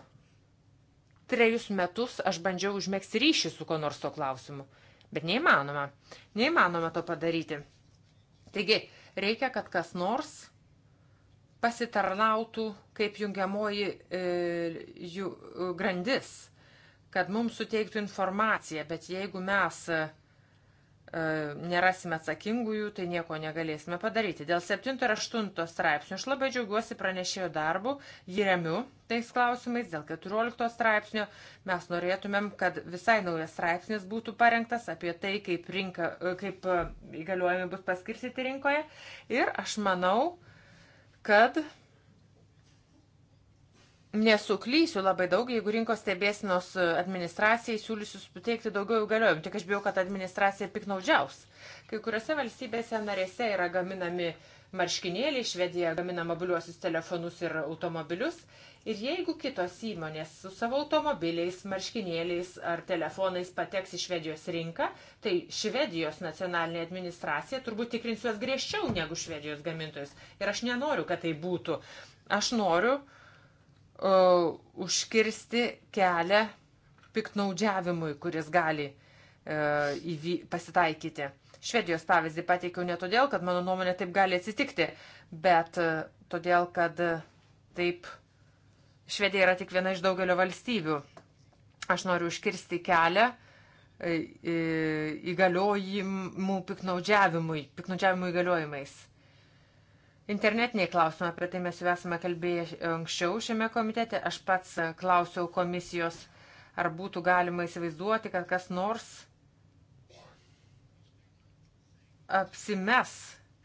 Trejus metus aš bandžiau užmėgsti ryšį su ko nors to klausimu, bet neįmanoma. Neįmanoma to padaryti. Taigi, reikia, kad kas nors pasitarnautų kaip jungiamoji e, jų grandis, kad mums suteiktų informaciją, bet jeigu mes e, E, nerasime atsakingųjų, tai nieko negalėsime padaryti. Dėl 7 ir 8 straipsnių aš labai džiaugiuosi pranešėjo darbu, jį remiu tais klausimais. Dėl 14 straipsnio mes norėtumėm, kad visai naujas straipsnis būtų parengtas apie tai, kaip, rinka, e, kaip e, įgaliuojami bus paskirstyti rinkoje. Ir aš manau, kad nesuklysiu labai daug, jeigu rinkos stebėsinos administracijai siūlysiu suteikti daugiau įgaliojimų. Tik aš bijau, kad administracija piknaudžiaus. Kai kuriuose valstybėse narėse yra gaminami marškinėliai, Švedija gamina mobiliuosius telefonus ir automobilius. Ir jeigu kitos įmonės su savo automobiliais, marškinėliais ar telefonais pateks į Švedijos rinką, tai Švedijos nacionalinė administracija turbūt tikrins juos griežčiau negu Švedijos gamintojus. Ir aš nenoriu, kad tai būtų. Aš noriu, uh, uh, užkirsti kelią piknaudžiavimui, kuris gali uh, įvy, pasitaikyti. Švedijos pavyzdį pateikiau ne todėl, kad mano nuomonė taip gali atsitikti, bet uh, todėl, kad e, taip Švedija yra tik viena iš daugelio valstybių. Aš noriu užkirsti kelią įgaliojimų piknaudžiavimui, piknaudžiavimų įgaliojimais. Internetiniai klausimai, apie tai mes jau esame kalbėję anksčiau šiame komitete. Aš pats e, klausiau komisijos, ar būtų galima įsivaizduoti, kad kas nors apsimes,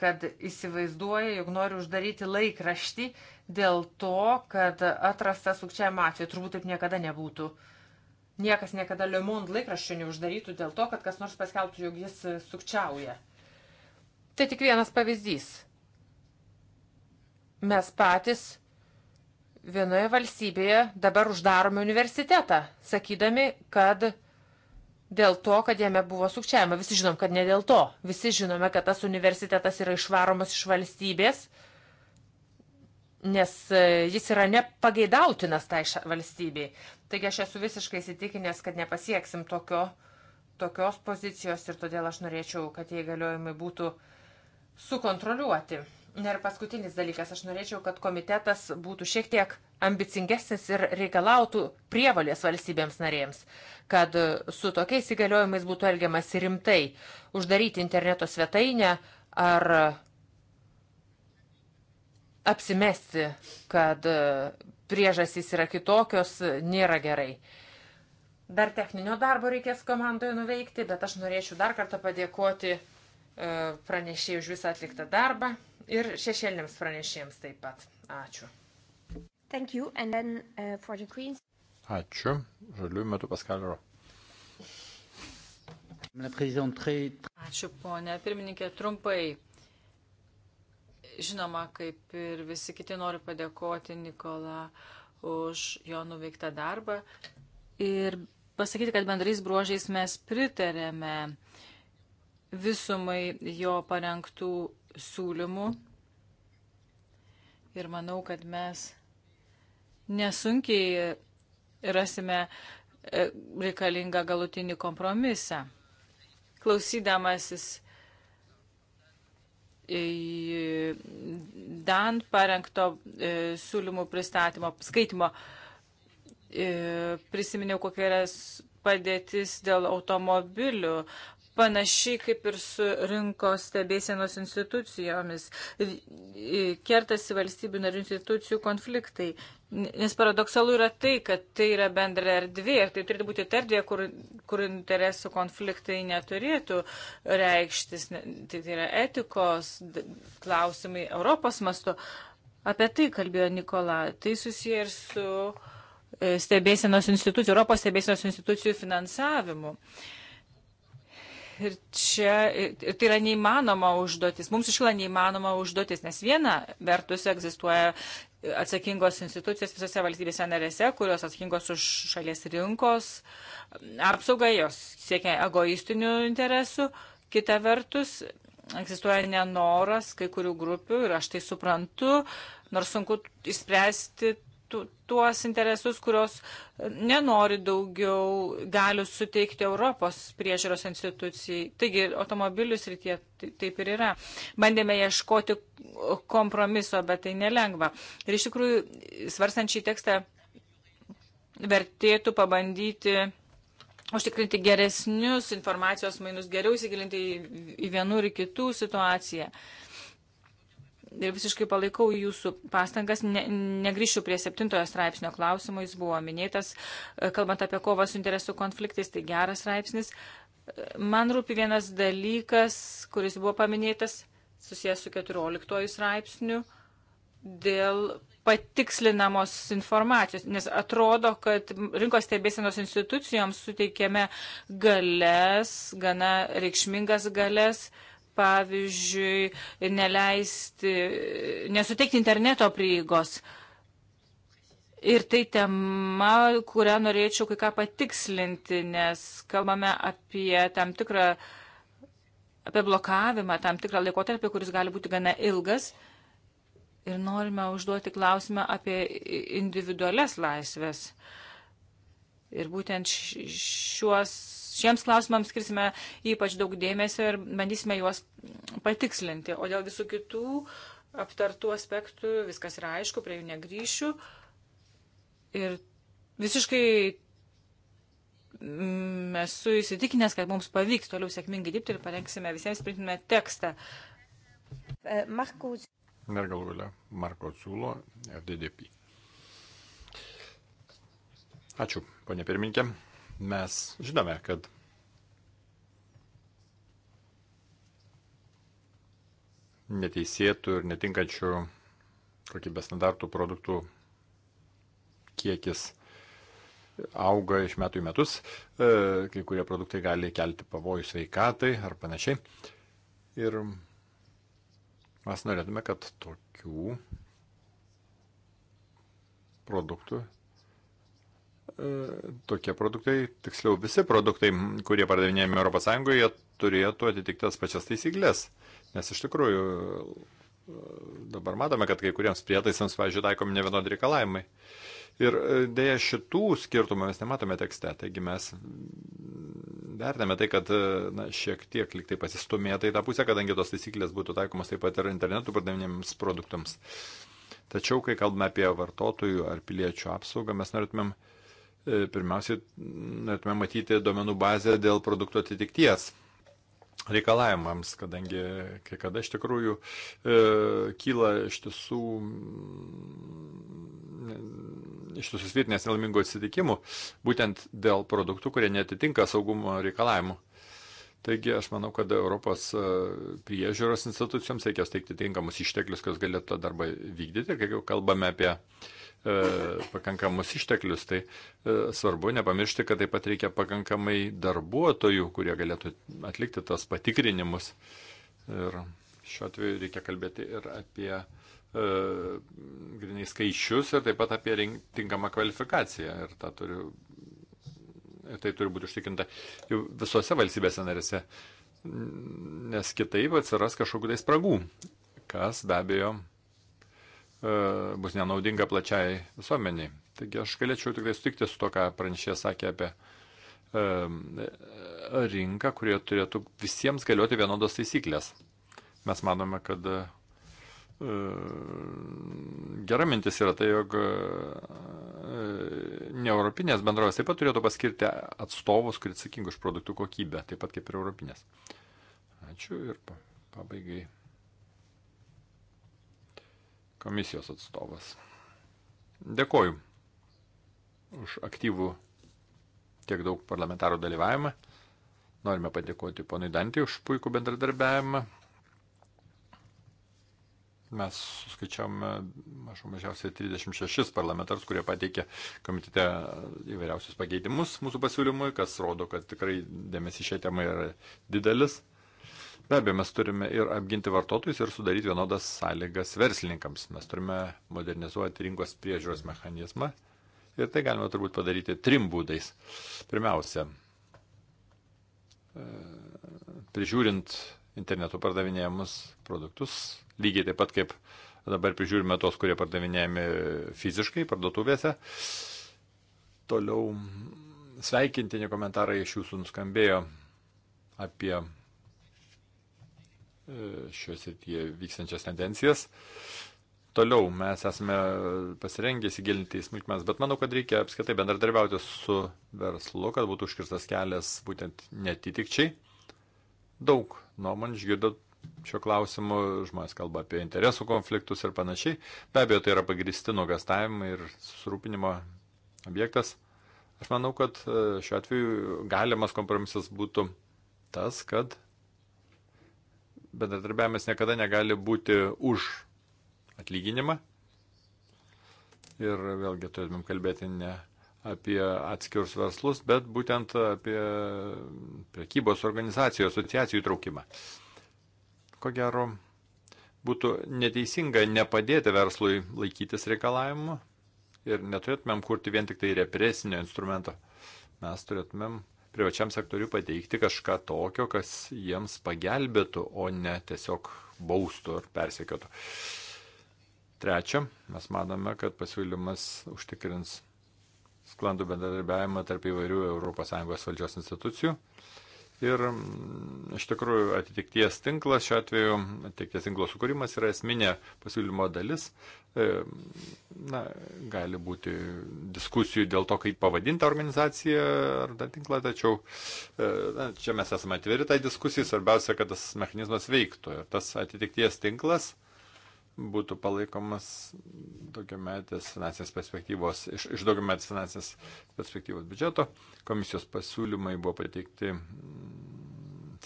kad įsivaizduoja, jog nori uždaryti laikraštį dėl to, kad atrastas sukčiavimo atveju. Turbūt taip niekada nebūtų. Niekas niekada Le Monde laikraščio neuždarytų dėl to, kad kas nors paskelbtų, jog jis sukčiauja. Tai tik vienas pavyzdys mes patys vienoje valstybėje dabar uždarome universitetą, sakydami, kad dėl to, kad jame buvo sukčiavimo. Visi žinom, kad ne dėl to. Visi žinome, kad tas universitetas yra išvaromas iš valstybės, nes e, jis yra nepageidautinas tai valstybei. Taigi aš esu visiškai įsitikinęs, kad nepasieksim tokio, tokios pozicijos ir todėl aš norėčiau, kad tie įgaliojimai būtų sukontroliuoti. Ir paskutinis dalykas, aš norėčiau, kad komitetas būtų šiek tiek ambicingesnis ir reikalautų prievalės valstybėms narėms, kad su tokiais įgaliojimais būtų elgiamas rimtai uždaryti interneto svetainę ar apsimesti, kad priežasys yra kitokios, nėra gerai. Dar techninio darbo reikės komandoje nuveikti, bet aš norėčiau dar kartą padėkoti e, pranešėjai už visą atliktą darbą ir šešėliniams pranešėjams taip pat. Ačiū. Thank you. And then uh, for the Greens. Ačiū. Žaliųjų metų paskalio. Ačiū, ponė pirmininkė, trumpai. Žinoma, kaip ir visi kiti, noriu padėkoti Nikola už jo nuveiktą darbą ir pasakyti, kad bendrais bruožais mes pritarėme visumai jo parengtų siūlymų ir manau, kad mes nesunkiai rasime e, reikalingą galutinį kompromisą. Klausydamasis Dan parengto e, siūlymų pristatymo, skaitimo, e, prisiminiau, kokia yra padėtis dėl automobilių panašiai kaip ir su rinkos stebėsienos institucijomis. Kertasi valstybių narių institucijų konfliktai. Nes paradoksalu yra tai, kad tai yra bendra erdvė, tai turėtų būti ta erdvė, kur, kur interesų konfliktai neturėtų reikštis, tai, tai yra etikos klausimai Europos mastu. Apie tai kalbėjo Nikola. Tai susiję ir su e, stebėsienos institucijų, Europos stebėsienos institucijų finansavimu. Uh, Ir čia ir tai yra neįmanoma užduotis. Mums iškyla neįmanoma užduotis, nes viena vertus egzistuoja atsakingos institucijos visose valstybėse narėse, kurios atsakingos už šalies rinkos apsaugą, jos siekia egoistinių interesų. Kita vertus, egzistuoja nenoras kai kurių grupių ir aš tai suprantu, nors sunku išspręsti tuos interesus, kurios nenori daugiau galių suteikti Europos priežiūros institucijai. Taigi, automobilius rytie taip ir yra. Bandėme ieškoti kompromiso, bet tai nelengva. Ir iš tikrųjų, svarstant šį tekstą, vertėtų pabandyti užtikrinti geresnius informacijos mainus, geriau įsigilinti į vienų ir kitų situaciją. Uh, visiškai palaikau jūsų pastangas. Ne, negryšiu prie septintojo straipsnio klausimo, jis buvo minėtas, e, kalbant apie kovą su interesų konfliktais, tai geras straipsnis. E, man rūpi vienas dalykas, kuris buvo paminėtas, susijęs su keturioliktojo straipsniu, dėl patikslinamos informacijos, nes atrodo, kad rinkos stebėsenos institucijoms suteikėme galės, gana reikšmingas galės, uh, pavyzdžiui, neleisti, nesuteikti interneto prieigos. Ir tai tema, kurią norėčiau kai ką patikslinti, nes kalbame apie tam tikrą, apie blokavimą, tam tikrą laikotarpį, kuris gali būti gana ilgas. Ir norime užduoti klausimą apie individualias laisvės. Ir būtent šiuos šiems klausimams skirsime ypač daug dėmesio ir bandysime juos patikslinti. O dėl visų kitų aptartų aspektų viskas yra aišku, prie jų negryšiu. Ir visiškai mm, esu įsitikinęs, kad mums pavyks toliau sėkmingai dirbti ir parengsime visiems printinę tekstą. E, Markus. Ir galų galę Marko Ciulo ir DDP. Ačiū, ponė pirminkė. Mes žinome, kad neteisėtų ir netinkančių kokybės standartų produktų kiekis auga iš metų į metus, e, kai kurie produktai gali kelti pavojų sveikatai ar panašiai. Ir mes norėtume, kad tokių produktų tokie produktai, tiksliau visi produktai, kurie pardavinėjami ES, turėtų atitikti tas pačias taisyklės. Nes iš tikrųjų dabar matome, kad kai kuriems prietaisams, pavyzdžiui, taikomi ne vienodi reikalavimai. Ir e, dėja šitų skirtumų mes nematome tekste, taigi mes vertiname tai, kad e, na, šiek tiek liktai pasistumėta į tą pusę, kadangi tos taisyklės būtų taikomas taip pat ir internetu pardavinėjams produktams. Tačiau, kai kalbame apie vartotojų ar piliečių apsaugą, mes norėtumėm uh, E, pirmiausiai norėtume matyti duomenų bazę dėl produkto atitikties reikalavimams, kadangi kai kada iš tikrųjų e, kyla iš tiesų mm, iš tiesų svirtinės nelaimingų atsitikimų, būtent dėl produktų, kurie netitinka saugumo reikalavimų. Taigi aš manau, kad Europos e, priežiūros institucijoms reikės teikti tinkamus išteklius, kas galėtų tą darbą vykdyti, kai jau kalbame apie uh, E, pakankamus išteklius, tai e, svarbu nepamiršti, kad taip pat reikia pakankamai darbuotojų, kurie galėtų atlikti tas patikrinimus. Ir šiuo atveju reikia kalbėti ir apie e, grinai skaičius ir taip pat apie rink, tinkamą kvalifikaciją. Ir, turiu, ir tai turi būti užtikrinta jau visose valstybėse narėse, nes kitaip atsiras kažkokiu tai spragų, kas be abejo E, bus nenaudinga plačiai visuomeniai. Taigi aš galėčiau tikrai sutikti su to, ką pranešė sakė apie e, rinką, kurioje turėtų visiems galioti vienodos taisyklės. Mes manome, kad e, gera mintis yra tai, jog neeuropinės bendrovės taip pat turėtų paskirti atstovus, kurie atsakingi už produktų kokybę, taip pat kaip ir europinės. Ačiū ir pabaigai komisijos atstovas. Dėkoju už aktyvų tiek daug parlamentarų dalyvavimą. Norime padėkoti ponui Dantį už puikų bendradarbiavimą. Mes suskaičiavome mažų mažiausiai 36 parlamentarus, kurie pateikė komitete įvairiausius pakeitimus mūsų pasiūlymui, kas rodo, kad tikrai dėmesys šiai temai yra didelis. Be abejo, mes turime ir apginti vartotojus, ir sudaryti vienodas sąlygas verslininkams. Mes turime modernizuoti rinkos priežiūros mechanizmą ir tai galime turbūt padaryti trim būdais. Pirmiausia, e, prižiūrint internetu pardavinėjimus produktus, lygiai taip pat kaip dabar prižiūrime tos, kurie pardavinėjami fiziškai parduotuvėse. Toliau sveikintini komentarai iš jūsų nuskambėjo apie šioje srityje vykstančias tendencijas. Toliau mes esame pasirengę įsigilinti į smulkmenas, bet manau, kad reikia apskritai bendradarbiauti su verslu, kad būtų užkirstas kelias būtent netitikčiai. Daug nuomonį išgirdau šio klausimu, žmonės kalba apie interesų konfliktus ir panašiai. Be abejo, tai yra pagristi nuogastavimai ir susirūpinimo objektas. Aš manau, kad e, šiuo atveju galimas kompromisas būtų tas, kad bendradarbiavimas niekada negali būti už atlyginimą. Ir vėlgi turėtumėm kalbėti ne apie atskirus verslus, bet būtent apie prekybos organizacijų, asociacijų įtraukimą. Ko gero, būtų neteisinga nepadėti verslui laikytis reikalavimų ir neturėtumėm kurti vien tik tai represinio instrumento. Mes turėtumėm privačiam sektoriu pateikti kažką tokio, kas jiems pagelbėtų, o ne tiesiog baustų ar persekiotų. Trečia, mes manome, kad pasiūlymas užtikrins sklandų bendradarbiavimą tarp įvairių ES valdžios institucijų, Ir mm, iš tikrųjų atitikties tinklas, šiuo atveju atitikties tinklo sukūrimas yra esminė pasiūlymo dalis. E, na, gali būti diskusijų dėl to, kaip pavadinti organizaciją ar tą tinklą, tačiau e, na, čia mes esame atviri tai diskusijai, svarbiausia, kad tas mechanizmas veiktų. Ir tas atitikties tinklas būtų palaikomas daugiametės finansinės perspektyvos, iš, iš daugiametės finansinės perspektyvos biudžeto. Komisijos pasiūlymai buvo pateikti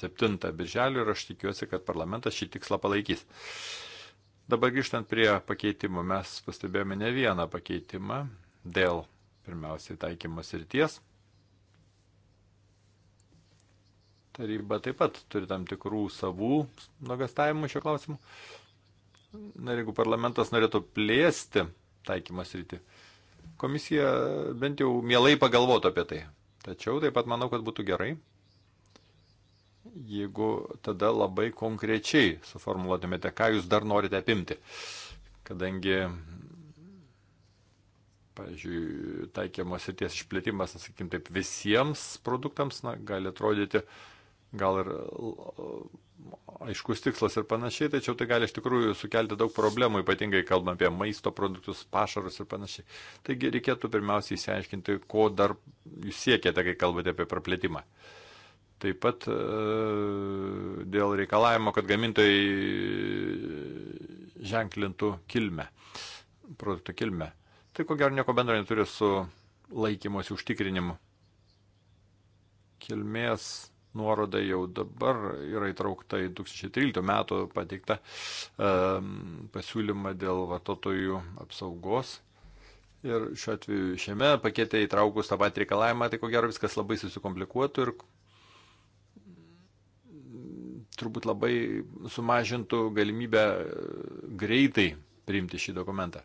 7 mm, birželio ir aš tikiuosi, kad parlamentas šį tikslą palaikys. Dabar grįžtant prie pakeitimų, mes pastebėjome ne vieną pakeitimą dėl pirmiausiai taikymos ryties. Taryba taip pat turi tam tikrų savų nuogastavimų šio klausimu. Uh, Na ir jeigu parlamentas norėtų plėsti taikymas rytį, komisija bent jau mielai pagalvotų apie tai. Tačiau taip pat manau, kad būtų gerai, jeigu tada labai konkrečiai suformuoluotumėte, ką jūs dar norite apimti. Kadangi pavyzdžiui, taikiamos srities išplėtimas, sakykim, taip visiems produktams, na, gali atrodyti gal ir aiškus tikslas ir panašiai, tačiau tai gali iš tikrųjų sukelti daug problemų, ypatingai kalbant apie maisto produktus, pašarus ir panašiai. Taigi reikėtų pirmiausiai įsiaiškinti, ko dar jūs siekiate, kai kalbate apie praplėtimą. Taip pat e, dėl reikalavimo, kad gamintojai ženklintų kilmę, produktų kilmę. Tai ko gero nieko bendro neturi su laikymosi užtikrinimu. Kilmės nuoroda jau dabar yra įtraukta į 2013 metų pateiktą pasiūlymą dėl vartotojų apsaugos. Ir šiuo atveju šiame pakete įtraukus tą patį reikalavimą, tai ko gero viskas labai susikomplikuotų ir turbūt labai sumažintų galimybę e, greitai priimti šį dokumentą.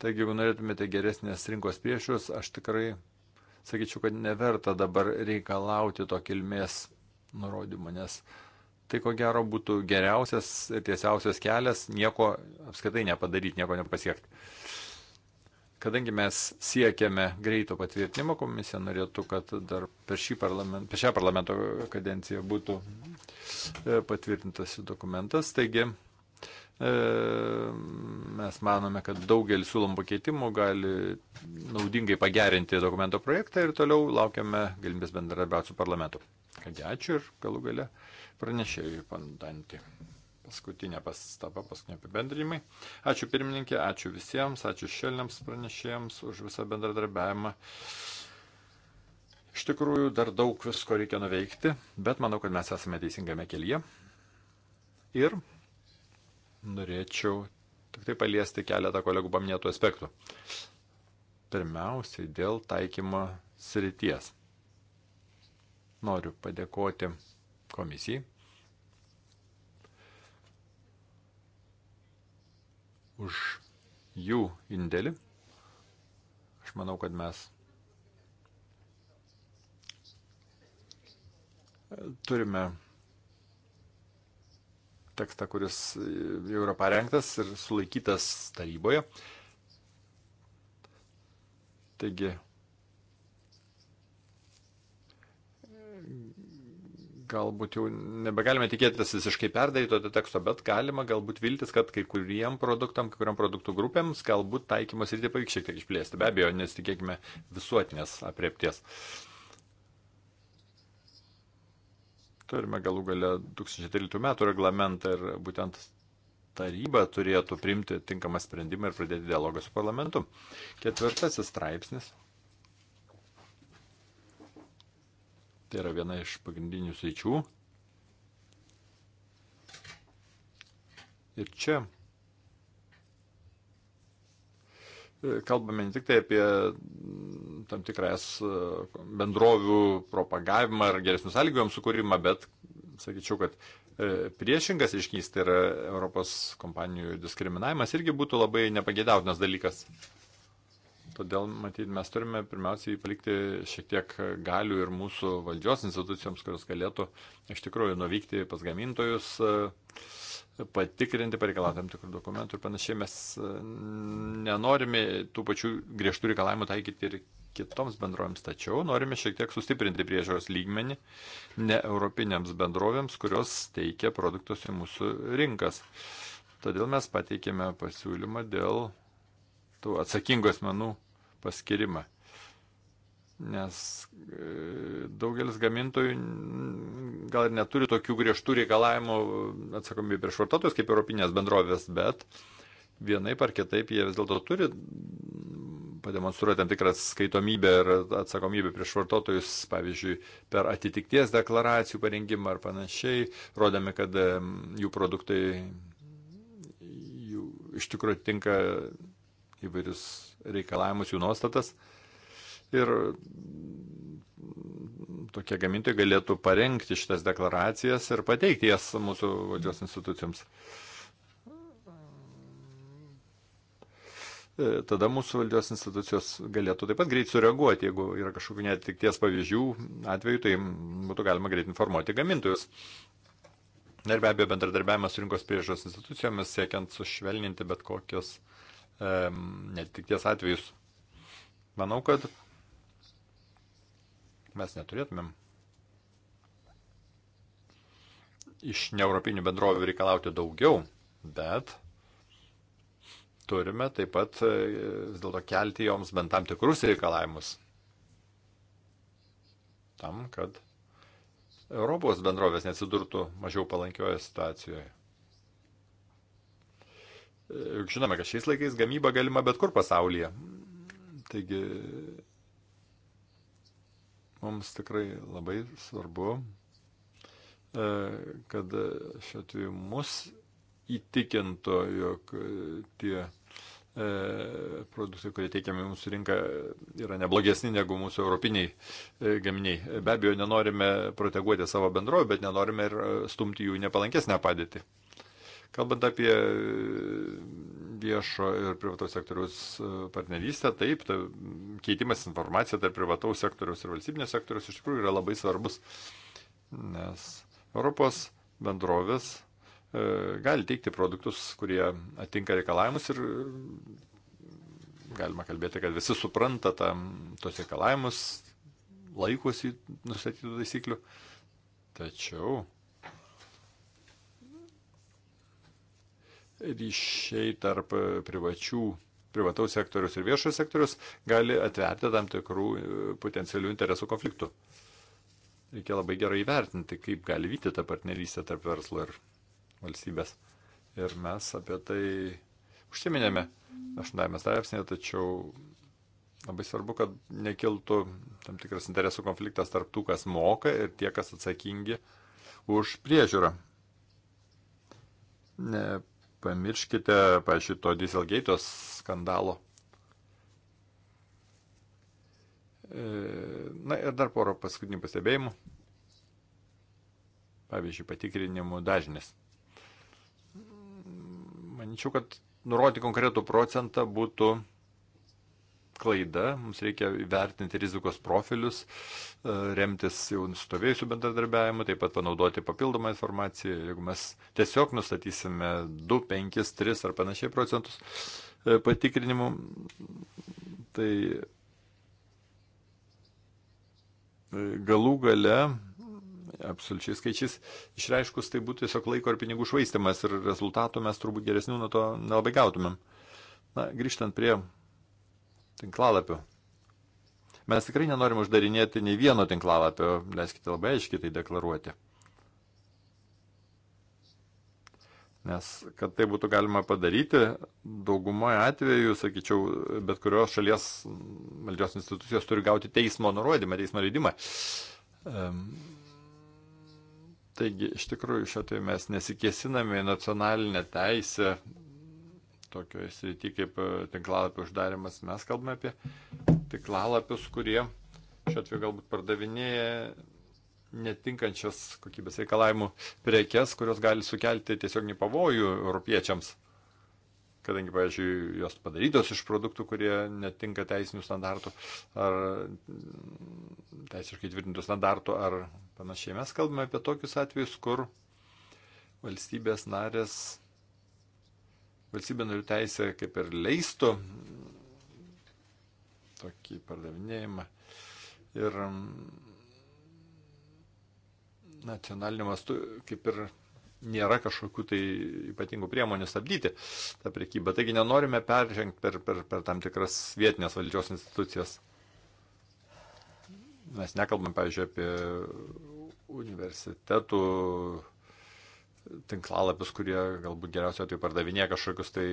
Taigi, jeigu norėtumėte geresnės rinkos priešius, aš tikrai sakyčiau, kad neverta dabar reikalauti to kilmės nurodymų, nes tai ko gero būtų geriausias ir tiesiausias kelias nieko apskaitai nepadaryti, nieko nepasiekti. Kadangi mes siekiame greito patvirtinimo, komisija norėtų, kad dar per, parlament, per šią parlamento kadenciją būtų e, patvirtintas dokumentas. Taigi e, mes manome, kad daugelis siūlomų pakeitimų gali naudingai pagerinti dokumento projektą ir toliau laukiame galimybės bendradarbiauti su parlamentu. Kągi ačiū ir galų gale pranešėjui pandantį. Paskutinė pastaba, paskutinė apibendrinimai. Ačiū pirmininkė, ačiū visiems, ačiū šelniams pranešėjams už visą bendradarbiavimą. Iš tikrųjų, dar daug visko reikia nuveikti, bet manau, kad mes esame teisingame kelyje. Ir norėčiau tik tai paliesti keletą kolegų paminėtų aspektų. Pirmiausiai dėl taikymo srities. Noriu padėkoti komisijai už jų indėlį. Aš manau, kad mes turime tekstą, kuris jau yra parengtas ir sulaikytas taryboje. Taigi galbūt jau nebegalime tikėtis visiškai perdaryto to teksto, bet galima galbūt viltis, kad kai kuriem produktam, kai kuriam produktų grupėms galbūt taikymas ir tai pavyks šiek tiek išplėsti. Be abejo, nesitikėkime visuotinės apriepties. Turime galų galę 2013 metų reglamentą ir būtent taryba turėtų priimti tinkamą sprendimą ir pradėti dialogą su parlamentu. Ketvirtasis straipsnis Tai yra viena iš pagrindinių sričių. Ir čia e, kalbame ne tik tai apie tam tikras e, bendrovių propagavimą ar geresnių sąlygų joms sukūrimą, bet sakyčiau, kad e, priešingas reiškinys, tai yra Europos kompanijų diskriminavimas, irgi būtų labai nepageidautinas dalykas. Todėl, matyt, mes turime pirmiausiai palikti šiek tiek galių ir mūsų valdžios institucijoms, kurios galėtų iš tikrųjų nuvykti pas gamintojus, patikrinti, pareikalauti tam tikrų dokumentų ir panašiai. Mes nenorime tų pačių griežtų reikalavimų taikyti ir kitoms bendrovėms, tačiau norime šiek tiek sustiprinti priežiūros lygmenį ne europinėms bendrovėms, kurios teikia produktus į mūsų rinkas. Todėl mes pateikėme pasiūlymą dėl tų atsakingų asmenų paskirimą. Nes e, daugelis gamintojų gal ir neturi tokių griežtų reikalavimų atsakomybė prieš vartotojus kaip Europinės bendrovės, bet vienaip ar kitaip jie vis dėlto turi pademonstruoti tam tikrą skaitomybę ir atsakomybę prieš vartotojus, pavyzdžiui, per atitikties deklaracijų parengimą ar panašiai, rodami, kad e, jų produktai jų iš tikrųjų tinka įvairius reikalavimus, jų nuostatas. Ir tokie gamintojai galėtų parengti šitas deklaracijas ir pateikti jas mūsų valdžios institucijoms. E, tada mūsų valdžios institucijos galėtų taip pat greit sureaguoti, jeigu yra kažkokių netikties pavyzdžių atveju, tai būtų galima greit informuoti gamintojus. Ir be abejo bendradarbiavimas su rinkos priežos institucijomis, siekiant sušvelninti bet kokios uh, E, netikties atvejus. Manau, kad mes neturėtumėm iš neeuropinių bendrovių reikalauti daugiau, bet turime taip pat e, vis dėlto kelti joms bent tam tikrus reikalavimus. Tam, kad Europos bendrovės nesidurtų mažiau palankioje situacijoje. Juk žinome, kad šiais laikais gamyba galima bet kur pasaulyje. Taigi mums tikrai labai svarbu, e, kad šiuo atveju mus įtikintų, jog tie e, produktai, kurie teikiami mūsų rinką, yra neblogesni negu mūsų europiniai e, gaminiai. Be abejo, nenorime proteguoti savo bendrovę, bet nenorime ir stumti jų nepalankesnę padėtį. Kalbant apie e, viešo ir privataus sektoriaus e, partnerystę, taip, ta keitimas informacija tarp privataus sektoriaus ir valstybinio sektoriaus iš tikrųjų yra labai svarbus, nes Europos bendrovės e, gali teikti produktus, kurie atinka reikalavimus ir galima kalbėti, kad visi supranta tam, tos reikalavimus, laikosi nustatytų taisyklių. Tačiau ryšiai tarp privačių, privataus sektorius ir viešojo sektorius gali atverti tam tikrų e, potencialių interesų konfliktų. Reikia labai gerai įvertinti, kaip gali vykti ta partnerystė tarp verslo ir valstybės. Ir mes apie tai užsiminėme aštuntame straipsnėje, tačiau labai svarbu, kad nekiltų tam tikras interesų konfliktas tarp tų, kas moka ir tie, kas atsakingi už priežiūrą. Ne Nepamirškite, pažiūrėjau, to Dieselgate skandalo. E, na ir dar porą paskutinių pastebėjimų. Pavyzdžiui, patikrinimų dažnis. Manyčiau, kad nurodyti konkretų procentą būtų klaida, mums reikia vertinti rizikos profilius, e, remtis jau nustovėjusių bendradarbiavimu, taip pat panaudoti papildomą informaciją. Jeigu mes tiesiog nustatysime 2, 5, 3 ar panašiai procentus e, patikrinimų, tai e, galų gale absoliučiai skaičiais išreiškus, tai būtų tiesiog laiko ir pinigų švaistimas ir rezultatų mes turbūt geresnių nuo to nelabai gautumėm. Na, grįžtant prie tinklalapių. Mes tikrai nenorim uždarinėti nei vieno tinklalapio, leiskite labai aiškiai tai deklaruoti. Nes, kad tai būtų galima padaryti, daugumoje atveju, sakyčiau, bet kurios šalies valdžios institucijos turi gauti teismo nurodymą, teismo leidimą. Um, taigi, iš tikrųjų, šiuo atveju mes nesikėsiname į nacionalinę teisę tokioje srityje kaip e, tinklalapio uždarimas. Mes kalbame apie tinklalapius, kurie šiuo atveju galbūt pardavinėja netinkančias kokybės reikalavimų prekes, kurios gali sukelti tiesiog nepavojų europiečiams. Kadangi, pavyzdžiui, jos padarytos iš produktų, kurie netinka teisinių standartų ar mm, teisiškai tvirtintų standartų ar panašiai. Mes kalbame apie tokius atvejus, kur valstybės narės valstybė narių teisė kaip ir leistų tokį pardavinėjimą. Ir mm, nacionaliniu mastu kaip ir nėra kažkokių tai ypatingų priemonių stabdyti tą priekybą. Taigi nenorime peržengti per, per, per tam tikras vietinės valdžios institucijas. Mes nekalbam, pavyzdžiui, apie universitetų tinklalapius, kurie galbūt geriausiu atveju tai pardavinėja kažkokius tai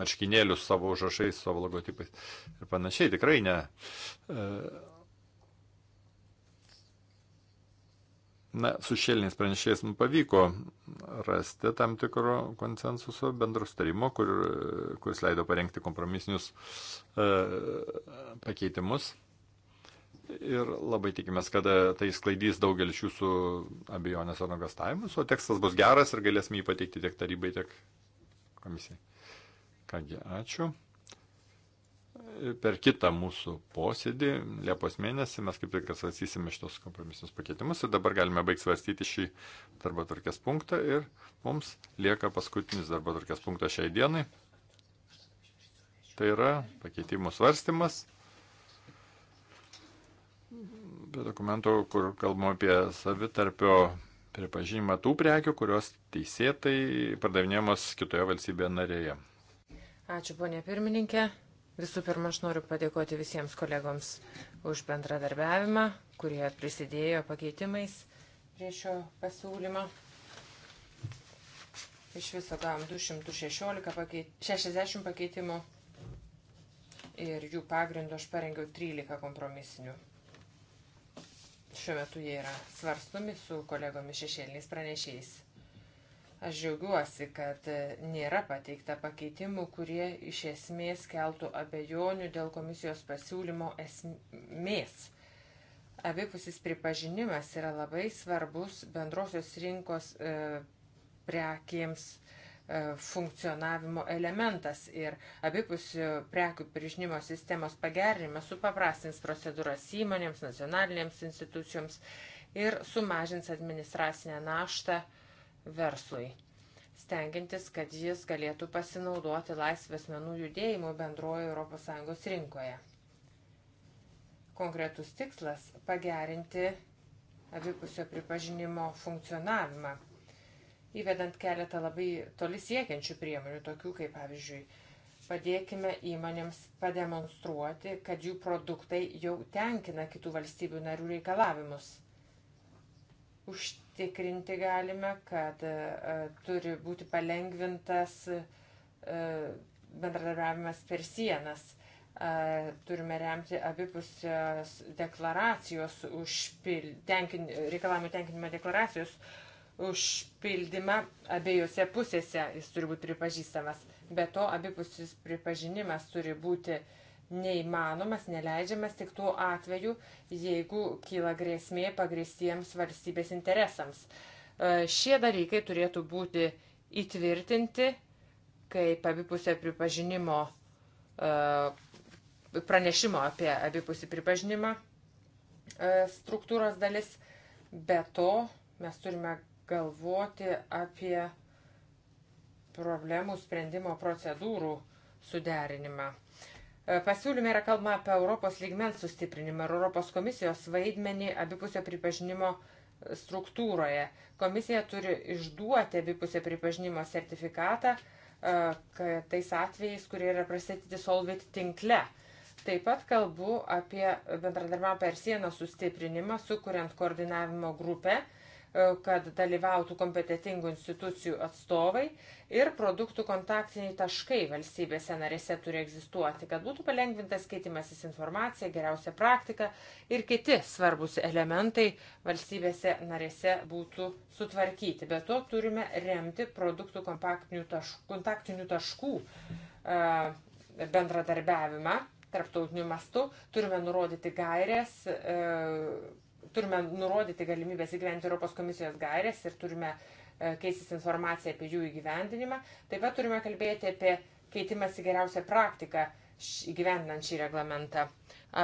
marškinėlius savo užrašais, savo logotipais ir panašiai. Tikrai ne. E, na, su šėliniais pranešėjais mums pavyko rasti tam tikro konsensuso bendro starimo, kur, kuris leido parengti kompromisinius e, pakeitimus. Ir labai tikimės, kad e, tai sklaidys daugelis jūsų abejonės ar nuogastavimus, o tekstas bus geras ir galėsime jį pateikti tiek tarybai, tiek komisijai. Kągi, ačiū. E, per kitą mūsų posėdį, Liepos mėnesį, mes kaip tik svarstysime šitos kompromisinius pakeitimus ir dabar galime baigti svarstyti šį darbo tvarkės punktą ir mums lieka paskutinis darbo tvarkės punktas šiai dienai. Tai yra pakeitimų svarstymas prie dokumentų, kur kalbama apie savitarpio pripažinimą tų prekių, kurios teisėtai pardavinėjamos kitoje valstybėje narėje. Ačiū, ponė pirmininkė. Visų pirma, aš noriu padėkoti visiems kolegoms už bendradarbiavimą, kurie prisidėjo pakeitimais prie šio pasiūlymo. Iš viso gavom 216 pakeit... 60 pakeitimų ir jų pagrindu aš parengiau 13 kompromisinių. Šiuo metu jie yra svarstomi su kolegomis šešėliniais pranešiais. Aš džiaugiuosi, kad e, nėra pateikta pakeitimų, kurie iš esmės keltų abejonių dėl komisijos pasiūlymo esmės. Abipusis pripažinimas yra labai svarbus bendrosios rinkos e, prekiems e, E, funkcionavimo elementas ir abipusių prekių prižnimo sistemos pagerinimas supaprastins procedūras įmonėms, nacionalinėms institucijoms ir sumažins administracinę naštą verslui, stengiantis, kad jis galėtų pasinaudoti laisvės menų judėjimų bendrojo ES rinkoje. Konkretus tikslas - pagerinti abipusio pripažinimo funkcionavimą įvedant keletą labai toli siekiančių priemonių, tokių kaip pavyzdžiui, padėkime įmonėms pademonstruoti, kad jų produktai jau tenkina kitų valstybių narių reikalavimus. Užtikrinti galime, kad uh, turi būti palengvintas uh, bendradarbiavimas per sienas. Uh, turime remti abipusės deklaracijos, užpil, tenkin, reikalavimų tenkinimo deklaracijos uh, užpildymą abiejose pusėse, jis turi būti pripažįstamas. Be to, abipusis pripažinimas turi būti neįmanomas, neleidžiamas tik tuo atveju, jeigu kyla grėsmė pagristiems valstybės interesams. E, šie dalykai turėtų būti įtvirtinti kaip abipusio pripažinimo e, pranešimo apie abipusį pripažinimą e, struktūros dalis. Be to, mes turime galvoti apie problemų sprendimo procedūrų suderinimą. E, pasiūlyme yra kalbama apie Europos lygmens sustiprinimą ir Europos komisijos vaidmenį abipusio pripažinimo struktūroje. Komisija turi išduoti abipusio pripažinimo sertifikatą e, tais atvejais, kurie yra prastatyti Solvit tinkle. Taip pat kalbu apie bendradarbiavimą per sieną sustiprinimą, sukuriant koordinavimo grupę kad dalyvautų kompetitingų institucijų atstovai ir produktų kontaktiniai taškai valstybėse narėse turi egzistuoti, kad būtų palengvintas keitimasis informacija, geriausia praktika ir kiti svarbus elementai valstybėse narėse būtų sutvarkyti. Be to turime remti produktų taškų, kontaktinių taškų bendradarbiavimą tarptautiniu mastu, turime nurodyti gairės turime nurodyti galimybės įgyventi Europos komisijos gairės ir turime e, keistis informaciją apie jų įgyvendinimą. Taip pat turime kalbėti apie keitimąsi geriausią praktiką įgyvendinant šį reglamentą.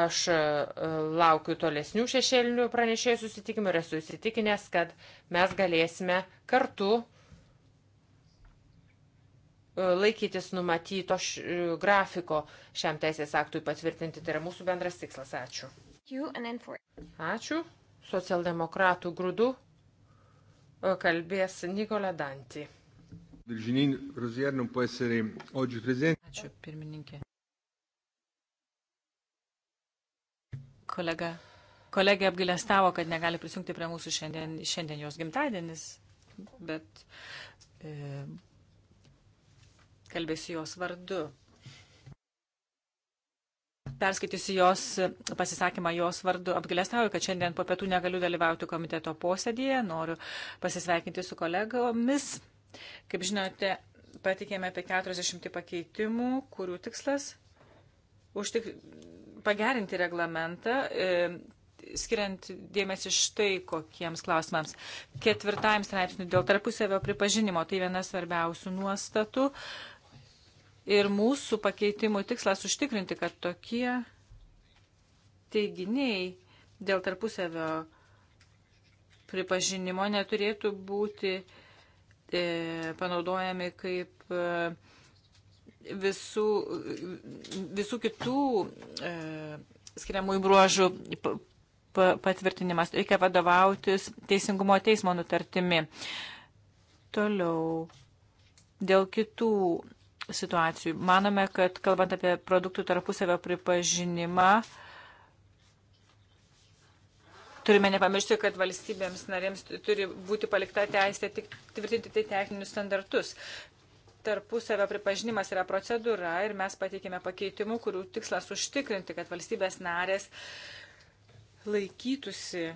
Aš e, e, laukiu tolesnių šešėlinių pranešėjų susitikimų ir esu įsitikinęs, kad mes galėsime kartu laikytis numatyto š, grafiko šiam teisės aktui patvirtinti. Tai yra mūsų bendras tikslas. Ačiū. Ačiū socialdemokratų grūdų e, kalbės Nikola Dantį. Ačiū, pirmininkė. Kolega, kolegė apgailestavo, kad negali prisijungti prie mūsų šiandien, šiandien jos gimtadienis, bet e, kalbėsiu jos vardu perskaitysiu jos pasisakymą jos vardu. Apgalėstauju, kad šiandien po pietų negaliu dalyvauti komiteto posėdėje. Noriu pasisveikinti su kolegomis. Kaip žinote, patikėme apie 40 pakeitimų, kurių tikslas užtik... pagerinti reglamentą, e, skiriant dėmesį štai kokiems klausimams. Ketvirtajam straipsniui dėl tarpusavio pripažinimo tai viena svarbiausių nuostatų. E, Ir mūsų pakeitimų tikslas užtikrinti, kad tokie teiginiai dėl tarpusavio pripažinimo neturėtų būti e, panaudojami kaip e, visų, visų kitų e, skiriamųjų bruožų patvirtinimas. Reikia vadovautis Teisingumo teismo nutartimi. Toliau. Dėl kitų situacijų. Manome, kad kalbant apie produktų tarpusavio pripažinimą, turime nepamiršti, kad valstybėms narėms turi būti palikta teisė tik tvirtinti tai techninius standartus. Tarpusavio pripažinimas yra procedūra ir mes pateikėme pakeitimų, kurių tikslas užtikrinti, kad valstybės narės laikytųsi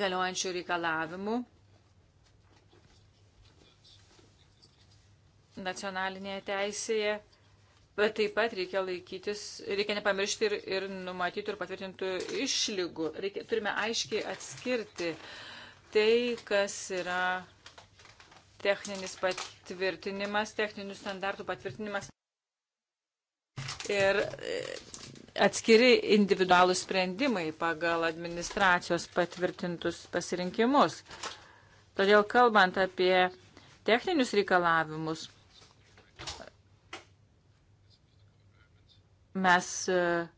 galiojančių reikalavimų nacionalinėje teisėje. Bet taip pat reikia laikytis, reikia nepamiršti ir, ir numatyti ir patvirtintų išlygų. Reikia, turime aiškiai atskirti tai, kas yra techninis patvirtinimas, techninių standartų patvirtinimas ir e, atskiri individualų sprendimai pagal administracijos patvirtintus pasirinkimus. Todėl kalbant apie techninius reikalavimus, mes e,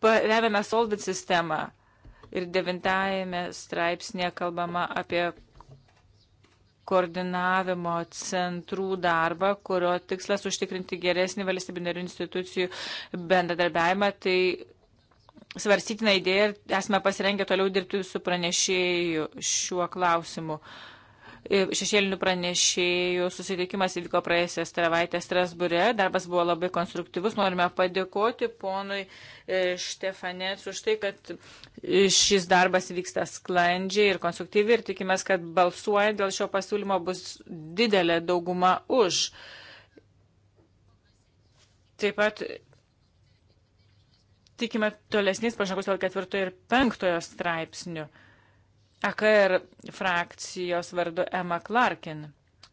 remiame Solvit sistemą ir devintajame straipsnėje kalbama apie koordinavimo centrų darbą, kurio tikslas užtikrinti geresnį valstybinarių institucijų bendradarbiavimą. Tai svarstytina idėja ir esame pasirengę toliau dirbti su pranešėjų šiuo klausimu. Uh, E, šešėlinių pranešėjų susitikimas įvyko praėjusią savaitę Strasbūre. Darbas buvo labai konstruktyvus. Norime padėkoti ponui e, Štefanets už tai, kad e, šis darbas vyksta sklandžiai ir konstruktyviai ir tikimės, kad balsuojant dėl šio pasiūlymo bus didelė dauguma už. Taip pat tikime tolesnės pažangos dėl ketvirtojo ir penktojo straipsnių. AKR frakcijos vardu Emma Clarkin.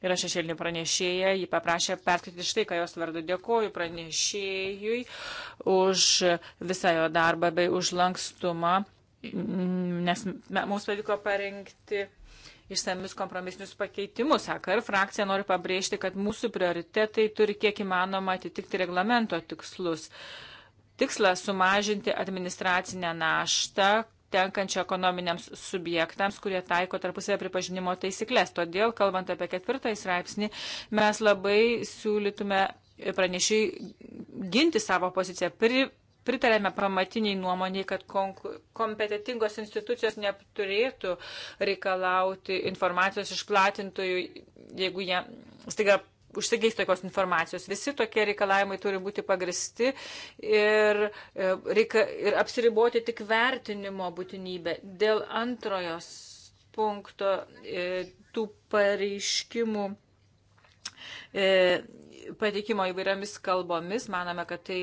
Yra šešėlinė pranešėja, ji paprašė perskaityti štai, ką jos vardu dėkoju pranešėjui už visą jo darbą bei už lankstumą, nes mums pavyko parengti išsamius kompromisinius pakeitimus. AKR frakcija nori pabrėžti, kad mūsų prioritetai turi kiek įmanoma atitikti reglamento tikslus. Tikslas sumažinti administracinę naštą, tenkančio ekonominiams subjektams, kurie taiko tarpusavio pripažinimo taisyklės. Todėl, kalbant apie ketvirtąjį straipsnį, mes labai siūlytume pranešiai ginti savo poziciją. Pri, pritarėme pamatiniai nuomoniai, kad kompetitingos institucijos neturėtų reikalauti informacijos iš platintojų, jeigu jie staiga užsigeis tokios informacijos. Visi tokie reikalavimai turi būti pagristi ir, e, reika, ir apsiriboti tik vertinimo būtinybę. Dėl antrojo punkto e, tų pareiškimų e, pateikimo įvairiomis kalbomis, manome, kad tai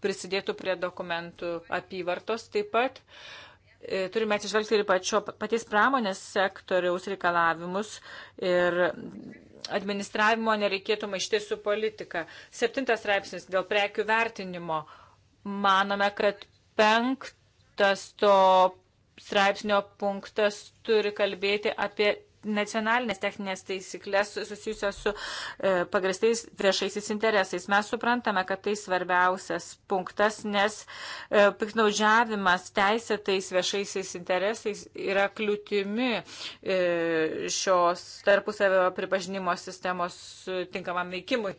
prisidėtų prie dokumentų apyvartos taip pat. Turime atsižvelgti ir pačio, paties pramonės sektoriaus reikalavimus ir administravimo nereikėtų maišti su politika. Septintas straipsnis dėl prekių vertinimo. Manome, kad penktas to straipsnio punktas turi kalbėti apie nacionalinės techninės taisyklės susijusios su e, pagristais viešaisiais interesais. Mes suprantame, kad tai svarbiausias punktas, nes e, piknaudžiavimas teisėtais viešaisiais interesais yra kliūtimi e, šios tarpusavio pripažinimo sistemos e, tinkamam veikimui.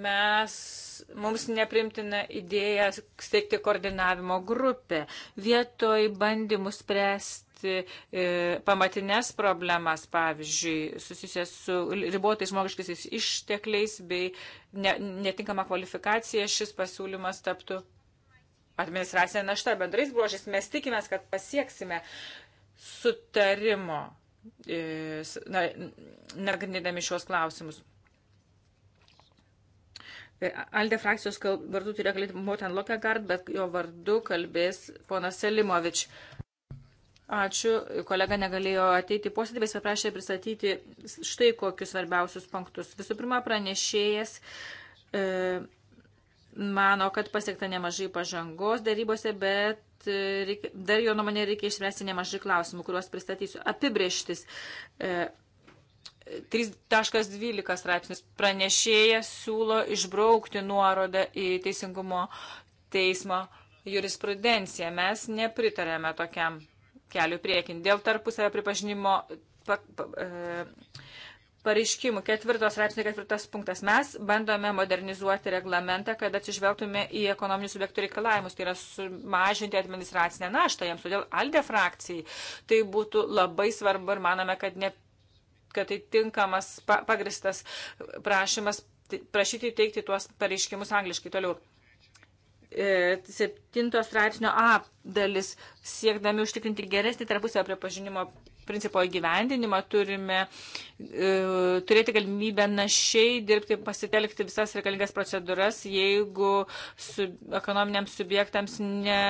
Mes, mums neprimtina idėja steigti koordinavimo grupę. Vietoj bandymų spręsti e, pamatinės problemas, pavyzdžiui, susijusias su ribotais žmogiškais ištekliais bei ne, netinkama kvalifikacija, šis pasiūlymas taptų administracinė našta. Bendrais bruožais mes tikimės, kad pasieksime sutarimo e, nagrinėdami šios klausimus. E, Alde frakcijos vardu turėjo kalbėti Moten Lokegard, bet jo vardu kalbės ponas Selimovič. Ačiū, kolega negalėjo ateiti į posėdį, bet paprašė pristatyti štai kokius svarbiausius punktus. Visų pirma, pranešėjas e, mano, kad pasiekta nemažai pažangos darybose, bet e, reikia, dar jo nuomonė reikia išspręsti nemažai klausimų, kuriuos pristatysiu. Apibrieštis. E, 3.12 straipsnis pranešėjas siūlo išbraukti nuorodą į Teisingumo teismo jurisprudenciją. Mes nepritarėme tokiam keliu priekin. Dėl tarpusavio pripažinimo pa, pa, e, pareiškimų ketvirtos straipsnio ketvirtas punktas. Mes bandome modernizuoti reglamentą, kad atsižvelgtume į ekonominių subjektų reikalavimus, tai yra sumažinti administracinę naštą jiems. Todėl Alde frakcijai tai būtų labai svarbu ir manome, kad ne kad tai tinkamas, pagristas prašymas prašyti teikti tuos pareiškimus angliškai toliau. 7 e, straipsnio A dalis, siekdami užtikrinti geresnį tarpusio pripažinimo principo įgyvendinimą, turime e, turėti galimybę našiai dirbti, pasitelkti visas reikalingas procedūras, jeigu su ekonominiams subjektams ne,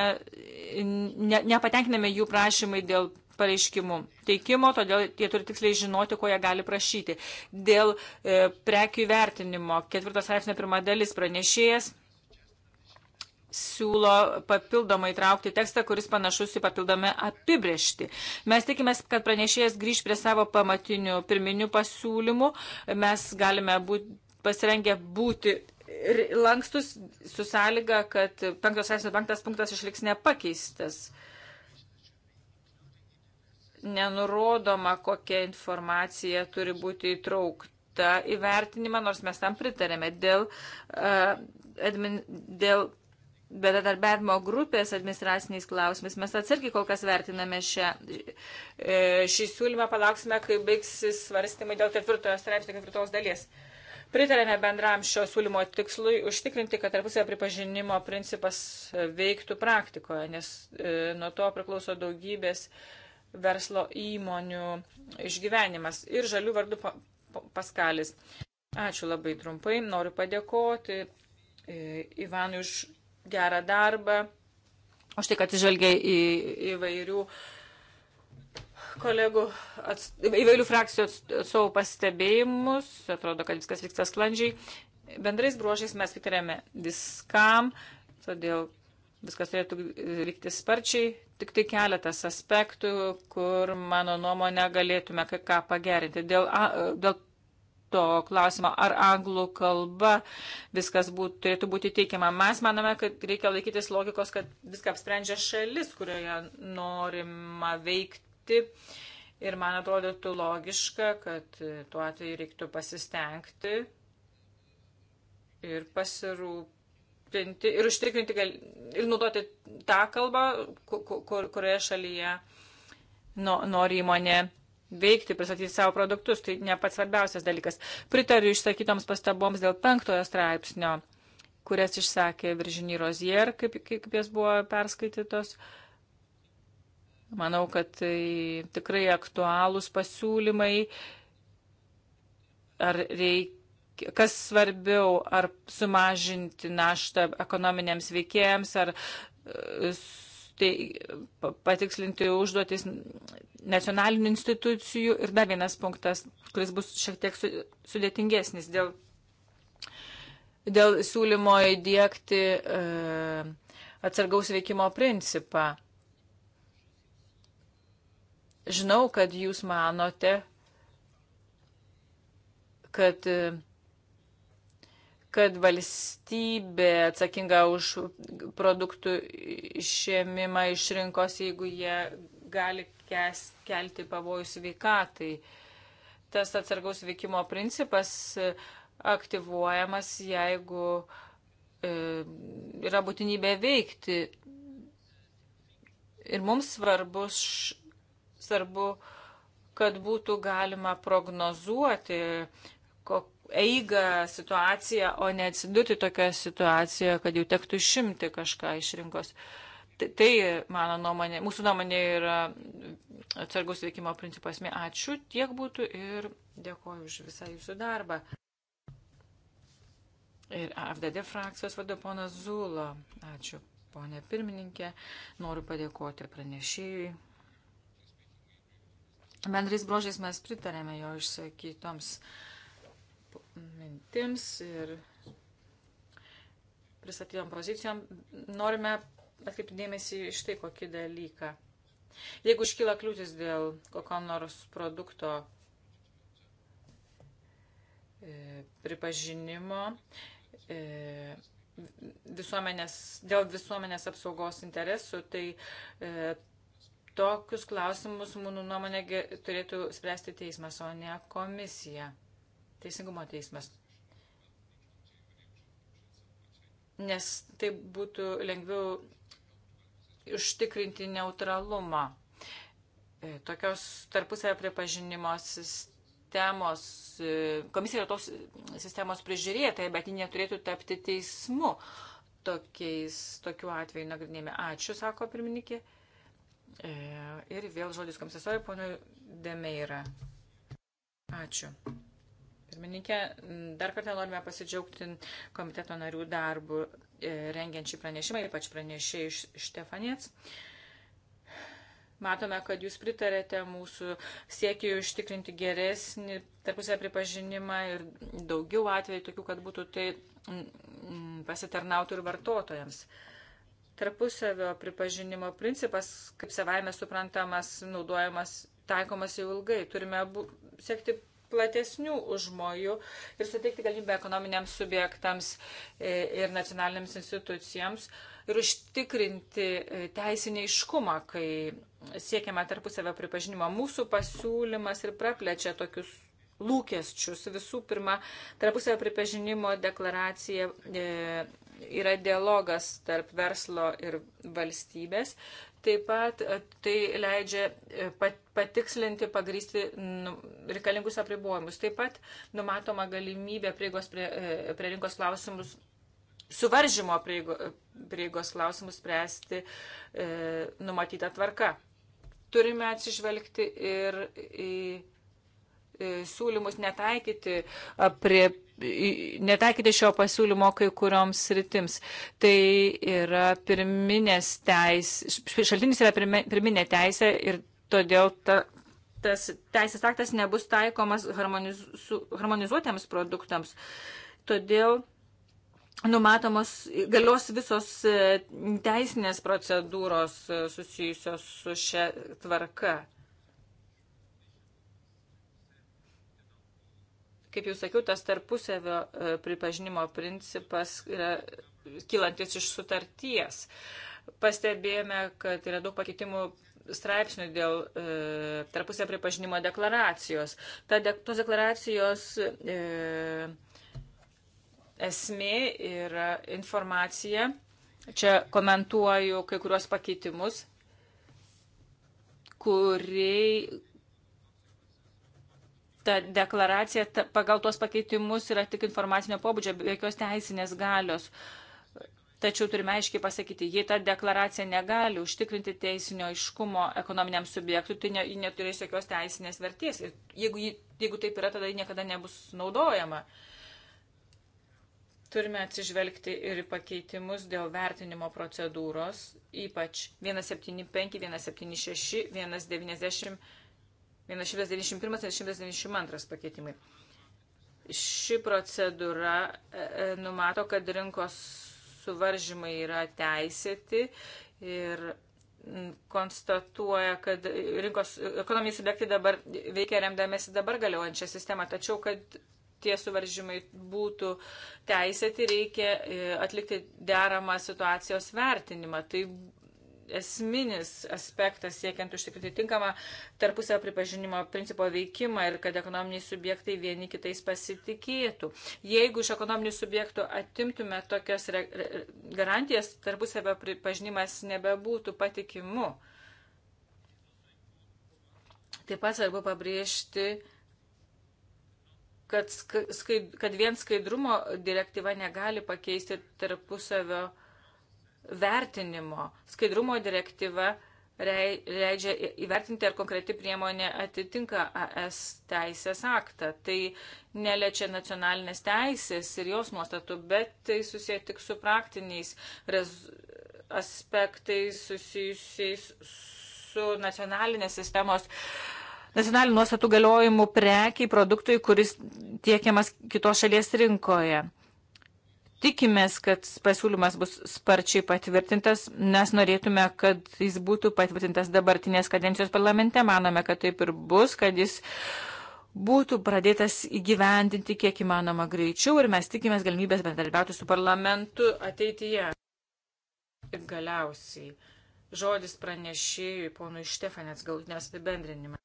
ne, nepatenkiname jų prašymai dėl pareiškimų teikimo, todėl jie turi tiksliai žinoti, ko jie gali prašyti. Dėl e, prekių vertinimo, ketvirtas straipsnio pirma dalis pranešėjas siūlo papildomai traukti tekstą, kuris panašus į papildomą apibriešti. Mes tikimės, kad pranešėjas grįž prie savo pamatinių pirminių pasiūlymų. Mes galime būti pasirengę būti lankstus su sąlyga, kad 5.5 punktas išliks nepakeistas nenurodoma, kokia informacija turi būti įtraukta į vertinimą, nors mes tam pritarėme dėl, uh, admin, dėl bendradarbiavimo grupės administraciniais klausimais. Mes atsargiai kol kas vertiname šią, e, šį siūlymą, palauksime, kai baigsis svarstymai dėl ketvirtojo straipsnio ketvirtos dalies. Pritarėme bendram šio siūlymo tikslui užtikrinti, kad tarpusio pripažinimo principas veiktų praktikoje, nes e, nuo to priklauso daugybės uh, verslo įmonių išgyvenimas. Ir žalių vardų pa, pa, Paskalis. Ačiū labai trumpai. Noriu padėkoti e, Ivanui už gerą darbą, už tai, kad išvelgia į įvairių kolegų, ats, įvairių frakcijų atstovų pastebėjimus. Atrodo, kad viskas vyksta sklandžiai. Bendrais bruožais mes pritarėme viskam, todėl Viskas turėtų vykti sparčiai, tik tai keletas aspektų, kur, mano nuomonė, galėtume kai ką pagerinti. Dėl, dėl to klausimo, ar anglų kalba viskas būt, turėtų būti teikiama. Mes manome, kad reikia laikytis logikos, kad viską apsprendžia šalis, kurioje norima veikti. Ir man atrodytų logiška, kad tuo atveju reiktų pasistengti ir pasirūpinti užtikrinti ir užtikrinti gal, ir naudoti tą kalbą, kur, kur, kurioje šalyje nori įmonė veikti, pristatyti savo produktus. Tai ne pats svarbiausias dalykas. Pritariu išsakytoms pastaboms dėl penktojo straipsnio, kurias išsakė Viržinį Rozier, kaip, kaip jas buvo perskaitytos. Manau, kad tai tikrai aktualūs pasiūlymai. Ar reikia kas svarbiau, ar sumažinti naštą ekonominiams veikėjams, ar e, tai, patikslinti užduotis nacionalinių institucijų. Ir dar vienas punktas, kuris bus šiek tiek sudėtingesnis dėl, dėl siūlymo įdėkti e, atsargaus veikimo principą. Žinau, kad jūs manote, kad e, kad valstybė atsakinga už produktų išėmimą iš rinkos, jeigu jie gali kes, kelti pavojų sveikatai. Tas atsargaus veikimo principas e, aktyvuojamas, jeigu e, yra būtinybė veikti. Ir mums svarbus, svarbu, kad būtų galima prognozuoti, kok, eigą, situaciją, o ne atsidurti tokioje situacijoje, kad jau tektų išimti kažką iš rinkos. Tai, tai mano nuomonė, mūsų nuomonė yra atsargus veikimo principas. Ačiū, tiek būtų ir dėkoju už visą jūsų darbą. Ir AFDD frakcijos vadu ponas Zulo. Ačiū, ponė pirmininkė. Noriu padėkoti pranešėjui. Bendrais brožiais mes pritarėme jo išsakytoms uh, mintims ir pristatytom pozicijom. Norime atkreipti dėmesį iš tai kokį dalyką. Jeigu iškyla kliūtis dėl kokio nors produkto e, pripažinimo, e, visuomenės, dėl visuomenės apsaugos interesų, tai e, tokius klausimus, mūsų nuomonė, turėtų spręsti teismas, o ne komisija. Teisingumo teismas. Nes tai būtų lengviau užtikrinti neutralumą. E, tokios tarpusavio pripažinimo sistemos, e, komisija yra tos sistemos prižiūrėtoja, bet ji neturėtų tapti teismu tokiais, tokiu atveju nagrinėjame. Ačiū, sako pirmininkė. E, ir vėl žodis komisijos ponui Demeira. Ačiū. Pirmininkė, dar kartą norime pasidžiaugti komiteto narių darbų e, rengiančių pranešimą, ypač pranešė iš Štefanėts. Matome, kad jūs pritarėte mūsų siekiu užtikrinti geresnį tarpusę pripažinimą ir daugiau atvejų tokių, kad būtų tai pasitarnautų ir vartotojams tarpusavio pripažinimo principas, kaip savaime suprantamas, naudojamas, taikomas jau ilgai. Turime bu, sekti platesnių užmojų ir suteikti galimybę ekonominiams subjektams e, ir nacionaliniams institucijams ir užtikrinti e, teisinį iškumą, kai siekiama tarpusavio pripažinimo. Mūsų pasiūlymas ir praplečia tokius lūkesčius. Visų pirma, tarpusavio pripažinimo deklaracija. E, yra dialogas tarp verslo ir valstybės. Taip pat e, tai leidžia e, patikslinti, pagrysti nu, reikalingus apribojimus. Taip pat numatoma galimybė prieigos prie, e, prie rinkos klausimus suvaržymo prieigo, prieigos klausimus spręsti e, numatytą tvarką. Turime atsižvelgti ir į, į siūlymus netaikyti prie netaikyti šio pasiūlymo kai kurioms sritims. Tai yra pirminės teisės, šaltinis yra pirmi, pirminė teisė ir todėl ta, tas teisės aktas nebus taikomas harmoniz, su, harmonizuotiems produktams. Todėl numatomos galios visos e, teisinės procedūros e, susijusios su šia tvarka. Kaip jau sakiau, tas tarpusavio e, pripažinimo principas yra kilantis iš sutarties. Pastebėjome, kad yra daug pakeitimų straipsnių dėl e, tarpusio pripažinimo deklaracijos. Ta de, tos deklaracijos e, esmė yra informacija. Čia komentuoju kai kuriuos pakeitimus, kuriai ta deklaracija ta, pagal tuos pakeitimus yra tik informacinio pobūdžio, jokios teisinės galios. Tačiau turime aiškiai pasakyti, jei ta deklaracija negali užtikrinti teisinio aiškumo ekonominiam subjektui, tai ne, neturės jokios teisinės vertės. Ir jeigu, jeigu taip yra, tada ji niekada nebus naudojama. Turime atsižvelgti ir pakeitimus dėl vertinimo procedūros, ypač 175, 176, 190 191 ir 192 pakeitimai. Ši procedūra e, e, numato, kad rinkos suvaržymai yra teisėti ir konstatuoja, kad rinkos ekonominiai subjektai dabar veikia remdamėsi dabar galiojančią sistemą, tačiau kad tie suvaržymai būtų teisėti, reikia e, atlikti deramą situacijos vertinimą. Tai esminis aspektas siekiant užtikrinti tinkamą tarpusio pripažinimo principo veikimą ir kad ekonominiai subjektai vieni kitais pasitikėtų. Jeigu iš ekonominių subjektų atimtume tokias garantijas, tarpusio pripažinimas nebebūtų patikimu. Taip pat svarbu pabrėžti, kad, skaid, kad vien skaidrumo direktyva negali pakeisti tarpusavio vertinimo. Skaidrumo direktyva leidžia įvertinti, ar konkreti priemonė atitinka AS teisės aktą. Tai neliečia nacionalinės teisės ir jos nuostatų, bet tai susiję tik su praktiniais rez... aspektais susijusiais su nacionalinės sistemos. Nacionalinių nuostatų galiojimų prekiai, produktui, kuris tiekiamas kitos šalies rinkoje. Tikimės, kad pasiūlymas bus sparčiai patvirtintas. Mes norėtume, kad jis būtų patvirtintas dabartinės kadencijos parlamente. Manome, kad taip ir bus, kad jis būtų pradėtas įgyvendinti kiek įmanoma greičiau ir mes tikimės galimybės bendradarbiauti su parlamentu ateityje. Ir galiausiai žodis pranešėjui ponui Štefanės galutinės apibendrinimą.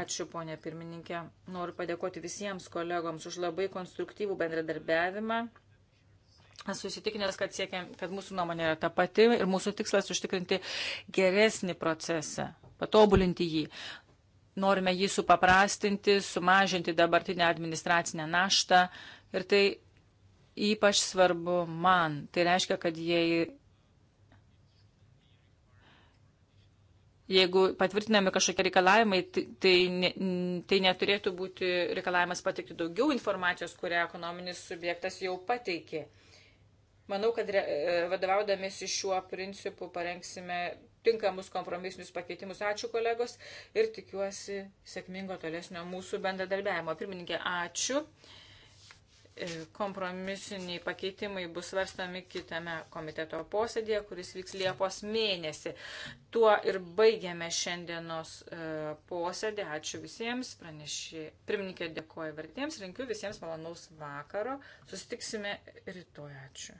Ačiū, ponė pirmininkė. Noriu padėkoti visiems kolegoms už labai konstruktyvų bendradarbiavimą. Esu įsitikinęs, kad, siekiam, kad mūsų nuomonė yra ta pati ir mūsų tikslas užtikrinti geresnį procesą, patobulinti jį. Norime jį supaprastinti, sumažinti dabartinę administracinę naštą ir tai ypač svarbu man. Tai reiškia, kad jei, jeigu patvirtinami kažkokie reikalavimai, tai, tai, tai neturėtų būti reikalavimas pateikti daugiau informacijos, kurią ekonominis subjektas jau pateikė. Manau, kad e, vadovaudamėsi šiuo principu parengsime tinkamus kompromisinius pakeitimus. Ačiū kolegos ir tikiuosi sėkmingo tolesnio mūsų bendradarbiavimo. Pirmininkė, ačiū. E, kompromisiniai pakeitimai bus svarstami kitame komiteto posėdėje, kuris vyks Liepos mėnesį. Tuo ir baigiame šiandienos e, posėdį. Ačiū visiems. Pranešė, pirmininkė dėkoja vertėms. Linkiu visiems malonaus vakaro. Susitiksime rytoj. Ačiū.